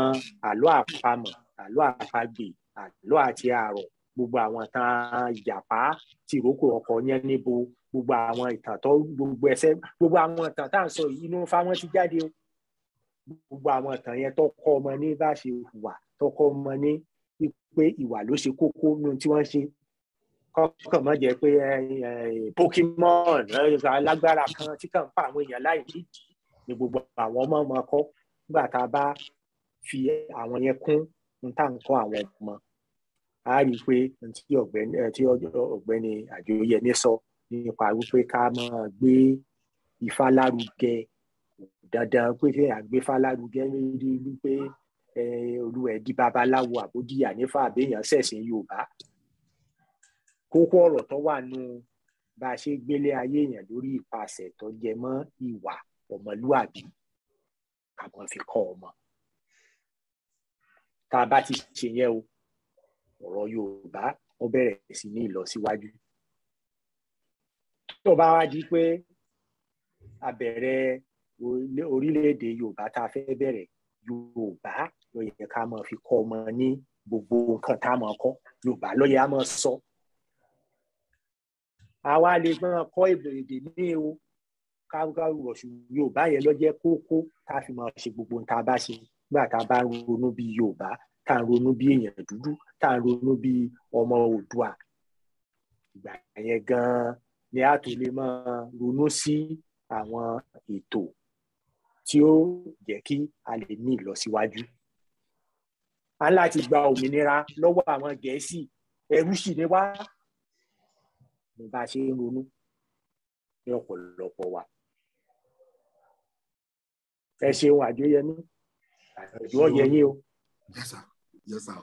àlọ́ àpamọ̀ àlọ́ àpagbè àlọ́ àti àrọ̀ gbogbo àwọn tán ìjàpá tìrókò ọkọ yẹn níbo gbogbo àwọn ìtàn tó gbogbo ẹsẹ gbogbo àwọn ìtàn tá à ń sọ yìí inú fáwọn ti jáde o gbogbo àwọn ìtàn yẹn tó kọ́ ọmọ ní bá ṣe hùwà tó kọ́ ọmọ ní pé ìwà ló ṣe kókó nínú tí wọ́n ṣe kọ́kàn mọ́ jẹ́ pé Pokemon alágbára kan tí kàn ń pa àwọn èèyàn láì nídìí ni gbogbo àwọn ọmọ ọmọ kọ́ nígbà tá a bá fi àwọn yẹn kún ní tá à ń kọ́ àwọn ọmọ a rí i pé tí ọ̀gbẹ́ni eh, tí ọ̀gbẹ́ni àjòyẹmí sọ nípa wípé ká máa gbé Ifá lárugẹ dandan pé tí àgbéfá lárugẹ rí wípé eh, olúwẹ̀ di babaláwo àbódìyà nífà àbẹ̀yàn ṣẹ̀sìn Yorùbá kókó ọ̀rọ̀ tó wà nù bá a ṣe gbélé ayé èèyàn lórí ìpasẹ̀ tó jẹ mọ́ ìwà ọmọlúàbí ká máa fi kọ́ ọmọ tá a bá ti ṣe yẹn o ọ̀rọ̀ Yorùbá ó bẹ̀rẹ̀ sí ní ìlọsíwájú tó bá wá di pé a bẹ̀rẹ̀ orílẹ̀-èdè Yorùbá tá a fẹ́ bẹ̀rẹ̀ Yorùbá ló yẹ ká máa fi kọ́ ọmọ ní gbogbo nǹkan tá a máa kọ́ Yorùbá ló yẹ ká sọ àwa lè máa kọ́ èdè ní o kárúkárú rọ̀ṣù yorùbá yẹn ló jẹ́ kókó tá a fi máa ṣe gbogbo nǹkan tá a bá ṣe nígbà tá a bá ronú bí yorùbá tá a ronú bí èèyàn dúdú tá a ronú bí ọmọ oòdùà ìgbà yẹn gan-an ni a tó lè máa ronú sí àwọn ètò tí ó jẹ́ kí a lè ní ìlọsíwájú. a ń láti gba òmìnira lọ́wọ́ àwọn gẹ̀ẹ́sì ẹrú sì ni wá ní bá a ṣe ń ronú ní ọ̀pọ̀lọpọ̀ wa ẹ ṣeun àjọyẹmí àjọ yẹyìn o. yes sir yes sir.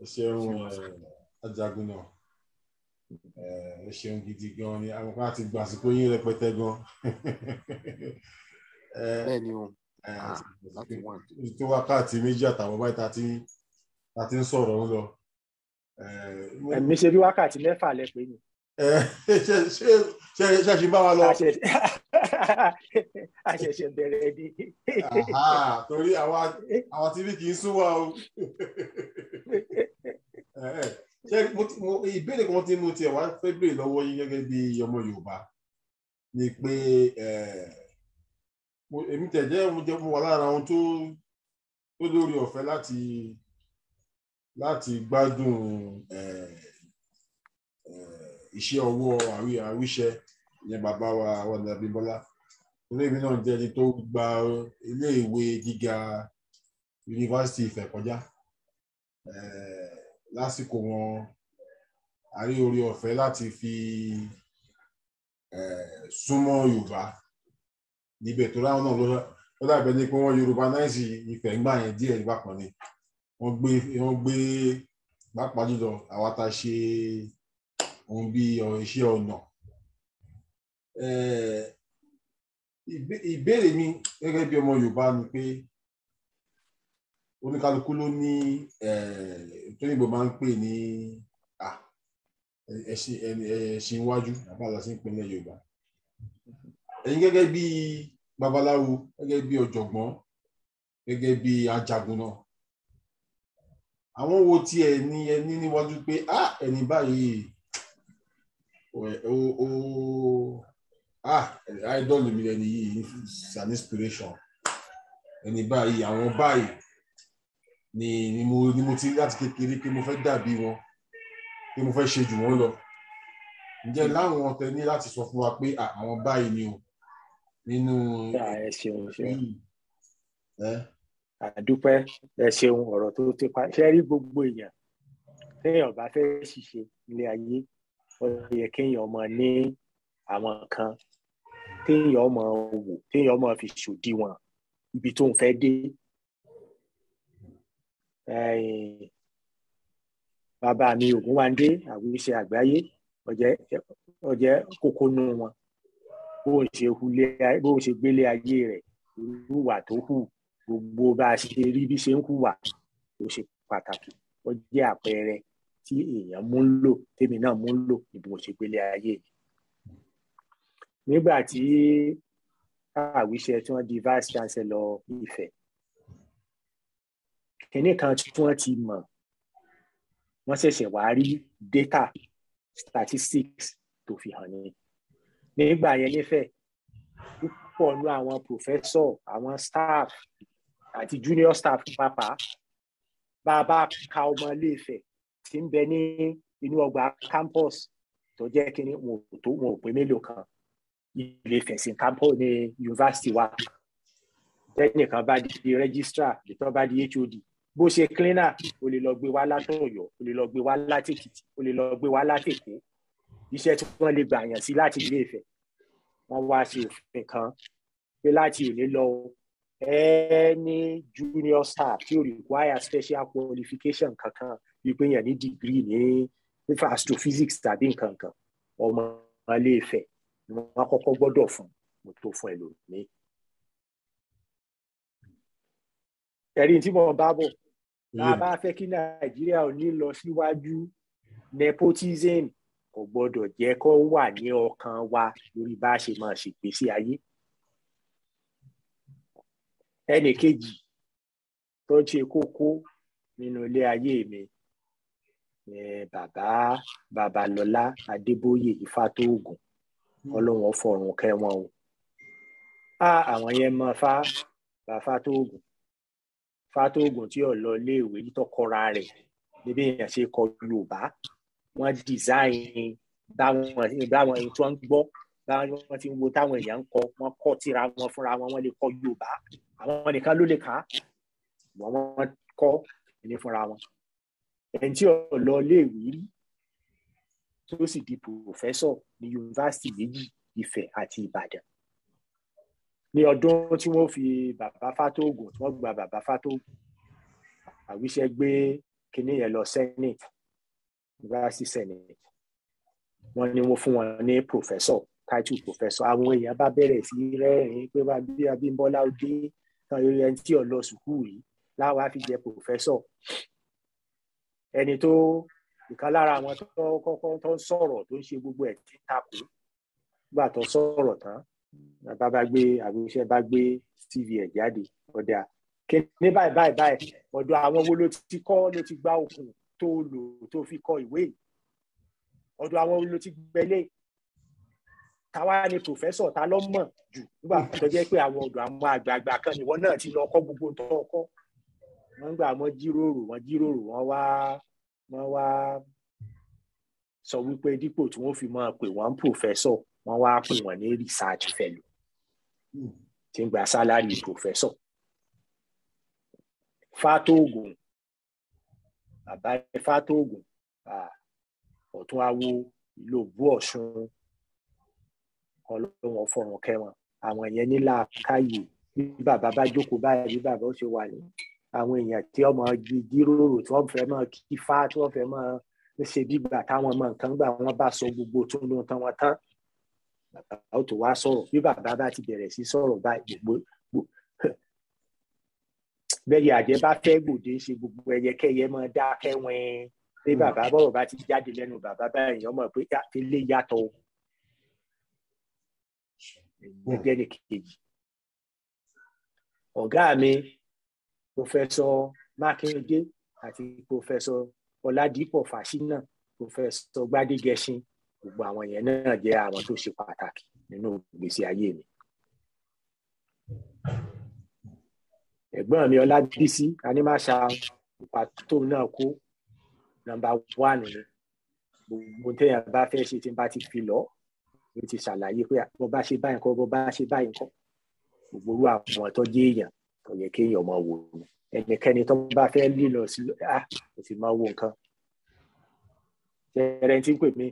ẹ ṣeun ajagun náà ẹ ṣeun gidi gan ni àwọn kan ti gbà àsìkò yín rẹpẹtẹ gan. bẹ́ẹ̀ ni o ah, tó wákàtí méjì àtàwọn báyìí ta ti ń sọ̀rọ̀ ń lọ. ẹ̀mí ṣe bí wákàtí mẹ́fà lẹ pé ni. ṣe ṣe ṣe bá wa lọ. a ṣẹ̀ṣẹ̀ bẹ̀rẹ̀ ni. torí àwọn tí bí kì í súnwọ́ o. ìbéèrè kan tí mo tiẹ̀ wá fẹ́ béèrè lọ́wọ́ yín gẹ́gẹ́ bí ọmọ Yorùbá ni pé èmi tẹ̀jẹ́ mo jẹ́ mo wà lára ohun tó tó lórí ọ̀fẹ́ láti láti gbádùn iṣẹ́ ọwọ́ àríṣẹ́ ìyẹn bàbá wa wọn ní Abímbọ́lá iléèwé náà jẹ́ ẹni tó gba iléèwé gíga yunifásitì Ifẹ̀ kọjá eh, lásìkò wọn a rí orí ọ̀fẹ́ láti fi eh, súnmọ́ Yorùbá níbẹ̀ tó ráwọn náà ló dàbẹ̀ ni pé wọ́n Yorùbá náìsì Ifẹ̀ ń gbà yẹn díẹ̀ nígbà kan ni wọ́n gbé wọ́n gbé pápá jùlọ àwa ta ṣe ohun bíi iṣẹ́ ọnà eh, ìbéèrè mi gẹ́gẹ́ bí ọmọ Yorùbá ni pé oníkálukú ló ní tóyìnbó máa ń pè ní ẹ̀sìn iwájú àbáàlà sí ìpínlẹ̀ Yorùbá ẹ̀yin gẹ́gẹ́ bí babaláwo gẹ́gẹ́ bí ọ̀jọ̀gbọ́n gẹ́gẹ́ bí ajagun náà àwọn wo tí ẹ ní ẹ ní níwájú pé ẹni báyìí o ah idol mi lẹni yìí is an inspiration ẹni báyìí àwọn báyìí ni ni mo ni mo ti láti kékeré pé mo fẹ́ dàbí wọn pé mo fẹ́ ṣe jù wọ́n lọ ǹjẹ́ láwọn tẹ ní láti sọ fún wa pé àwọn báyìí ni o nínú. ẹ ṣeun ṣeun àdúpẹ́ hmm. ẹ ṣeun ọ̀rọ̀ tó ti pa ṣe rí gbogbo èèyàn téèyàn bá fẹ́ ṣiṣẹ́ ilé ayé ó yẹ kéèyàn ọmọ ní àwọn kan téèyàn ọmọ wò téèyàn ọmọ fi ṣòdiwọ̀n ibi tó ń fẹ́ dé. bàbá mi Ògúnwándé àwíṣe àgbáyé ọ̀jẹ́ ọ̀jẹ́ wọn bó o ṣe gbélé ayé rẹ̀ ìhùwà tó hù gbogbo bá a ṣe rí bí ṣe ń hùwà ó ṣe pàtàkì ó jẹ́ àpẹẹrẹ tí èèyàn mú ń lò tèmi náà mú ń lò ní bó ayé mi nígbà tí àwíṣẹ tí wọ́n di vice chancellor Ifẹ̀ kínní kan tí wọ́n ti mọ̀ wọ́n ṣẹ̀ṣẹ̀ wá rí data statistics tó fi hàn ní nígbà yẹn nífẹ̀ẹ́ púpọ̀ nú àwọn professor àwọn staff àti junior staff pàápàá bá a bá ka ọmọ iléèfẹ̀ tí ń bẹ ní inú ọgbà campus tó jẹ́ kínní wọn ò wọn ò pé mélòó kan Ilé-Ifẹ̀ kápò ní yunifásitì wa tẹ́nìkan bá di rẹ́gísírà ìtàn bá di HOD bó ṣe cleaner o lè lọ gbé wá látọ̀yọ́ o lè lọ gbé wá látèkìtì o lè lọ gbé wá látèkó iṣẹ́ tí wọ́n lè gbà yàn sí láti Ilé-Ifẹ̀ wọ́n wá ṣe òfin kan pé láti òní lọ ẹni junior staff tí ó require special qualification kankan wípé yàn ní degree ní astrophysics tàbí nǹkan kan ọmọ Ilé-Ifẹ̀ ni wọ́n kọ́kọ́ gbọ́dọ̀ fún mo tó fún ẹlòmíì. ẹ̀rí tí mo bá bọ̀ tá a hmm. bá fẹ́ kí nàìjíríà ò ní lọ síwájú nepotism kò gbọ́dọ̀ jẹ́ kó wà ní ọkàn wa lórí bá a ṣe máa ṣègbésí ayé. ẹnì kejì tó ń ṣe kókó nínú ilé ayé mi bàbá Babalọlá Adébóyè Ifátòògùn ọlọ́run ó fọ̀run kẹ́ wọn o a àwọn yẹn mọ fá bá fátóògùn fátóògùn tí ò lọ iléèwé nítọkọra rẹ níbi èèyàn ṣe kọ yorùbá wọn design báwọn báwọn ẹni tí wọn ń gbọ́ báwọn wọn ti wo táwọn èèyàn ń kọ wọn kọ tira wọn fúnra wọn wọn lè kọ yorùbá àwọn nìkan ló lè kà á wọn wọn kọ ní fúnra wọn ẹni tí ò lọ iléèwé rí tí ó sì di pòfẹ́sọ̀ ní yunifásitì méjì Ifẹ̀ àti Ìbàdàn ní ọdún tí wọ́n fi bàbá Fátógùn tí wọ́n gba bàbá Fátógùn àwíṣẹ́ gbé kinní yẹn lọ senate yunifásitì senate wọ́n ní wọ́n fún wọn ní pòfẹ́sọ̀ title professor àwọn èèyàn bá bẹ̀rẹ̀ sí rẹ́rìn-ín pé wá bí Abímbọ́lá ó dé tán eré ẹni tí ò lọ sùkúù yìí láwa fi jẹ professor ẹni tó ìkan lára àwọn tó kọ́kọ́ tó ń sọ̀rọ̀ tó ń ṣe gbogbo ẹ̀ tí takò nígbà tó sọ̀rọ̀ tán bàbá bá gbé àgbéṣe bá gbé tv ẹ̀ jáde ọ̀dà kíní báyìí báyìí báyìí ọ̀dọ̀ àwọn wo ló ti kọ́ ló ti gbá okùn tó lò tó fi kọ ìwé yìí ọ̀dọ̀ àwọn wo ló ti gbẹ́lẹ̀ táwa ni pòfẹ́sọ̀ ta ló mọ̀ jù nígbà tó jẹ́ pé àwọn ọ̀dọ̀ àwọn àgbààgbà kan nìwọ náà ti lọ kọ́ gbogbo tó kọ́ wọ́n gbà wọ́n jíròrò wọ́n jíròrò wọ́n wá wọ́n wá sọ wípé dípò tí wọ́n fi máa pè wọ́n professor wọ́n wá pè wọ́n ní research fellow tí ń gba salary professor fatogun bàbá fatogun ọ̀tún awo ìlòbú ọ̀ṣun ọlọ́wọ́n fọ̀rùn kẹwọn àwọn yẹn ní làákàyè bí bàbá bá jókòó báyìí bí bàbá ó ṣe wà ní àwọn èèyàn tí ọmọ jíròrò tí wọ́n fẹ́ máa kífá tí wọ́n fẹ́ máa ṣe bígbà táwọn ọmọ nǹkan gbà wọ́n bá sọ gbogbo tó ló tán wọn tán bàbá ó tó wá sọ̀rọ̀ bí bàbá bá ti bẹ̀rẹ̀ sí sọ̀rọ̀ báyìí gbogbo bẹ́ẹ̀ àjẹ́ bá fẹ́ gbòde ṣe gbogbo ẹyẹkẹ́yẹ máa dákẹ́ wẹ́n bí hmm. bàbá bọ̀rọ̀ bá ti jáde lẹ́nu bàbá báyìí ọmọ pé ilé yàtọ̀ hmm. gẹ́gẹ́ ní kejì ọ̀gá mi Professor Mákindé àti Professor Ọládìpọ̀ Fáṣínà Professor Gbádégẹṣin gbogbo àwọn yẹn náà jẹ́ àwọn tó ṣe pàtàkì nínú ìgbésí ayé mi. Ẹ̀gbọ́n mi Ọládísí Animáṣà ipa náà kó nọ́mbà one ni gbogbo téèyàn bá fẹ́ ṣe tí n bá ti fi lọ ó ti ṣàlàyé pé bó bá ṣe báyìí kọ́ bó bá ṣe báyìí kọ́ gbogbo orú àwọn tó jẹ́ èèyàn ó yẹ kéèyàn máa wò ó ẹnikẹ́ni tó bá fẹ́ lílọ sí à kò sì máa wo nǹkan ẹrẹ́ tí ń pè mí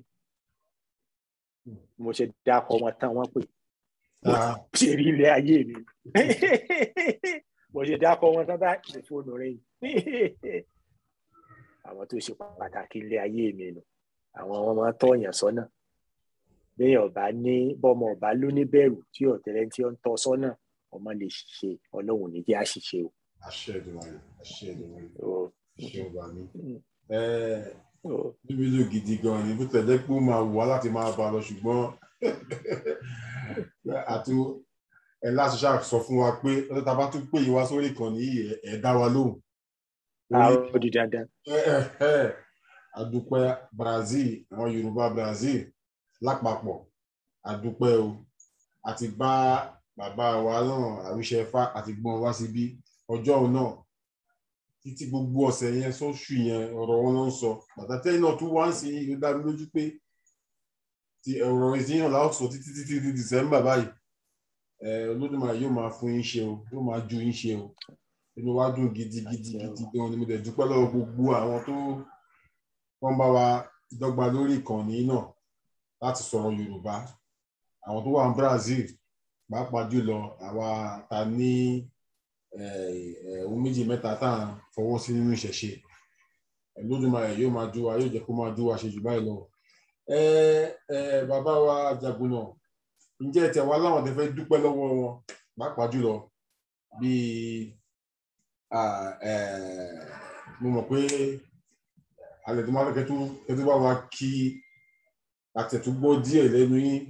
mo ṣe dákọ̀ wọn tán wọ́n pè ah. ṣe rí ilé ayé mi mo ṣe dákọ̀ wọn tán bá ṣe fóònù rẹ̀ yìí àwọn tó ṣe pàtàkì ilé ayé mi nù àwọn ọmọ tọ̀yàn sọ́nà béèyàn ọba ní bọ́mọ ọba ló ní bẹ̀rù tí ọ̀tẹ̀lẹ̀ tí ń tọ́ sọ́nà kó má lè ṣe ọlọ́run ní jẹ́ àṣìṣe o. àṣẹ Èdùmàrè àṣẹ Èdùmàrè àṣẹ ọba mi níbi mm. ló gidi gan ni bó tẹ̀lé pé ó máa wà láti máa bá a lọ ṣùgbọ́n àti ẹ láti ṣáà sọ fún wa pé ọjọ́ tá a bá tún pè yín wá sórí ìkànnì yìí ẹ dá wa lóhùn. àwọn di dandan. adúpẹ́ Brazil àwọn Yorùbá Brazil lápapọ̀ adúpẹ́ o àti bá bàbá wa náà àríṣẹ́fà àti gbọ́n wá síbí ọjọ́ náà títí gbogbo ọ̀sẹ̀ yẹn sọ́ṣù yẹn ọ̀rọ̀ wọn ló ń sọ bàtàtẹ́ náà tún wá ń ṣe ìdámi lójú pé ti ọ̀rọ̀ ìdíyàn láwọn sọ títí títí di December báyìí Olódùmarè yóò máa fún yín ṣe o yóò máa ju yín ṣe o inú wa dùn gidigidi gidi gan ni mo dẹ̀ dúpẹ́ lọ́wọ́ gbogbo àwọn tó wọ́n bá wa dọ́gba lórí ìkànnì náà láti sọ̀rọ̀ Yorùbá àwọn tó wà ní Brazil pàápàá jùlọ àwa ta ní eh, eh, ohun méjì mẹ́ta tá à ń fọwọ́ sí nínú ìṣẹ̀ṣe Olódùmarè yóò máa ju wa yóò jẹ́ kó máa ju wa ṣe jù báyìí lọ. bàbá wa Àjàgùnnà ǹjẹ́ ẹ̀ tẹ̀ wá láwọn tẹ fẹ́ dúpẹ́ lọ́wọ́ wọn pàápàá jùlọ bíi mo mọ̀ pé alẹ́ tó máa fẹ́ kẹ́tù kẹ́tù bá wa kí àtẹ̀túgbọ́ díẹ̀ lẹ́nu yín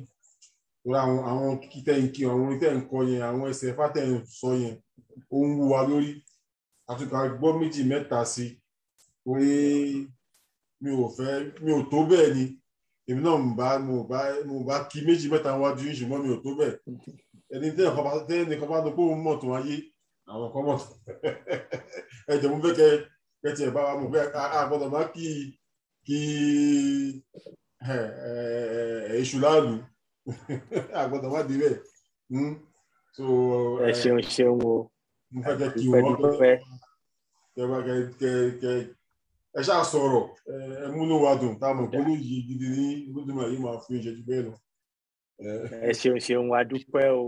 torí àwọn àwọn kíkẹ́ ń kí àwọn orin tẹ́ ń kọ yẹn àwọn ẹsẹ̀ fátẹ̀ ń sọ yẹn ó ń wúwa lórí àtúkà gbọ́ méjì mẹ́ta sí orí mi ò fẹ́ mi ò tó bẹ́ẹ̀ ni èmi náà mo bá mo bá mo bá kí méjì mẹ́ta wájú yín ṣùgbọ́n mi ò tó bẹ́ẹ̀ ẹni tẹ́ ẹ̀kọ́ bá tẹ́ ẹnìkan bá dọ́kọ́ mọ̀ tó wáyé àwọn kan mọ̀ tó ẹ jẹ́ mo fẹ́ kẹ́ kẹ́ tiẹ̀ bá wa mo fẹ́ àgbọ̀dọ̀ má kí kí èṣù láàlú. àgbọ̀dọ̀ wá di bẹ́ẹ̀ hmm? ẹ eh, ṣeun ṣeun o mo fẹ́ kẹ́ kí wọ́n kẹ́ kẹ́ kẹ́ ẹ ṣáà sọ̀rọ̀ eh, ẹ múnú wa dùn táwọn ìpolówó yìí gidi ní gbódùmọ̀ yìí máa fún ìṣẹ́jú bẹ́ẹ̀ lọ. Eh, ẹ ṣeun ṣeun wa dúpẹ́ o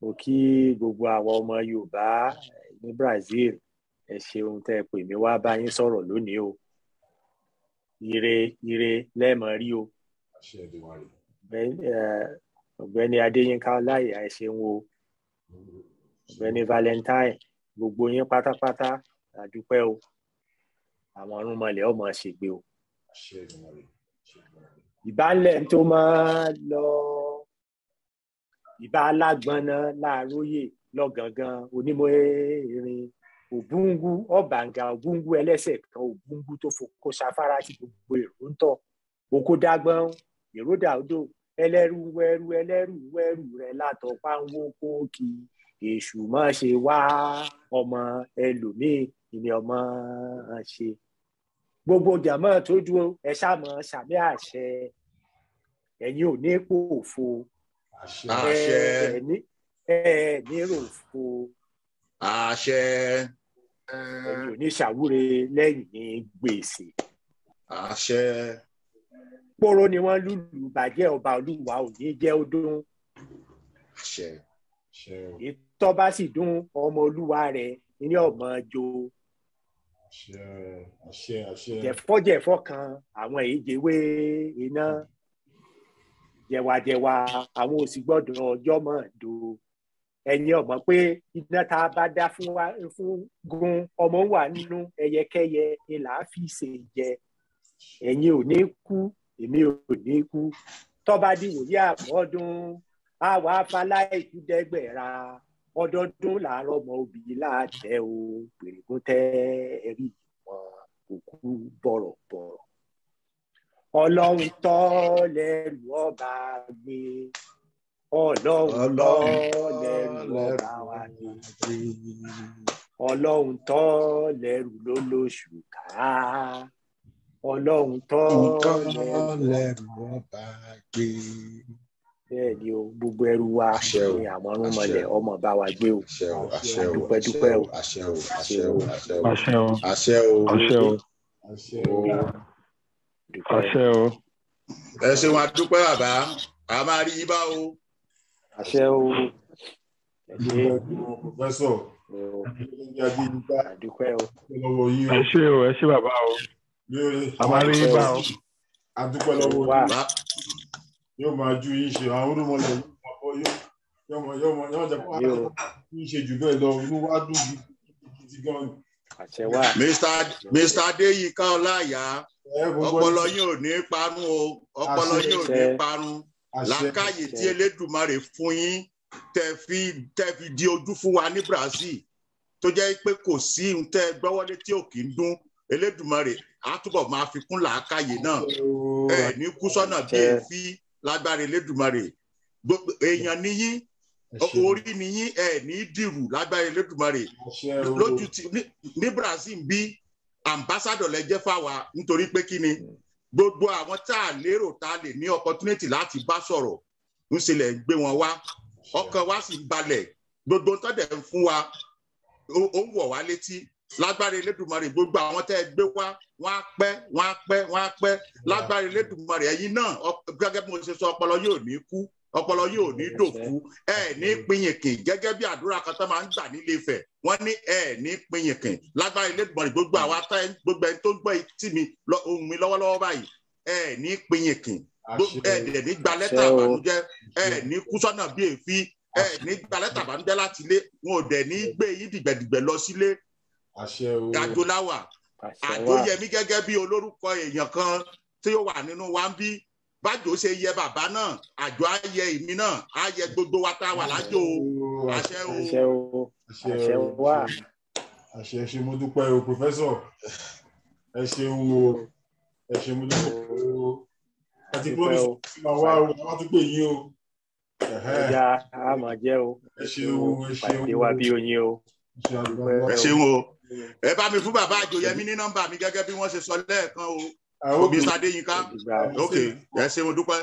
mo kí gbogbo àwọn ọmọ Yorùbá ní Brazil ẹ ṣeun tẹ́ ẹ pè mí wá bá yín sọ̀rọ̀ lónìí o ire ire lẹ́ẹ̀mọ́ rí o. àṣẹ ìdìbò àyè ọ̀gbẹ́ni adéyínká ọláìyá ẹ ṣeun o ọ̀gbẹ́ni valentine gbogbo yín pátápátá àdúpẹ́ o àwọn ọ̀rúnmọlẹ̀ ọmọ ṣègbè o ìbálẹ̀ tó máa lọ ìbá alágbọnà láàróyè lọ́gangan onímọ̀ erin òbúngú ọ̀bàǹgà òbúngú ẹlẹ́sẹ̀ kan òbúngú tó fò kó sáfárá sí gbogbo èrò ń tọ̀ òkú dágbọ́n èrò dàódò ẹlẹ́rù wẹrù ẹlẹ́rù wẹrù rẹ̀ látọ̀pá ń wó kóòkì èṣù má ṣe wá ọmọ ẹlòmíì ni ọmọ ṣe gbogbo jàmọ́ tó dúró ẹ ṣàmọ́ ṣàmì àṣẹ ẹ̀yin ò ní pòfo àṣẹ ẹ ní ròfo àṣẹ ẹ̀yin ò ní ṣàwúre lẹ́yìn gbèsè àṣẹ poro ni wọ́n lùlù bàjẹ́ ọba olúwa ò ní jẹ́ ó dún ìtọ́ bá sì dún ọmọ olúwa rẹ̀ ní ọmọ jo jẹ̀fọ́jẹ̀fọ́ kan àwọn èyí jẹ́wé iná jẹ̀wàjẹ̀wà àwọn òsì gbọ́dọ̀ ọjọ́ mọ̀ do ẹ̀yin ọmọ pé iná tá a bá dá fún gun ọmọ wà nínú ẹyẹkẹyẹ ni là á fi ṣe jẹ ẹ̀yin ò ní kú èmi ò ní kú tọ́ba di wòye àbọ̀dún àwa afálá ìdúdẹ́gbẹ̀ra ọdọọdún làárọ̀ ọmọ òbí láàtẹ o pèrègùn tẹ ẹ̀rí ìwọ̀n òkú bọ̀rọ̀bọ̀rọ̀ ọlọ́run tọ́ lẹ́rù ọba gbé ọlọ́run tọ́ lẹ́rù ọba wa gbé ọlọ́run tọ́ lẹ́rù lólóṣù ká ọlọ́run tọ́ lẹ̀ mọ́ bá gbé. bẹ́ẹ̀ ni o gbogbo ẹrú wa ni àmọ́rún mọ́lẹ̀ ọmọ bá wa gbé o dúpẹ́ dúpẹ́ o àṣẹ o àṣẹ o àṣẹ o àṣẹ o àṣẹ o àṣẹ o. ẹ ṣe wọn dúpẹ́ bàbá a máa rí yín bá o. àṣẹ o. Pẹ̀sọ̀, ẹ ṣe o, ẹ ṣe bàbá o. Mr. lọ́wọ́ yóò máa ju Mr. Adéyínká Ọláyà ọpọlọ yín ò ní parun o ọpọlọ yín ò ní parun làákàyè tí Elédùmarè fún yín tẹ́ fi di ojú fún wa ní Brazil tó jẹ́ pé kò sí tẹ́ gbọ́wọ́lé tí ò kì í dún Elédùmarè àtúbọ̀ máa fi kún làákàyè náà ẹ ní kú sọ́nà bí èéfì lágbára Elédùmarè gbogbo èèyàn nìyí orí nìyí ẹ ní dìrù lágbára Elédùmarè lójú ti ní Brazil bí ambassadọ̀ lẹ jẹ́ fáwa nítorí pé kí ni gbogbo àwọn tá a lérò tá a lè ní opportunity láti bá sọ̀rọ̀ ń ṣe lẹ̀ ń gbé wọn wá ọkàn wa sì balẹ̀ gbogbo tọ́dẹ̀ ń fún wa ó ń wọ̀ wá létí lágbára elédùnmarè gbogbo àwọn tẹ́ ẹ gbé wá wọ́n á pẹ́ wọ́n á pẹ́ wọ́n á pẹ́ lágbára elédùnmarè ẹ̀yin náà gẹ́gẹ́ bí mo ṣe sọ ọpọlọ yóò ní kú ọpọlọ yóò ní dòkú ẹ ní pinyìnkìn gẹ́gẹ́ bí àdúrà kan tó máa ń gbà nílé Ifẹ̀ wọ́n ní ẹ ní pinyìnkìn lágbára elédùnmarè gbogbo àwọn atá gbogbo ẹni tó ń gbọ́ etí mi ohun mi lọ́wọ́lọ́wọ́ báyìí ẹ ní pinyìnkìn ẹ ní gba lẹ́tà àbànújẹ́ ẹ ní kú sọ́nà bí ẹ ní gba lẹ́tà àbànújẹ́ láti ilé wọn ò dẹ̀ ní gbé yín lọ sílé gàjò láwà àjòyẹmí gẹ́gẹ́ bí olórúkọ èèyàn kan tí ó wà nínú wa ń bí bájò ṣe yẹ bàbá náà àjò á yẹ èmi náà á yẹ gbogbo wa tá a wà lájò àṣẹ o àṣẹ o àṣẹ wa àṣẹ ṣe mo dúpẹ́ o pòfẹ́sọ̀ ẹ ṣeun o ẹ ṣe mo dúpẹ́ o àti promise ti máa wá o wá tún pè yín o. ẹja a máa jẹ o ẹ ṣeun o ẹ ṣeun o pàdé wa bí o ẹ ṣeun o ẹ bá mi fún bàbá àjòyẹmí ní nọ́mbà mi gẹ́gẹ́ bí wọ́n ṣe sọ lẹ́ẹ̀kan o òbí ah, sadéyínká ok ẹ ṣe mo dúpẹ́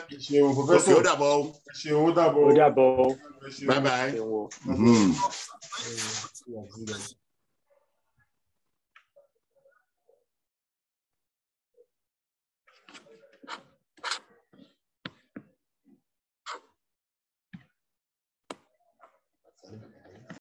ok ó dàbọ̀ o ṣe ó dàbọ̀ o bye bye.